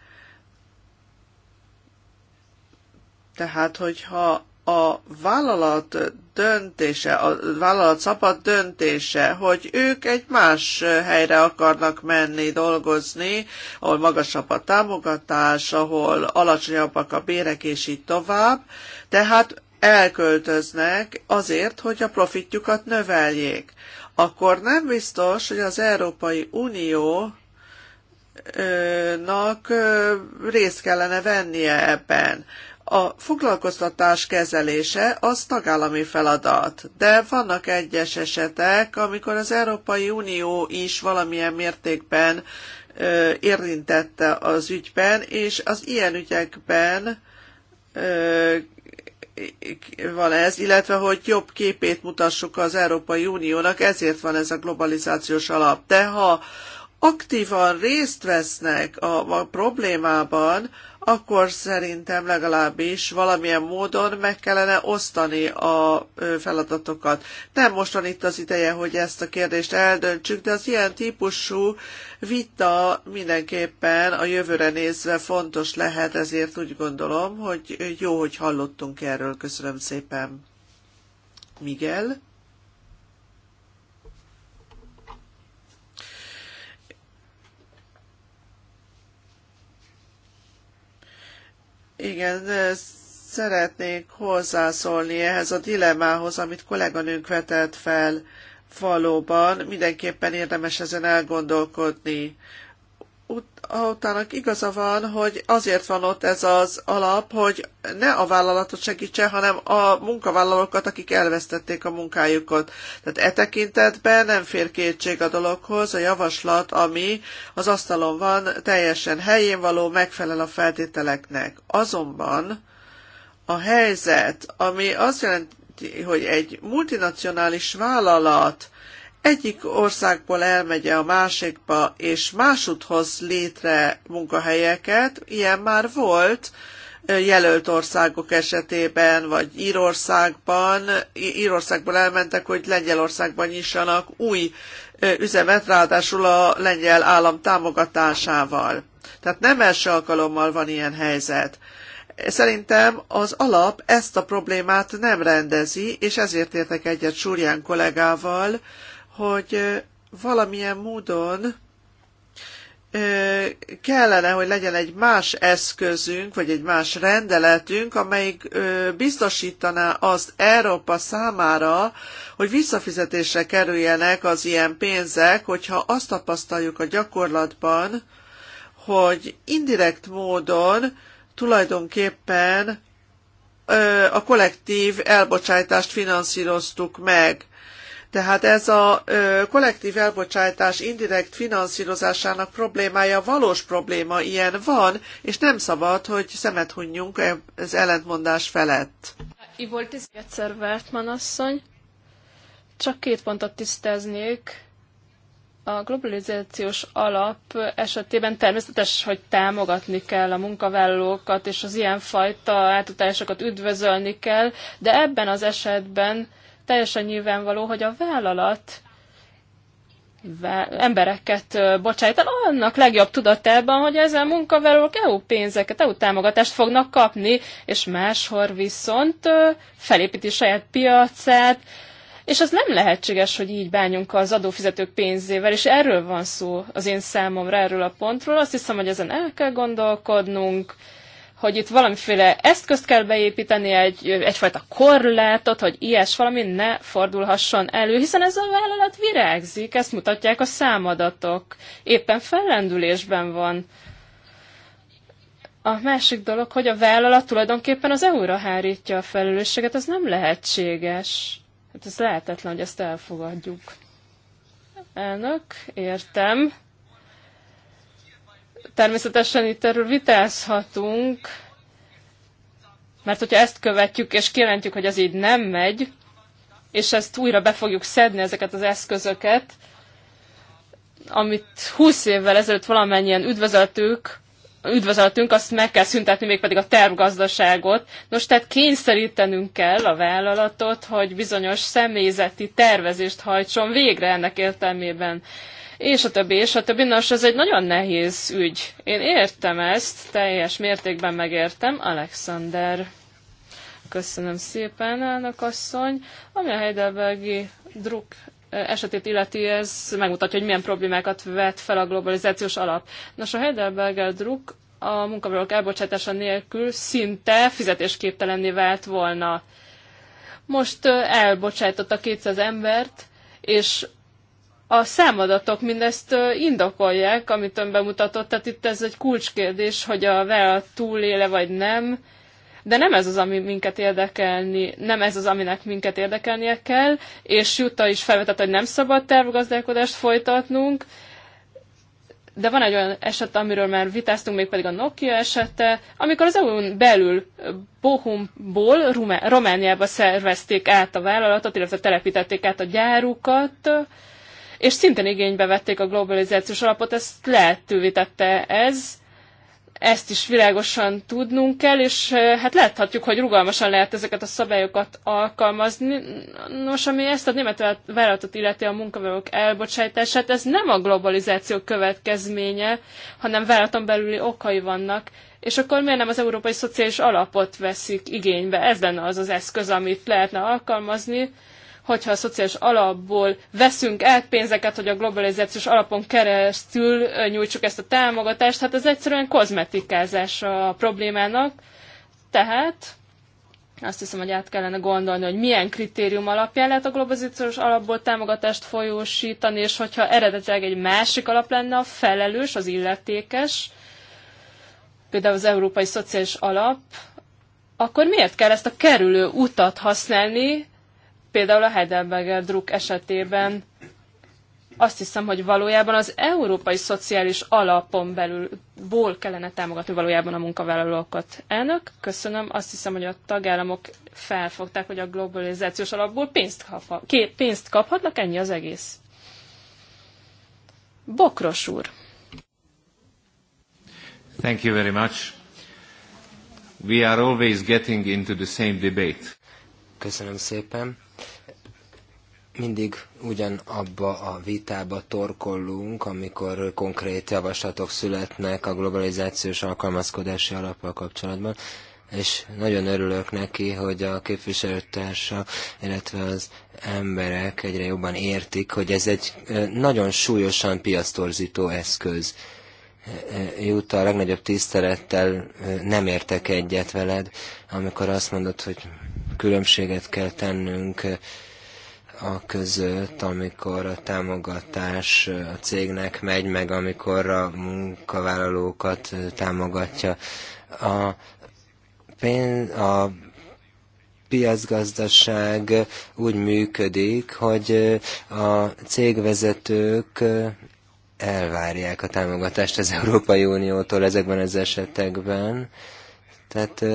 Tehát, hogyha a vállalat döntése, a vállalat szabad döntése, hogy ők egy más helyre akarnak menni dolgozni, ahol magasabb a támogatás, ahol alacsonyabbak a bérek, és így tovább. Tehát elköltöznek azért, hogy a profitjukat növeljék. Akkor nem biztos, hogy az Európai Unió nak részt kellene vennie ebben. A foglalkoztatás kezelése az tagállami feladat, de vannak egyes esetek, amikor az Európai Unió is valamilyen mértékben ö, érintette az ügyben, és az ilyen ügyekben ö, van ez, illetve hogy jobb képét mutassuk az Európai Uniónak, ezért van ez a globalizációs alap. De ha aktívan részt vesznek a, a problémában, akkor szerintem legalábbis valamilyen módon meg kellene osztani a feladatokat. Nem most van itt az ideje, hogy ezt a kérdést eldöntsük, de az ilyen típusú vita mindenképpen a jövőre nézve fontos lehet, ezért úgy gondolom, hogy jó, hogy hallottunk erről. Köszönöm szépen. Miguel? Igen, szeretnék hozzászólni ehhez a dilemmához, amit kolléganőnk vetett fel. Valóban, mindenképpen érdemes ezen elgondolkodni autának igaza van, hogy azért van ott ez az alap, hogy ne a vállalatot segítse, hanem a munkavállalókat, akik elvesztették a munkájukat. Tehát e tekintetben nem fér kétség a dologhoz, a javaslat, ami az asztalon van, teljesen helyén való, megfelel a feltételeknek. Azonban a helyzet, ami azt jelenti, hogy egy multinacionális vállalat, egyik országból elmegy a másikba, és másút hoz létre munkahelyeket, ilyen már volt, jelölt országok esetében, vagy Írországban, Írországból elmentek, hogy Lengyelországban nyissanak új üzemet, ráadásul a lengyel állam támogatásával. Tehát nem első alkalommal van ilyen helyzet. Szerintem az alap ezt a problémát nem rendezi, és ezért értek egyet Súrján kollégával, hogy valamilyen módon kellene, hogy legyen egy más eszközünk, vagy egy más rendeletünk, amelyik biztosítaná azt Európa számára, hogy visszafizetésre kerüljenek az ilyen pénzek, hogyha azt tapasztaljuk a gyakorlatban, hogy indirekt módon tulajdonképpen a kollektív elbocsátást finanszíroztuk meg tehát ez a ö, kollektív elbocsátás indirekt finanszírozásának problémája valós probléma, ilyen van, és nem szabad, hogy szemet hunjunk az ellentmondás felett. Ivoltis egyszer Vertman asszony. Csak két pontot tisztáznék. A globalizációs alap esetében természetes, hogy támogatni kell a munkavállalókat, és az ilyenfajta átutásokat üdvözölni kell, de ebben az esetben teljesen nyilvánvaló, hogy a vállalat embereket bocsájt el, annak legjobb tudatában, hogy ezzel munkavállalók EU pénzeket, EU támogatást fognak kapni, és máshol viszont felépíti saját piacát, és az nem lehetséges, hogy így bánjunk az adófizetők pénzével, és erről van szó az én számomra, erről a pontról. Azt hiszem, hogy ezen el kell gondolkodnunk, hogy itt valamiféle eszközt kell beépíteni, egy, egyfajta korlátot, hogy ilyes valami ne fordulhasson elő, hiszen ez a vállalat virágzik, ezt mutatják a számadatok. Éppen fellendülésben van. A másik dolog, hogy a vállalat tulajdonképpen az EU-ra hárítja a felelősséget, az nem lehetséges. Hát ez lehetetlen, hogy ezt elfogadjuk. Elnök, értem. Természetesen itt erről vitázhatunk, mert hogyha ezt követjük és kijelentjük, hogy ez így nem megy, és ezt újra be fogjuk szedni ezeket az eszközöket, amit 20 évvel ezelőtt valamennyien üdvözöltük, üdvözöltünk, azt meg kell szüntetni, mégpedig a tervgazdaságot. Nos, tehát kényszerítenünk kell a vállalatot, hogy bizonyos személyzeti tervezést hajtson végre ennek értelmében és a többi, és a többi. Nos, ez egy nagyon nehéz ügy. Én értem ezt, teljes mértékben megértem. Alexander. Köszönöm szépen, elnök asszony. Ami a Heidelbergi druk eh, esetét illeti, ez megmutatja, hogy milyen problémákat vet fel a globalizációs alap. Nos, a Heidelberger druk a munkavállalók elbocsátása nélkül szinte fizetésképtelenné vált volna. Most eh, elbocsájtottak 200 embert, és a számadatok mindezt indokolják, amit ön bemutatott, tehát itt ez egy kulcskérdés, hogy a VEA túléle vagy nem, de nem ez az, ami minket érdekelni, nem ez az, aminek minket érdekelnie kell, és Jutta is felvetett, hogy nem szabad tervgazdálkodást folytatnunk, de van egy olyan eset, amiről már vitáztunk, még pedig a Nokia esete, amikor az EU-n belül Bohumból Rumá- Romániába szervezték át a vállalatot, illetve telepítették át a gyárukat, és szintén igénybe vették a globalizációs alapot, ezt lehetővé tette ez, ezt is világosan tudnunk kell, és hát láthatjuk, hogy rugalmasan lehet ezeket a szabályokat alkalmazni. Nos, ami ezt a német vállalatot illeti a munkavállalók elbocsátását, ez nem a globalizáció következménye, hanem vállalaton belüli okai vannak, és akkor miért nem az Európai Szociális Alapot veszik igénybe? Ez lenne az az eszköz, amit lehetne alkalmazni, hogyha a szociális alapból veszünk át pénzeket, hogy a globalizációs alapon keresztül nyújtsuk ezt a támogatást, hát ez egyszerűen kozmetikázás a problémának. Tehát azt hiszem, hogy át kellene gondolni, hogy milyen kritérium alapján lehet a globalizációs alapból támogatást folyósítani, és hogyha eredetileg egy másik alap lenne a felelős, az illetékes, például az Európai Szociális Alap, akkor miért kell ezt a kerülő utat használni, Például a Heidelberger druk esetében azt hiszem, hogy valójában az európai szociális alapon belül ból kellene támogatni valójában a munkavállalókat. Elnök, köszönöm. Azt hiszem, hogy a tagállamok felfogták, hogy a globalizációs alapból pénzt, kapha, ké, pénzt kaphatnak, ennyi az egész. Bokros úr. Thank you very much. We are always getting into the same debate. Köszönöm szépen mindig ugyanabba a vitába torkollunk, amikor konkrét javaslatok születnek a globalizációs alkalmazkodási alappal kapcsolatban, és nagyon örülök neki, hogy a képviselőtársa, illetve az emberek egyre jobban értik, hogy ez egy nagyon súlyosan piasztorzító eszköz. Jutta, a legnagyobb tisztelettel nem értek egyet veled, amikor azt mondod, hogy különbséget kell tennünk a között, amikor a támogatás a cégnek megy, meg amikor a munkavállalókat támogatja. A, pénz, a piacgazdaság úgy működik, hogy a cégvezetők elvárják a támogatást az Európai Uniótól ezekben az esetekben, tehát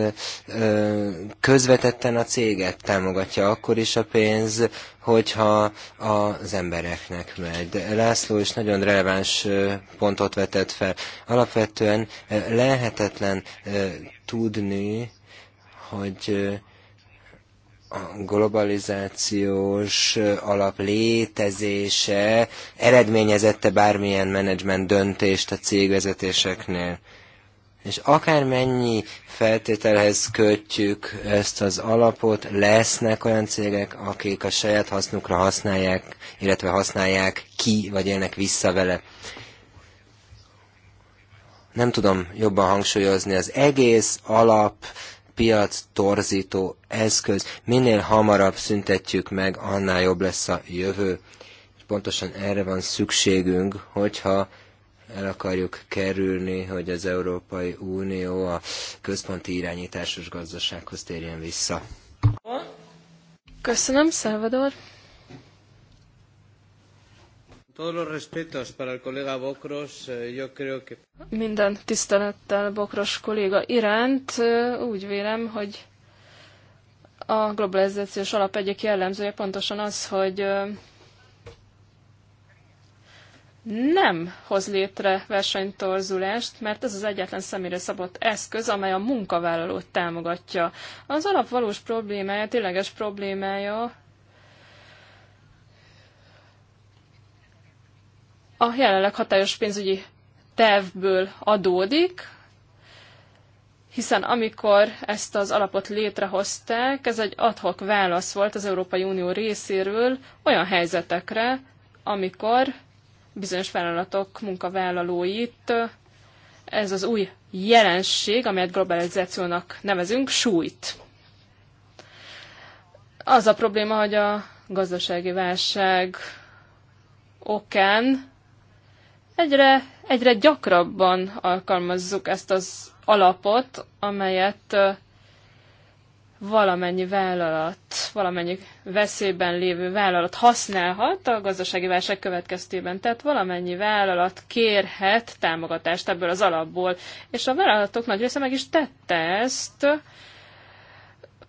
közvetetten a céget támogatja akkor is a pénz, hogyha az embereknek megy. De László is nagyon releváns pontot vetett fel. Alapvetően lehetetlen tudni, hogy a globalizációs alap létezése eredményezette bármilyen menedzsment döntést a cégvezetéseknél. És akármennyi feltételhez kötjük ezt az alapot, lesznek olyan cégek, akik a saját hasznukra használják, illetve használják ki, vagy élnek vissza vele. Nem tudom jobban hangsúlyozni, az egész alap piac torzító eszköz. Minél hamarabb szüntetjük meg, annál jobb lesz a jövő. És pontosan erre van szükségünk, hogyha el akarjuk kerülni, hogy az Európai Unió a központi irányításos gazdasághoz térjen vissza. Köszönöm, Salvador. Eh, Minden tisztelettel Bokros kolléga iránt eh, úgy vélem, hogy a globalizációs alap egyik jellemzője pontosan az, hogy eh, nem hoz létre versenytorzulást, mert ez az egyetlen személyre szabott eszköz, amely a munkavállalót támogatja. Az alap valós problémája, tényleges problémája a jelenleg hatályos pénzügyi tervből adódik, hiszen amikor ezt az alapot létrehozták, ez egy adhok válasz volt az Európai Unió részéről olyan helyzetekre, amikor bizonyos vállalatok munkavállalóit ez az új jelenség, amelyet globalizációnak nevezünk, sújt. Az a probléma, hogy a gazdasági válság okán egyre, egyre gyakrabban alkalmazzuk ezt az alapot, amelyet valamennyi vállalat, valamennyi veszélyben lévő vállalat használhat a gazdasági válság következtében. Tehát valamennyi vállalat kérhet támogatást ebből az alapból. És a vállalatok nagy része meg is tette ezt.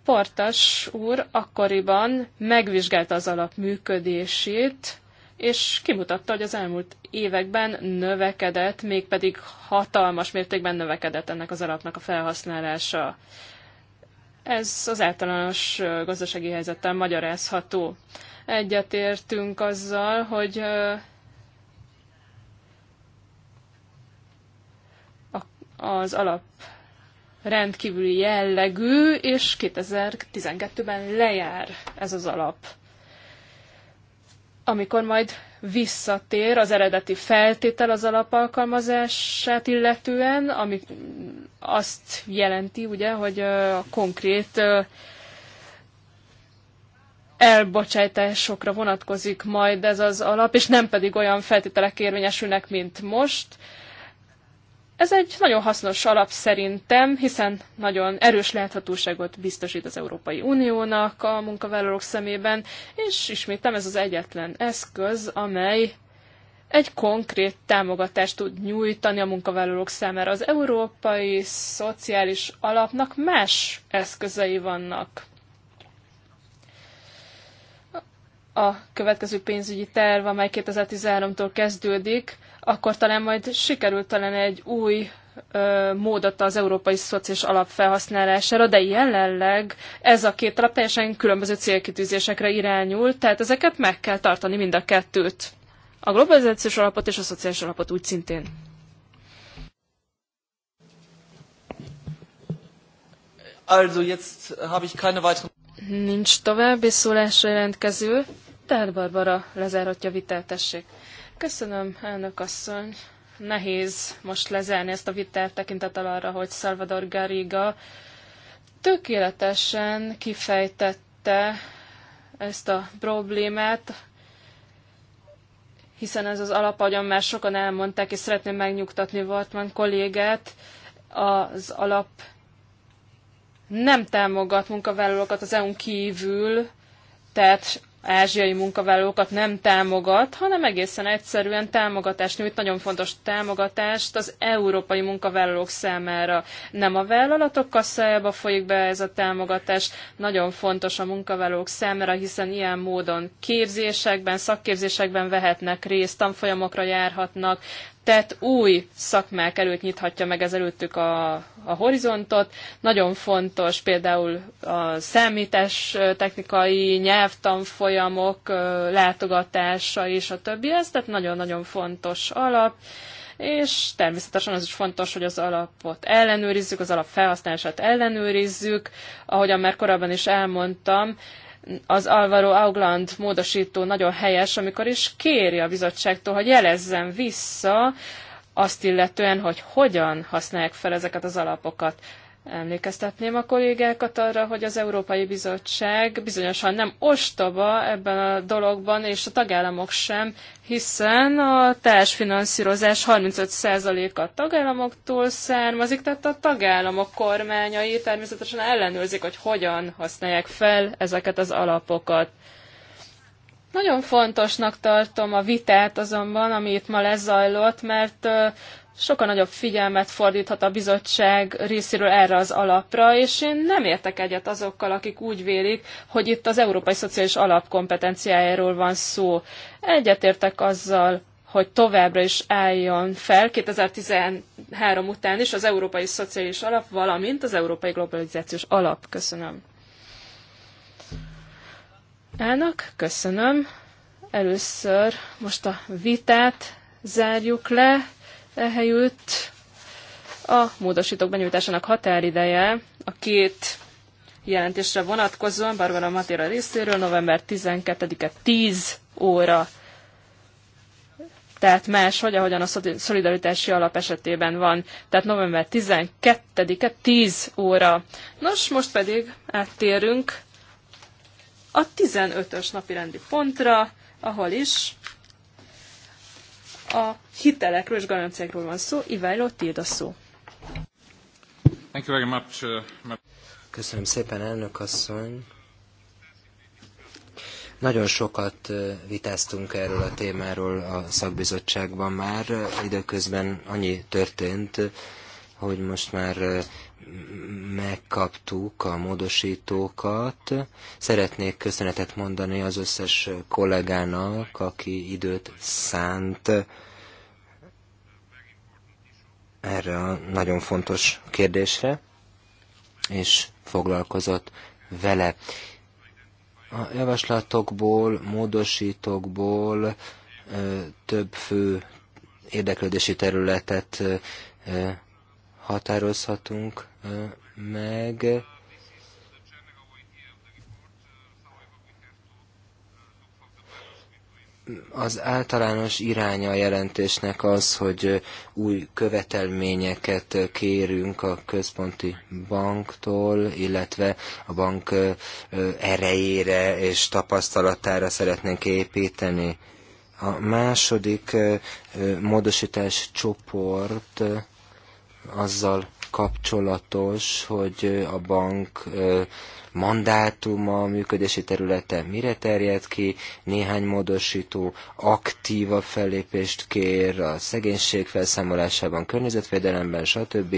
Portas úr akkoriban megvizsgálta az alap működését, és kimutatta, hogy az elmúlt években növekedett, mégpedig hatalmas mértékben növekedett ennek az alapnak a felhasználása. Ez az általános gazdasági helyzettel magyarázható. Egyetértünk azzal, hogy az alap rendkívüli jellegű, és 2012-ben lejár ez az alap amikor majd visszatér az eredeti feltétel az alapalkalmazását illetően, ami azt jelenti, ugye, hogy a konkrét elbocsátásokra vonatkozik majd ez az alap, és nem pedig olyan feltételek érvényesülnek, mint most. Ez egy nagyon hasznos alap szerintem, hiszen nagyon erős láthatóságot biztosít az Európai Uniónak a munkavállalók szemében, és ismétem ez az egyetlen eszköz, amely egy konkrét támogatást tud nyújtani a munkavállalók számára. Az európai szociális alapnak más eszközei vannak. A következő pénzügyi terv, amely 2013-tól kezdődik, akkor talán majd sikerült talán egy új módot az európai szociális alap felhasználására, de jelenleg ez a két alap teljesen különböző célkitűzésekre irányul, tehát ezeket meg kell tartani mind a kettőt. A globalizációs alapot és a szociális alapot úgy szintén. Also jetzt habe ich keine weiteren... Nincs további szólásra jelentkező, tehát Barbara lezárhatja vitát, tessék. Köszönöm, elnök asszony. Nehéz most lezárni ezt a vitát tekintettel arra, hogy Salvador Garriga tökéletesen kifejtette ezt a problémát, hiszen ez az alapagyon már sokan elmondták, és szeretném megnyugtatni Vartman kollégát, az alap nem támogat munkavállalókat az EU-n kívül, tehát ázsiai munkavállalókat nem támogat, hanem egészen egyszerűen támogatást nyújt, nagyon fontos támogatást az európai munkavállalók számára. Nem a vállalatok kasszájába folyik be ez a támogatás, nagyon fontos a munkavállalók számára, hiszen ilyen módon képzésekben, szakképzésekben vehetnek részt, tanfolyamokra járhatnak, tehát új szakmák előtt nyithatja meg ezelőttük előttük a, a horizontot. Nagyon fontos például a számítás technikai nyelvtanfolyamok látogatása és a többi. Ez tehát nagyon-nagyon fontos alap és természetesen az is fontos, hogy az alapot ellenőrizzük, az alap felhasználását ellenőrizzük, ahogyan már korábban is elmondtam, az Alvaro Augland módosító nagyon helyes, amikor is kéri a bizottságtól, hogy jelezzen vissza azt illetően, hogy hogyan használják fel ezeket az alapokat. Emlékeztetném a kollégákat arra, hogy az Európai Bizottság bizonyosan nem ostoba ebben a dologban, és a tagállamok sem, hiszen a társfinanszírozás 35%-a tagállamoktól származik, tehát a tagállamok kormányai természetesen ellenőrzik, hogy hogyan használják fel ezeket az alapokat. Nagyon fontosnak tartom a vitát azonban, ami itt ma lezajlott, mert sokkal nagyobb figyelmet fordíthat a bizottság részéről erre az alapra, és én nem értek egyet azokkal, akik úgy vélik, hogy itt az Európai Szociális Alap kompetenciájáról van szó. Egyetértek azzal, hogy továbbra is álljon fel 2013 után is az Európai Szociális Alap, valamint az Európai Globalizációs Alap. Köszönöm. Elnök, köszönöm. Először most a vitát zárjuk le. Ehelyütt a módosítók benyújtásának határideje a két jelentésre vonatkozóan Barbara Matéra részéről november 12-e 10 óra. Tehát más, hogy ahogyan a szolidaritási alap esetében van. Tehát november 12-e 10 óra. Nos, most pedig áttérünk a 15-ös napirendi pontra, ahol is a hitelekről és garanciákról van szó. Iváló, tiéd a szó. Uh, Köszönöm szépen, elnök asszony. Nagyon sokat uh, vitáztunk erről a témáról a szakbizottságban már. Időközben annyi történt, hogy most már uh, megkaptuk a módosítókat. Szeretnék köszönetet mondani az összes kollégának, aki időt szánt erre a nagyon fontos kérdésre, és foglalkozott vele. A javaslatokból, módosítókból több fő érdeklődési területet határozhatunk meg. Az általános iránya a jelentésnek az, hogy új követelményeket kérünk a központi banktól, illetve a bank erejére és tapasztalatára szeretnénk építeni. A második módosítás csoport azzal kapcsolatos, hogy a bank mandátuma, működési területe mire terjed ki, néhány módosító aktíva fellépést kér a szegénység felszámolásában, környezetvédelemben, stb.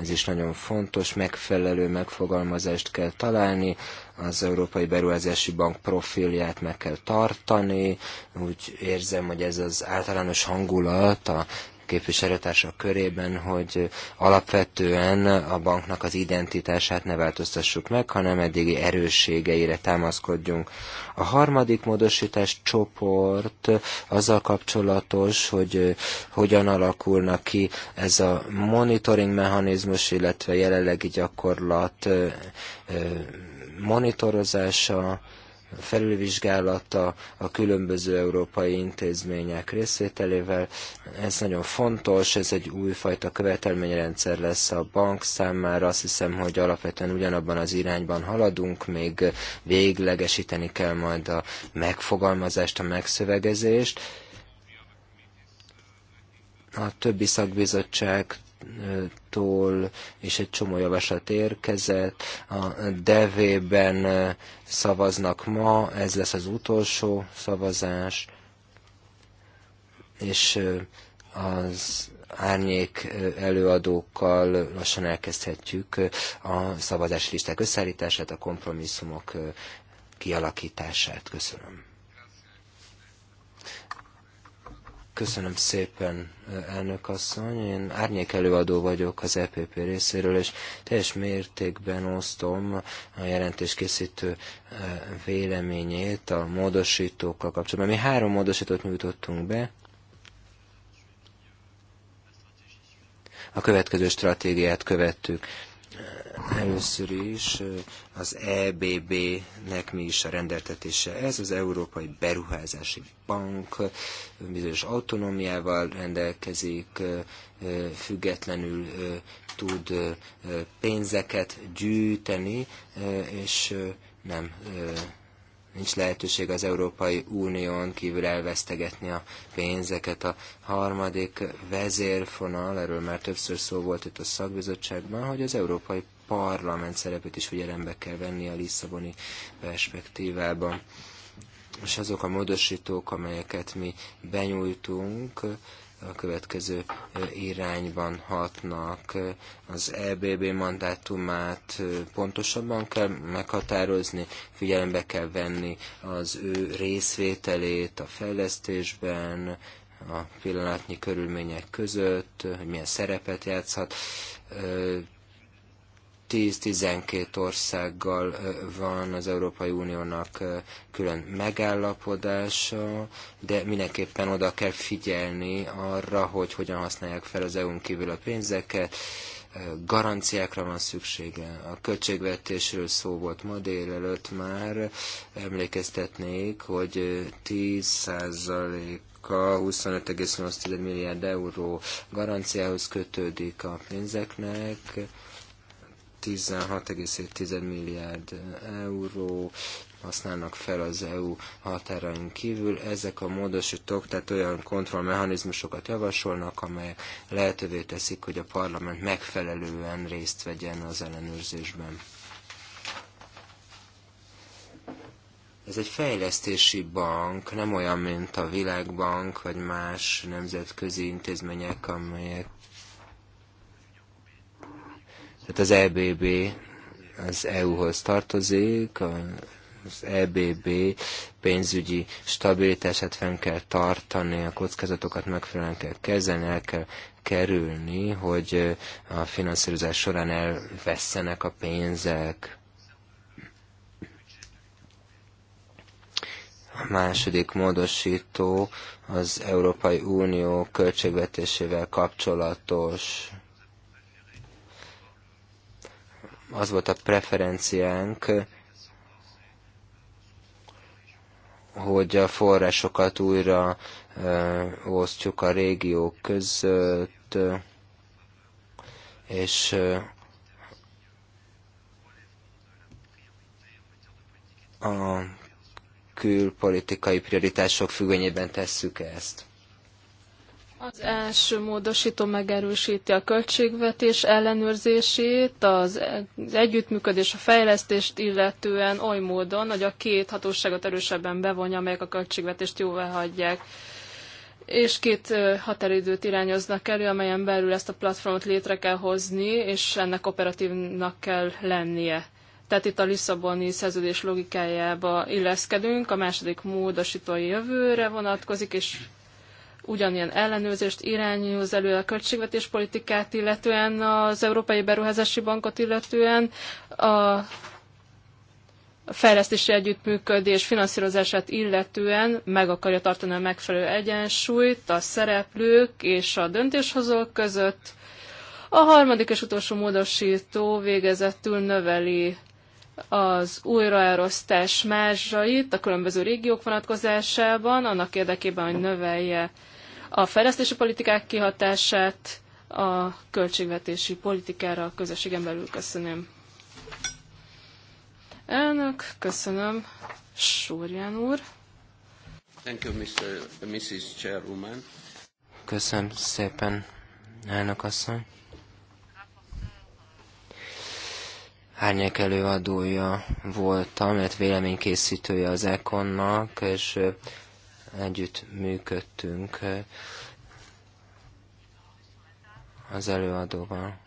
Ez is nagyon fontos, megfelelő megfogalmazást kell találni, az Európai Beruházási Bank profilját meg kell tartani, úgy érzem, hogy ez az általános hangulat a képviselőtársak körében, hogy alapvetően a banknak az identitását ne változtassuk meg, hanem eddigi erősségeire támaszkodjunk. A harmadik módosítás csoport azzal kapcsolatos, hogy hogyan alakulna ki ez a monitoring mechanizmus, illetve jelenlegi gyakorlat monitorozása, felülvizsgálata a különböző európai intézmények részvételével. Ez nagyon fontos, ez egy újfajta követelményrendszer lesz a bank számára. Azt hiszem, hogy alapvetően ugyanabban az irányban haladunk, még véglegesíteni kell majd a megfogalmazást, a megszövegezést a többi szakbizottság tól és egy csomó javaslat érkezett. A devében eh, szavaznak ma, ez lesz az utolsó szavazás, és eh, az árnyék eh, előadókkal lassan elkezdhetjük a szavazási listák összeállítását, a kompromisszumok kialakítását. Köszönöm. Köszönöm szépen, elnök asszony. Én árnyék előadó vagyok az EPP részéről, és teljes mértékben osztom a jelentéskészítő e, véleményét a módosítókkal kapcsolatban. Mi három módosítót nyújtottunk be. A következő stratégiát követtük. Először is az EBB-nek mi is a rendeltetése ez, az Európai Beruházási Bank bizonyos autonómiával rendelkezik, függetlenül tud pénzeket gyűjteni, és nem nincs lehetőség az Európai Unión kívül elvesztegetni a pénzeket. A harmadik vezérfonal, erről már többször szó volt itt a szakbizottságban, hogy az Európai parlament szerepét is figyelembe kell venni a Lisszaboni perspektívában. És azok a módosítók, amelyeket mi benyújtunk, a következő irányban hatnak. Az EBB mandátumát pontosabban kell meghatározni, figyelembe kell venni az ő részvételét a fejlesztésben, a pillanatnyi körülmények között, hogy milyen szerepet játszhat, 10-12 országgal van az Európai Uniónak külön megállapodása, de mindenképpen oda kell figyelni arra, hogy hogyan használják fel az EU-n kívül a pénzeket, garanciákra van szüksége. A költségvetésről szó volt ma délelőtt már, emlékeztetnék, hogy 10% a 25,8 milliárd euró garanciához kötődik a pénzeknek, 16,7 milliárd euró használnak fel az EU határain kívül. Ezek a módosítók, tehát olyan kontrollmechanizmusokat javasolnak, amely lehetővé teszik, hogy a parlament megfelelően részt vegyen az ellenőrzésben. Ez egy fejlesztési bank, nem olyan, mint a Világbank, vagy más nemzetközi intézmények, amelyek tehát az EBB az EU-hoz tartozik, az EBB pénzügyi stabilitását fenn kell tartani, a kockázatokat megfelelően kell kezelni, el kell kerülni, hogy a finanszírozás során elvesztenek a pénzek. A második módosító az Európai Unió költségvetésével kapcsolatos az volt a preferenciánk, hogy a forrásokat újra osztjuk a régiók között, és a külpolitikai prioritások függvényében tesszük ezt. Az első módosító megerősíti a költségvetés ellenőrzését, az, az együttműködés, a fejlesztést illetően oly módon, hogy a két hatóságot erősebben bevonja, amelyek a költségvetést jóvá hagyják és két határidőt irányoznak elő, amelyen belül ezt a platformot létre kell hozni, és ennek operatívnak kell lennie. Tehát itt a Lisszaboni szerződés logikájába illeszkedünk, a második módosító jövőre vonatkozik, és ugyanilyen ellenőrzést irányoz elő a politikát, illetően az Európai Beruházási Bankot, illetően a fejlesztési együttműködés finanszírozását illetően meg akarja tartani a megfelelő egyensúlyt a szereplők és a döntéshozók között. A harmadik és utolsó módosító végezetül növeli az újraelosztás mázsait a különböző régiók vonatkozásában, annak érdekében, hogy növelje a fejlesztési politikák kihatását a költségvetési politikára a közösségen belül. Köszönöm. Elnök, köszönöm. Súrján úr. Thank you, Mr. Mrs. Chairwoman. Köszönöm szépen, elnök asszony. Árnyék előadója voltam, illetve véleménykészítője az Econnak, és együtt működtünk az előadóval.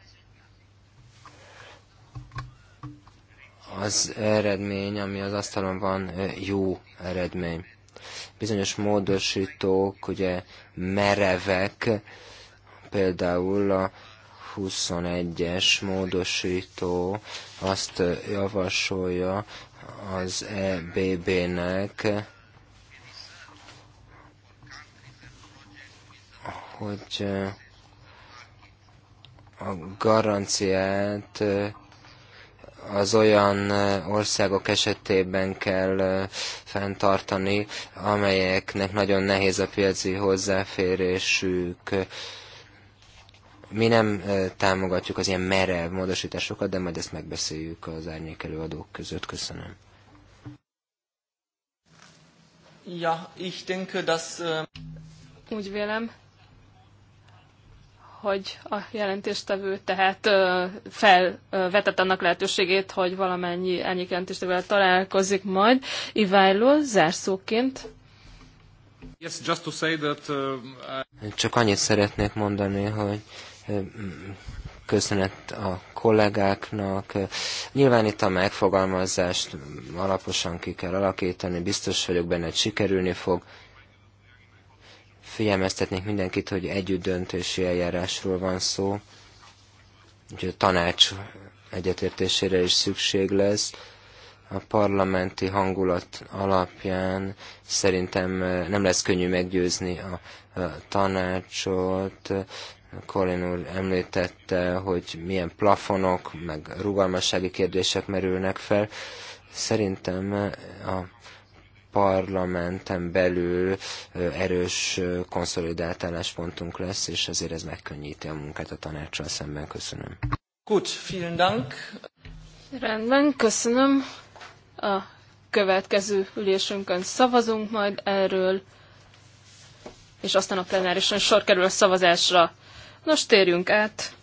Az eredmény, ami az asztalon van, jó eredmény. Bizonyos módosítók, ugye merevek, például a 21-es módosító azt javasolja az EBB-nek, hogy a garanciát az olyan országok esetében kell fenntartani, amelyeknek nagyon nehéz a piaci hozzáférésük. Mi nem támogatjuk az ilyen merev módosításokat, de majd ezt megbeszéljük az árnyékelő adók között. Köszönöm. Ja, ich denke, dass... Úgy vélem, hogy a jelentéstevő tehát felvetett annak lehetőségét, hogy valamennyi ennyi jelentéstevővel találkozik majd. Iványló, zárszóként. Yes, just to say that, uh, I... Csak annyit szeretnék mondani, hogy köszönet a kollégáknak. Nyilván itt a megfogalmazást alaposan ki kell alakítani, biztos vagyok benne, hogy sikerülni fog. Figyelmeztetnék mindenkit, hogy együtt döntési eljárásról van szó, úgyhogy a tanács egyetértésére is szükség lesz. A parlamenti hangulat alapján szerintem eh, nem lesz könnyű meggyőzni a, a tanácsot, Colin úr említette, hogy milyen plafonok, meg rugalmassági kérdések merülnek fel. Szerintem eh, a parlamenten belül erős konszolidált álláspontunk lesz, és ezért ez megkönnyíti a munkát a tanácssal szemben. Köszönöm. Gut, vielen Dank. Rendben, köszönöm. A következő ülésünkön szavazunk majd erről, és aztán a plenárison sor kerül a szavazásra. Nos, térjünk át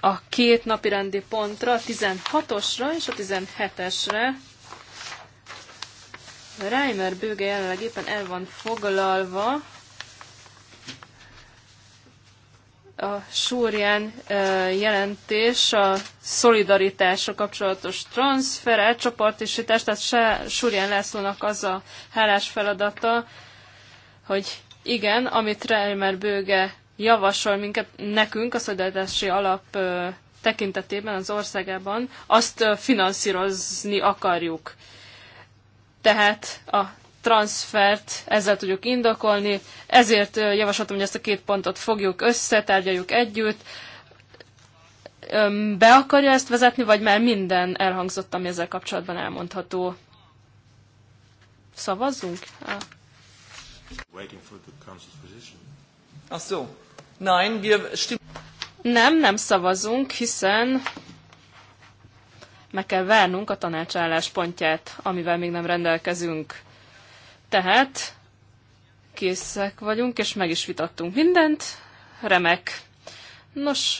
a két napirendi pontra, a 16-osra és a 17-esre. Reimer bőge jelenleg éppen el van foglalva a Súrján jelentés a szolidaritásra kapcsolatos transfer, elcsoportosítás, tehát Súrján Lászlónak az a hálás feladata, hogy igen, amit Reimer bőge javasol minket, nekünk a szolidaritási alap tekintetében az országában, azt finanszírozni akarjuk tehát a transfert ezzel tudjuk indokolni, ezért javaslatom, hogy ezt a két pontot fogjuk össze, tárgyaljuk együtt. Be akarja ezt vezetni, vagy már minden elhangzott, ami ezzel kapcsolatban elmondható? Szavazzunk? Ah. Nem, nem szavazunk, hiszen meg kell várnunk a tanács álláspontját, amivel még nem rendelkezünk. Tehát készek vagyunk, és meg is vitattunk mindent. Remek. Nos,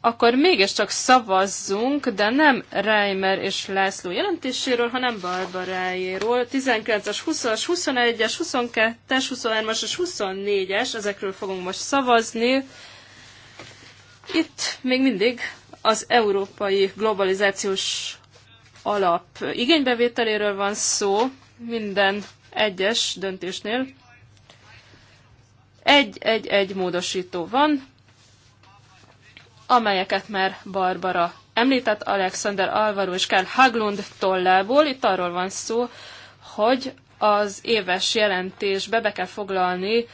akkor mégiscsak szavazzunk, de nem Reimer és László jelentéséről, hanem Barbarájéról. 19-es, 20-as, 21-es, 22-es, 23-as és 24-es, ezekről fogunk most szavazni. Itt még mindig az európai globalizációs alap igénybevételéről van szó minden egyes döntésnél. Egy-egy-egy módosító van, amelyeket már Barbara említett, Alexander Alvaro és Karl Haglund tollából. Itt arról van szó, hogy az éves jelentésbe be kell foglalni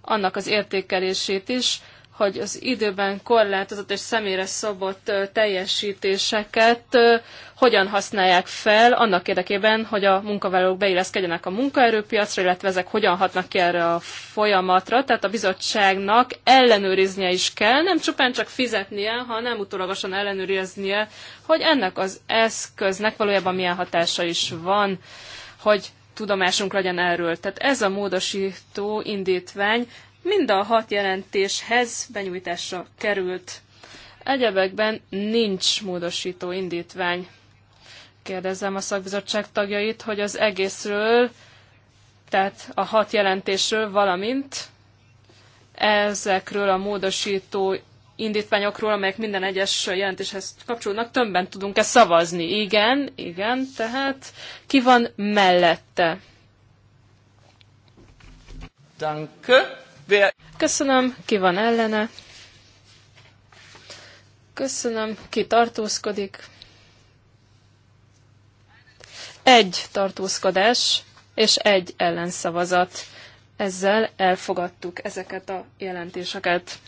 annak az értékelését is, hogy az időben korlátozott és személyre szabott teljesítéseket hogyan használják fel annak érdekében, hogy a munkavállalók beilleszkedjenek a munkaerőpiacra, illetve ezek hogyan hatnak ki erre a folyamatra. Tehát a bizottságnak ellenőriznie is kell, nem csupán csak fizetnie, hanem utólagosan ellenőriznie, hogy ennek az eszköznek valójában milyen hatása is van, hogy tudomásunk legyen erről. Tehát ez a módosító indítvány mind a hat jelentéshez benyújtásra került. Egyebekben nincs módosító indítvány. Kérdezem a szakbizottság tagjait, hogy az egészről, tehát a hat jelentésről, valamint ezekről a módosító indítványokról, amelyek minden egyes jelentéshez kapcsolódnak, többen tudunk-e szavazni? Igen, igen, tehát ki van mellette? Danke. Köszönöm, ki van ellene. Köszönöm, ki tartózkodik. Egy tartózkodás és egy ellenszavazat. Ezzel elfogadtuk ezeket a jelentéseket.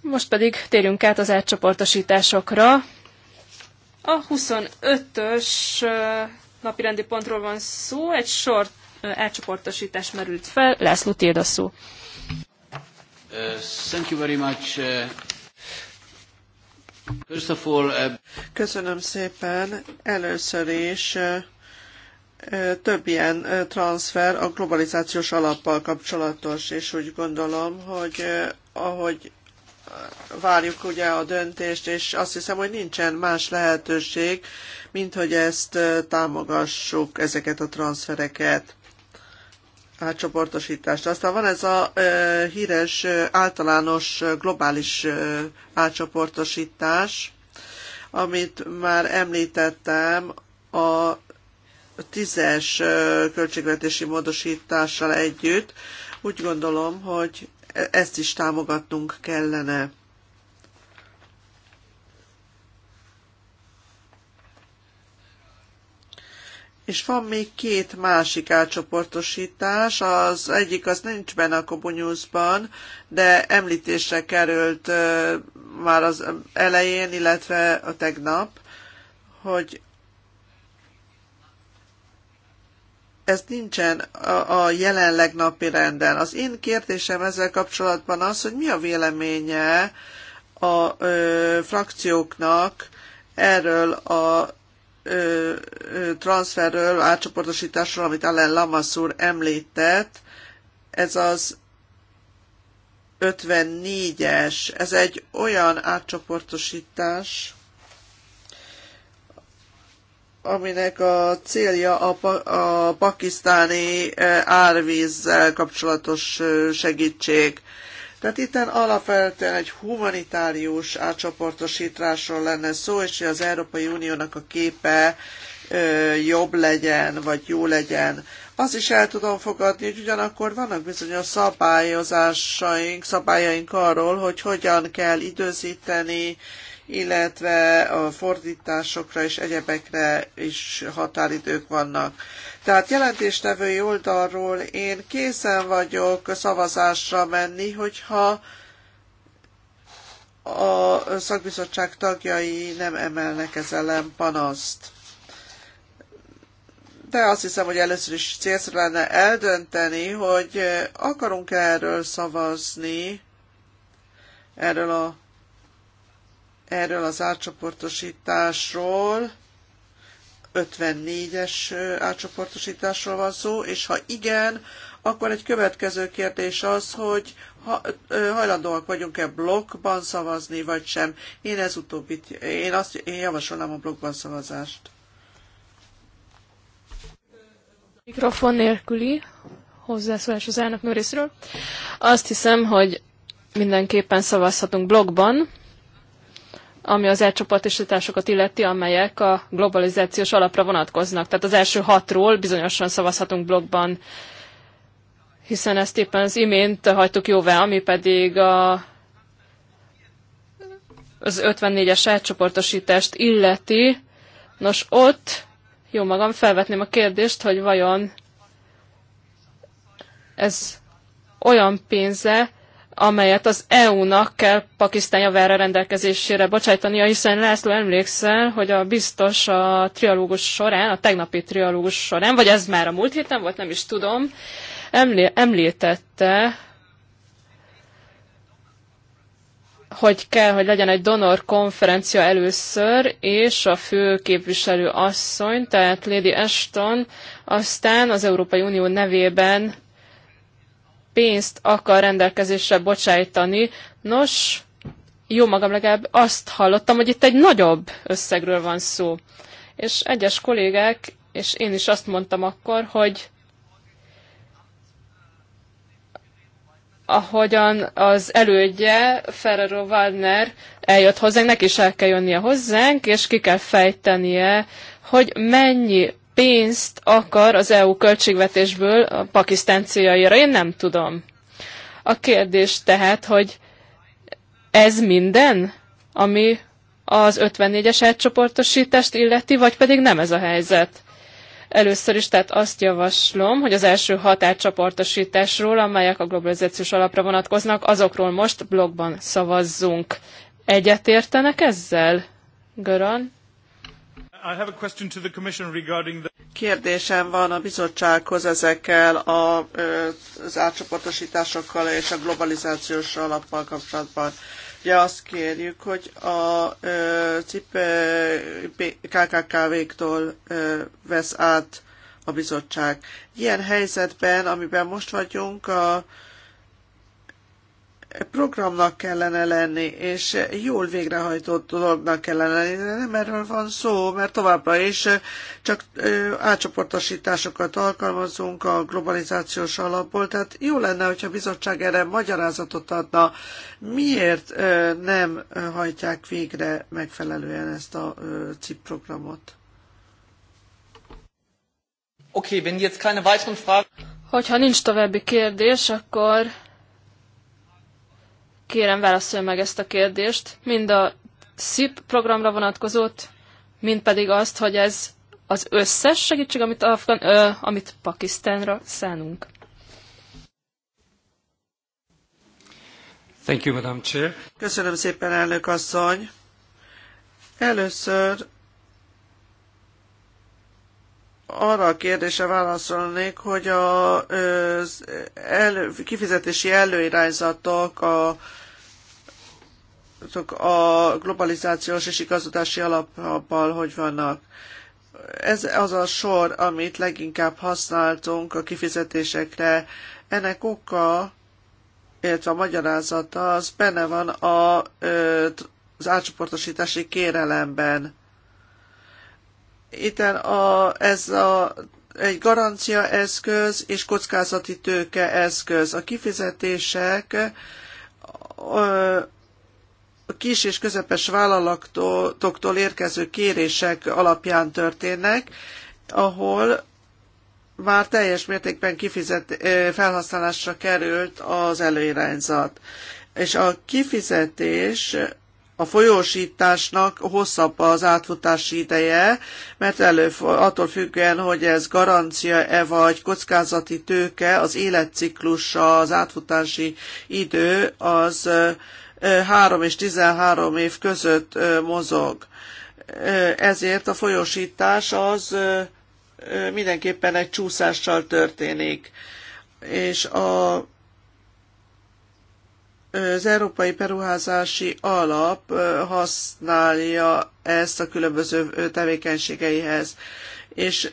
Most pedig térjünk át az átcsoportosításokra. A 25-ös napirendi pontról van szó, egy sor átcsoportosítás merült fel, László tiéd a szó. Uh, thank you very much. Uh, first of all, uh, Köszönöm szépen. Először is több ilyen transfer a globalizációs alappal kapcsolatos, és úgy gondolom, hogy ahogy várjuk ugye a döntést, és azt hiszem, hogy nincsen más lehetőség, mint hogy ezt támogassuk, ezeket a transfereket átcsoportosítást. Aztán van ez a ö, híres általános globális ö, átcsoportosítás, amit már említettem a tízes ö, költségvetési módosítással együtt. Úgy gondolom, hogy e-, ezt is támogatnunk kellene. és van még két másik átcsoportosítás, az egyik az nincs benne a Kobonyuszban, de említésre került már az elején, illetve a tegnap, hogy ez nincsen a, a jelenleg napi renden. Az én kérdésem ezzel kapcsolatban az, hogy mi a véleménye a ö, frakcióknak erről a transferről, átcsoportosításról, amit Allen Lamassur említett, ez az 54-es, ez egy olyan átcsoportosítás, aminek a célja a, pa- a pakisztáni árvízzel kapcsolatos segítség. Tehát itt alapvetően egy humanitárius átcsoportosításról lenne szó, és hogy az Európai Uniónak a képe jobb legyen, vagy jó legyen. Azt is el tudom fogadni, hogy ugyanakkor vannak bizonyos szabályozásaink, szabályaink arról, hogy hogyan kell időzíteni, illetve a fordításokra és egyebekre is határidők vannak. Tehát jelentéstevői oldalról én készen vagyok szavazásra menni, hogyha a szakbizottság tagjai nem emelnek ez ellen panaszt. De azt hiszem, hogy először is célszerű lenne eldönteni, hogy akarunk -e erről szavazni, erről a erről az átcsoportosításról, 54-es átcsoportosításról van szó, és ha igen, akkor egy következő kérdés az, hogy ha, hajlandóak vagyunk-e blokkban szavazni, vagy sem. Én ez utóbbit, én, azt, én javasolnám a blokkban szavazást. Mikrofon nélküli hozzászólás az elnök részről. Azt hiszem, hogy mindenképpen szavazhatunk blogban, ami az elcsoportosításokat illeti, amelyek a globalizációs alapra vonatkoznak. Tehát az első hatról bizonyosan szavazhatunk blogban, hiszen ezt éppen az imént hagytuk jóvá, ami pedig a az 54-es elcsoportosítást illeti. Nos, ott jó magam felvetném a kérdést, hogy vajon ez olyan pénze, amelyet az EU-nak kell Pakisztán javára rendelkezésére bocsájtania, hiszen László emlékszel, hogy a biztos a trialógus során, a tegnapi trialógus során, vagy ez már a múlt héten volt, nem is tudom, emlé- említette, hogy kell, hogy legyen egy donor konferencia először, és a fő képviselő asszony, tehát Lady Ashton, aztán az Európai Unió nevében pénzt akar rendelkezésre bocsájtani. Nos, jó magam legalább azt hallottam, hogy itt egy nagyobb összegről van szó. És egyes kollégák, és én is azt mondtam akkor, hogy ahogyan az elődje, Ferrero Wagner eljött hozzánk, neki is el kell jönnie hozzánk, és ki kell fejtenie, hogy mennyi pénzt akar az EU költségvetésből a Pakisztán céljaira? Én nem tudom. A kérdés tehát, hogy ez minden, ami az 54-es átcsoportosítást illeti, vagy pedig nem ez a helyzet? Először is tehát azt javaslom, hogy az első hat átcsoportosításról, amelyek a globalizációs alapra vonatkoznak, azokról most blogban szavazzunk. Egyetértenek ezzel, Göran? Kérdésem van a bizottsághoz ezekkel a, az átcsoportosításokkal és a globalizációs alappal kapcsolatban. Ugye azt kérjük, hogy a CIP KKKV-któl vesz át a bizottság. Ilyen helyzetben, amiben most vagyunk, a programnak kellene lenni, és jól végrehajtott dolognak kellene lenni, de nem erről van szó, mert továbbra is csak átcsoportosításokat alkalmazunk a globalizációs alapból, tehát jó lenne, hogyha a bizottság erre magyarázatot adna, miért nem hajtják végre megfelelően ezt a CIP programot. Okay, wenn jetzt keine weiteren Fragen... Hogyha nincs további kérdés, akkor Kérem, válaszolj meg ezt a kérdést, mind a SZIP programra vonatkozott, mind pedig azt, hogy ez az összes segítség, amit, Afgan, ö, amit Pakisztánra szánunk. Thank you, Madam Chair. Köszönöm szépen, elnök asszony. Először arra a kérdése válaszolnék, hogy a az elő, kifizetési előirányzatok a a globalizációs és igazodási alappal hogy vannak. Ez az a sor, amit leginkább használtunk a kifizetésekre. Ennek oka, illetve a magyarázata, az benne van a, az átcsoportosítási kérelemben itt a, ez a, egy garancia eszköz és kockázati tőke eszköz. A kifizetések a kis és közepes vállalatoktól érkező kérések alapján történnek, ahol már teljes mértékben kifizet, felhasználásra került az előirányzat. És a kifizetés a folyósításnak hosszabb az átfutási ideje, mert elő, attól függően, hogy ez garancia-e vagy kockázati tőke, az életciklusa, az átfutási idő az 3 és 13 év között mozog. Ezért a folyósítás az mindenképpen egy csúszással történik. És a az Európai Peruházási Alap használja ezt a különböző tevékenységeihez, és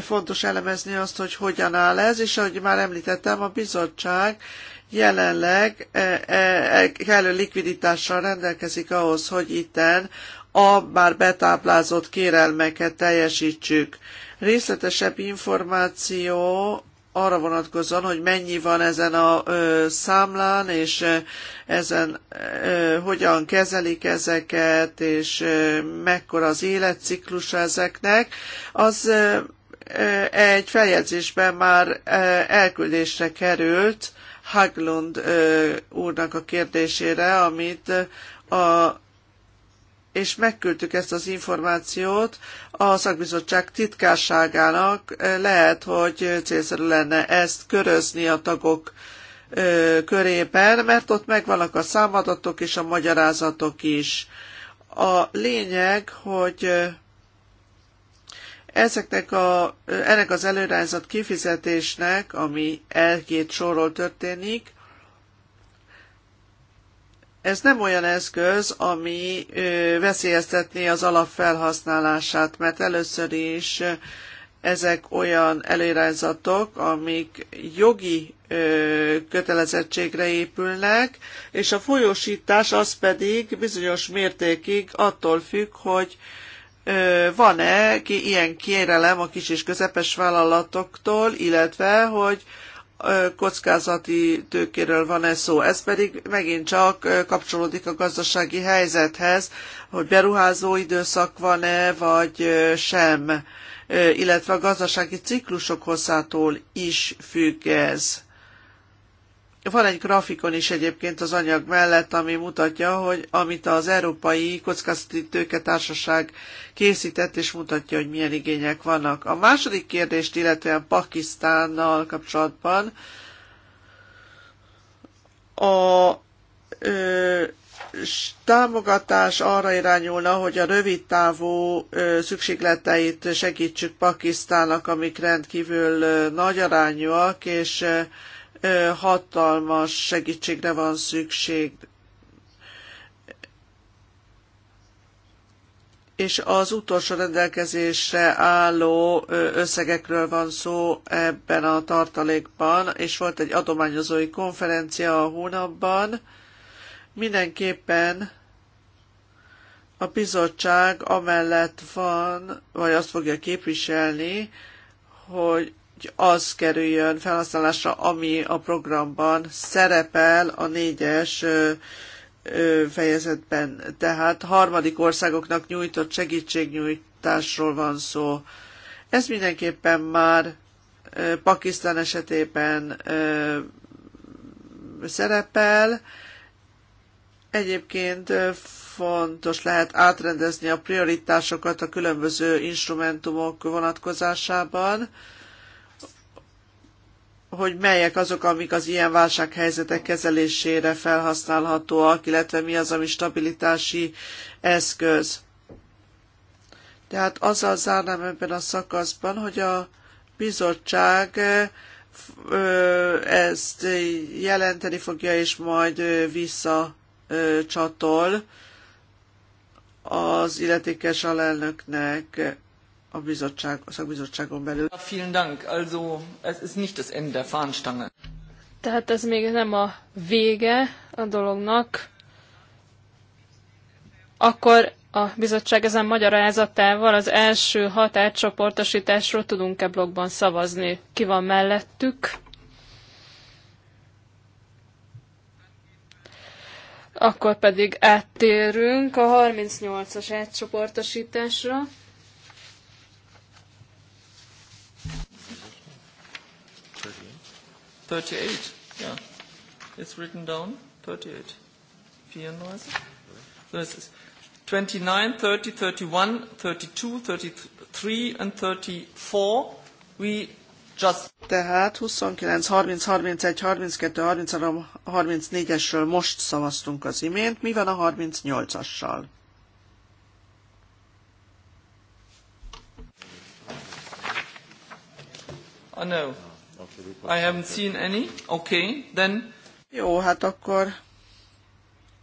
fontos elemezni azt, hogy hogyan áll ez, és ahogy már említettem, a bizottság jelenleg e, e, e, kellő likviditással rendelkezik ahhoz, hogy itten a már betáplázott kérelmeket teljesítsük. Részletesebb információ arra vonatkozóan, hogy mennyi van ezen a ö, számlán, és ö, ezen ö, hogyan kezelik ezeket, és ö, mekkora az életciklus ezeknek, az ö, egy feljegyzésben már elküldésre került Haglund úrnak a kérdésére, amit a és megküldtük ezt az információt a szakbizottság titkárságának. Lehet, hogy célszerű lenne ezt körözni a tagok körében, mert ott megvannak a számadatok és a magyarázatok is. A lényeg, hogy ezeknek a, ennek az előrányzat kifizetésnek, ami elkét sorról történik, ez nem olyan eszköz, ami veszélyeztetné az alapfelhasználását, mert először is ezek olyan előirányzatok, amik jogi kötelezettségre épülnek, és a folyósítás az pedig bizonyos mértékig attól függ, hogy van-e ilyen kérelem a kis és közepes vállalatoktól, illetve hogy kockázati tőkéről van ez szó. Ez pedig megint csak kapcsolódik a gazdasági helyzethez, hogy beruházó időszak van-e, vagy sem, illetve a gazdasági ciklusok hosszától is függ ez. Van egy grafikon is egyébként az anyag mellett, ami mutatja, hogy amit az Európai Kockázati Tőketársaság készített, és mutatja, hogy milyen igények vannak. A második kérdést, illetően Pakisztánnal kapcsolatban a ö, támogatás arra irányulna, hogy a rövid távú szükségleteit segítsük Pakisztánnak, amik rendkívül nagy arányúak, és hatalmas segítségre van szükség. És az utolsó rendelkezésre álló összegekről van szó ebben a tartalékban, és volt egy adományozói konferencia a hónapban. Mindenképpen a bizottság amellett van, vagy azt fogja képviselni, hogy az kerüljön felhasználásra, ami a programban szerepel a négyes fejezetben. Tehát harmadik országoknak nyújtott segítségnyújtásról van szó. Ez mindenképpen már Pakisztán esetében szerepel. Egyébként fontos lehet átrendezni a prioritásokat a különböző instrumentumok vonatkozásában hogy melyek azok, amik az ilyen válsághelyzetek kezelésére felhasználhatóak, illetve mi az, ami stabilitási eszköz. Tehát azzal zárnám ebben a szakaszban, hogy a bizottság ezt jelenteni fogja, és majd visszacsatol az illetékes alelnöknek a, bizottság, a szakbizottságon belül. Vielen Dank. Also, es ist nicht das Ende der Fahnenstange. Tehát ez még nem a vége a dolognak. Akkor a bizottság ezen magyarázatával az első hat átcsoportosításról tudunk-e blogban szavazni? Ki van mellettük? Akkor pedig áttérünk a 38-as átcsoportosításra. 38, yeah. It's written down, 38. 34. So this is 29, 30, 31, 32, 33 and 34. We just... Tehát 29, 30, 31, 32, 33, 34-esről most szavaztunk az imént. Mi van a 38-assal? Oh no. I haven't seen any. Okay, then... Jó, hát akkor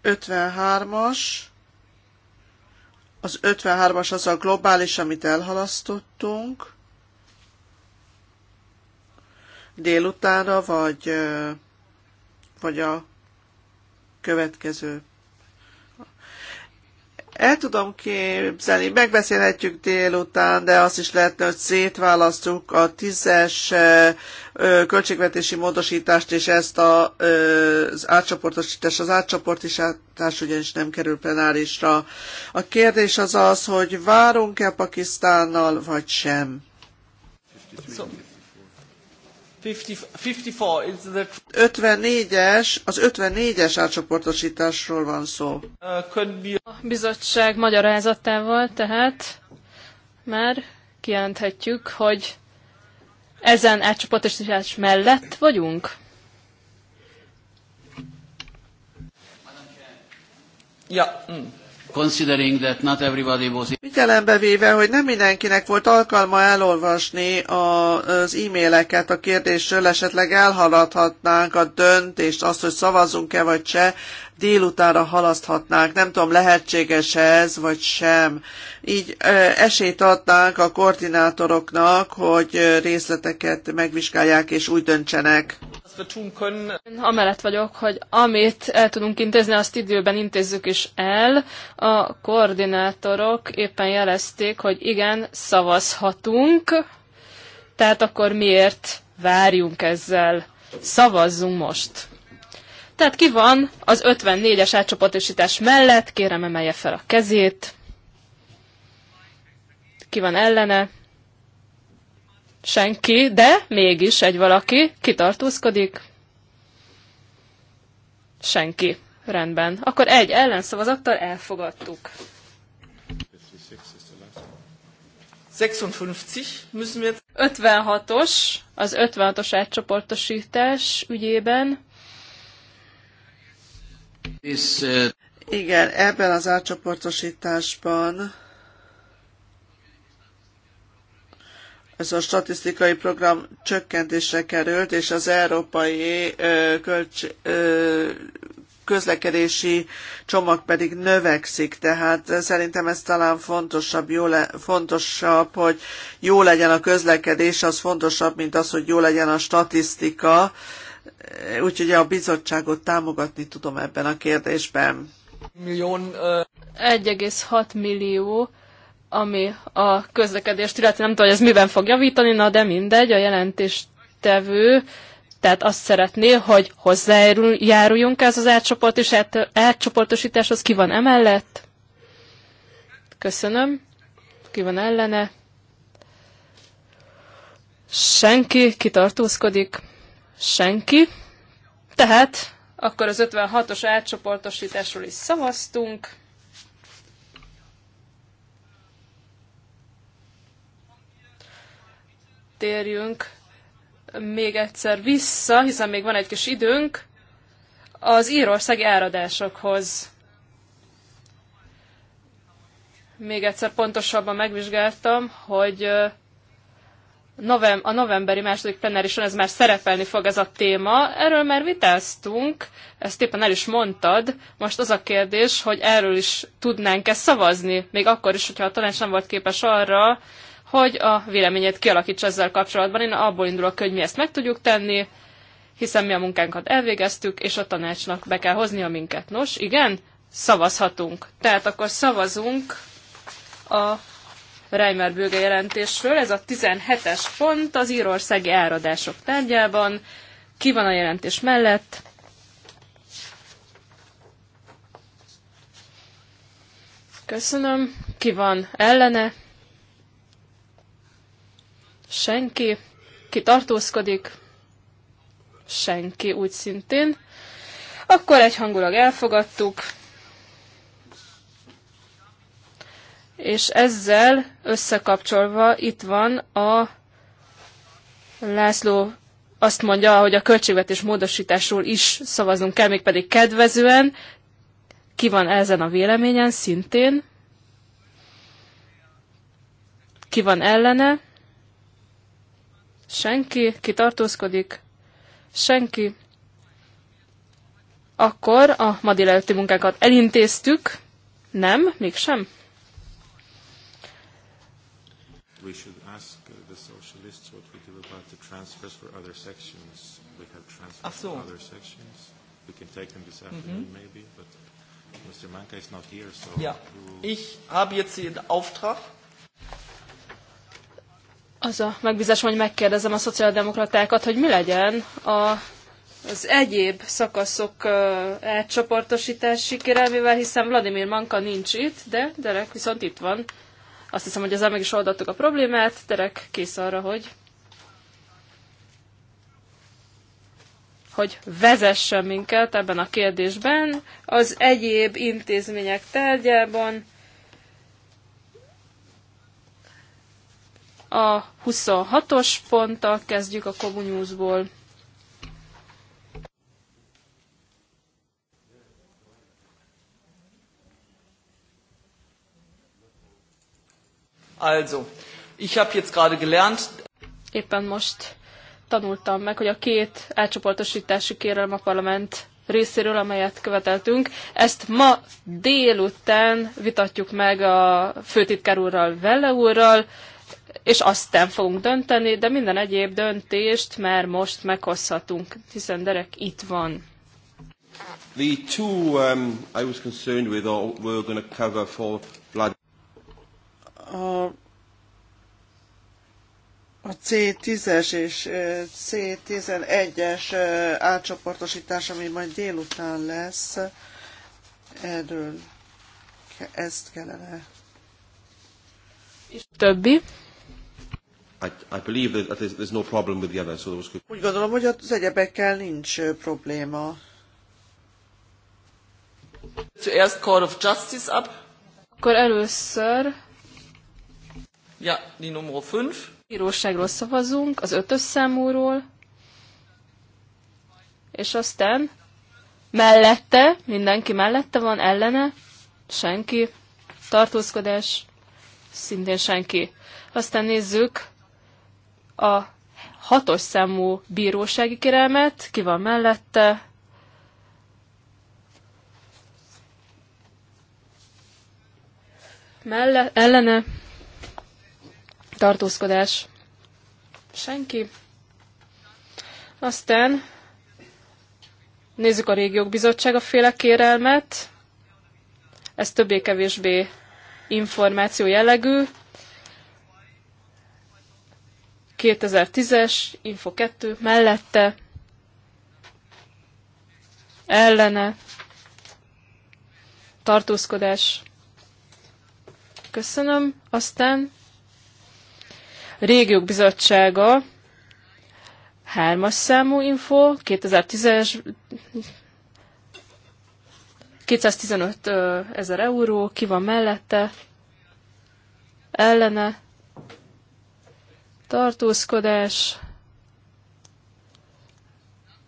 53-as. Az 53-as az a globális, amit elhalasztottunk. Délutára, vagy, vagy a következő el tudom képzelni, megbeszélhetjük délután, de azt is lehetne, hogy szétválasztjuk a tízes költségvetési módosítást, és ezt a, az átcsoportosítás, az átcsoportosítás ugyanis nem kerül plenárisra. A kérdés az az, hogy várunk-e Pakisztánnal, vagy sem. So, 54-es, az 54-es átcsoportosításról van szó. Uh, A bizottság magyarázatával tehát már kijelenthetjük, hogy ezen átcsoportosítás mellett vagyunk. Ja. Mm. Considering that not everybody was... Figyelembe véve, hogy nem mindenkinek volt alkalma elolvasni a, az e-maileket a kérdésről, esetleg elhaladhatnánk a döntést, azt, hogy szavazunk-e vagy se, délutánra halaszthatnánk. Nem tudom, lehetséges -e ez, vagy sem. Így esélyt adnánk a koordinátoroknak, hogy részleteket megvizsgálják és úgy döntsenek. Amellett vagyok, hogy amit el tudunk intézni, azt időben intézzük is el. A koordinátorok éppen jelezték, hogy igen, szavazhatunk, tehát akkor miért várjunk ezzel? Szavazzunk most! Tehát ki van az 54-es átcsoportosítás mellett, kérem emelje fel a kezét. Ki van ellene? senki, de mégis egy valaki kitartózkodik. Senki. Rendben. Akkor egy ellenszavazattal elfogadtuk. 56-os, az 56-os átcsoportosítás ügyében. Igen, ebben az átcsoportosításban ez a statisztikai program csökkentésre került, és az európai ö, kölcs, ö, közlekedési csomag pedig növekszik, tehát szerintem ez talán fontosabb, jó le, fontosabb, hogy jó legyen a közlekedés, az fontosabb, mint az, hogy jó legyen a statisztika, úgyhogy a bizottságot támogatni tudom ebben a kérdésben. Millión, 1,6 millió ami a közlekedést illetve nem tudom, hogy ez miben fog javítani, na de mindegy, a jelentéstevő tehát azt szeretné, hogy hozzájáruljunk ez az átcsoportos, átcsoportosításhoz. Ki van emellett? Köszönöm. Ki van ellene? Senki. kitartózkodik. Senki. Tehát akkor az 56-os átcsoportosításról is szavaztunk. térjünk még egyszer vissza, hiszen még van egy kis időnk, az írországi áradásokhoz. Még egyszer pontosabban megvizsgáltam, hogy a novemberi második plenárison ez már szerepelni fog ez a téma. Erről már vitáztunk, ezt éppen el is mondtad. Most az a kérdés, hogy erről is tudnánk-e szavazni, még akkor is, hogyha a tanács nem volt képes arra, hogy a véleményét kialakítsa ezzel kapcsolatban. Én abból indulok, hogy mi ezt meg tudjuk tenni, hiszen mi a munkánkat elvégeztük, és a tanácsnak be kell hoznia minket. Nos, igen, szavazhatunk. Tehát akkor szavazunk a Reimer bőge jelentésről. Ez a 17-es pont az írországi áradások tárgyában. Ki van a jelentés mellett? Köszönöm. Ki van ellene? Senki. Ki tartózkodik? Senki úgy szintén. Akkor egyhangulag elfogadtuk. És ezzel összekapcsolva itt van a László azt mondja, hogy a költségvetés módosításról is szavazunk kell, mégpedig kedvezően. Ki van ezen a véleményen szintén? Ki van ellene? Senki? Ki tartózkodik? Senki? Akkor a ma délelőtti munkákat elintéztük. Nem? Mégsem? We should ask the socialists what we do about the transfers for other sections. We have transfers so. for other sections. We can take them this afternoon mm -hmm. maybe, but Mr. Manka is not here, so... Ja, ich habe jetzt den Auftrag, az a megbízás, hogy megkérdezem a szociáldemokratákat, hogy mi legyen a az egyéb szakaszok uh, elcsoportosítási kérelmével, hiszen Vladimir Manka nincs itt, de Derek viszont itt van. Azt hiszem, hogy ezzel meg is oldottuk a problémát. Derek kész arra, hogy hogy vezessen minket ebben a kérdésben az egyéb intézmények tárgyában A 26-os ponttal kezdjük a Kobunyúzból. Also, ich habe jetzt gerade gelernt. Éppen most tanultam meg, hogy a két elcsoportosítási kérelem a parlament részéről, amelyet követeltünk. Ezt ma délután vitatjuk meg a főtitkár úrral, Velle úrral, és aztán fogunk dönteni, de minden egyéb döntést már most meghozhatunk, hiszen Derek itt van. The two um, I was concerned with or were going to cover for blood. A, a C10-es és C11-es átcsoportosítás, ami majd délután lesz, erről ezt kellene. És többi. I, I believe that there's, there's no problem with the other, so those could... Úgy gondolom, hogy az egyebekkel nincs probléma. Zuerst Court of Justice ab. Akkor először... Ja, die Nummer 5. Bíróságról szavazunk, az ötös számúról. És aztán mellette, mindenki mellette van, ellene, senki, tartózkodás, szintén senki. Aztán nézzük a hatos számú bírósági kérelmet, ki van mellette, melle, ellene, tartózkodás, senki. Aztán nézzük a régiók bizottsága féle kérelmet, ez többé-kevésbé információ jellegű, 2010-es, Info 2 mellette, ellene, tartózkodás. Köszönöm. Aztán Régiók Bizottsága, hármas számú info, 2010-es 215 ezer euró, ki van mellette, ellene, tartózkodás.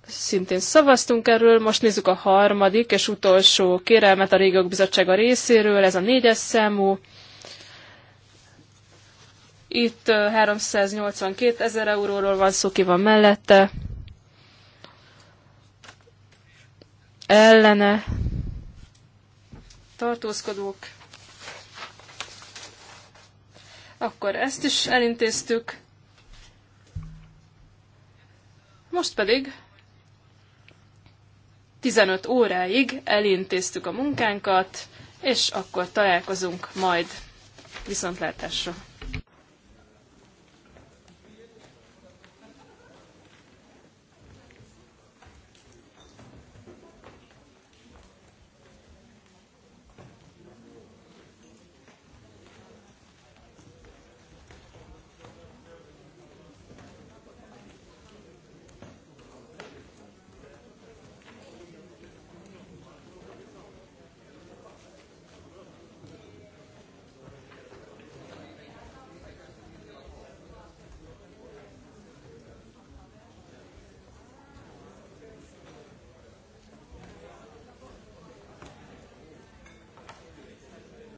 Szintén szavaztunk erről, most nézzük a harmadik és utolsó kérelmet a Régiók Bizottsága részéről, ez a négyes számú. Itt 382 ezer euróról van szó, ki van mellette. Ellene tartózkodók. Akkor ezt is elintéztük. Most pedig 15 óráig elintéztük a munkánkat, és akkor találkozunk majd viszontlátásra.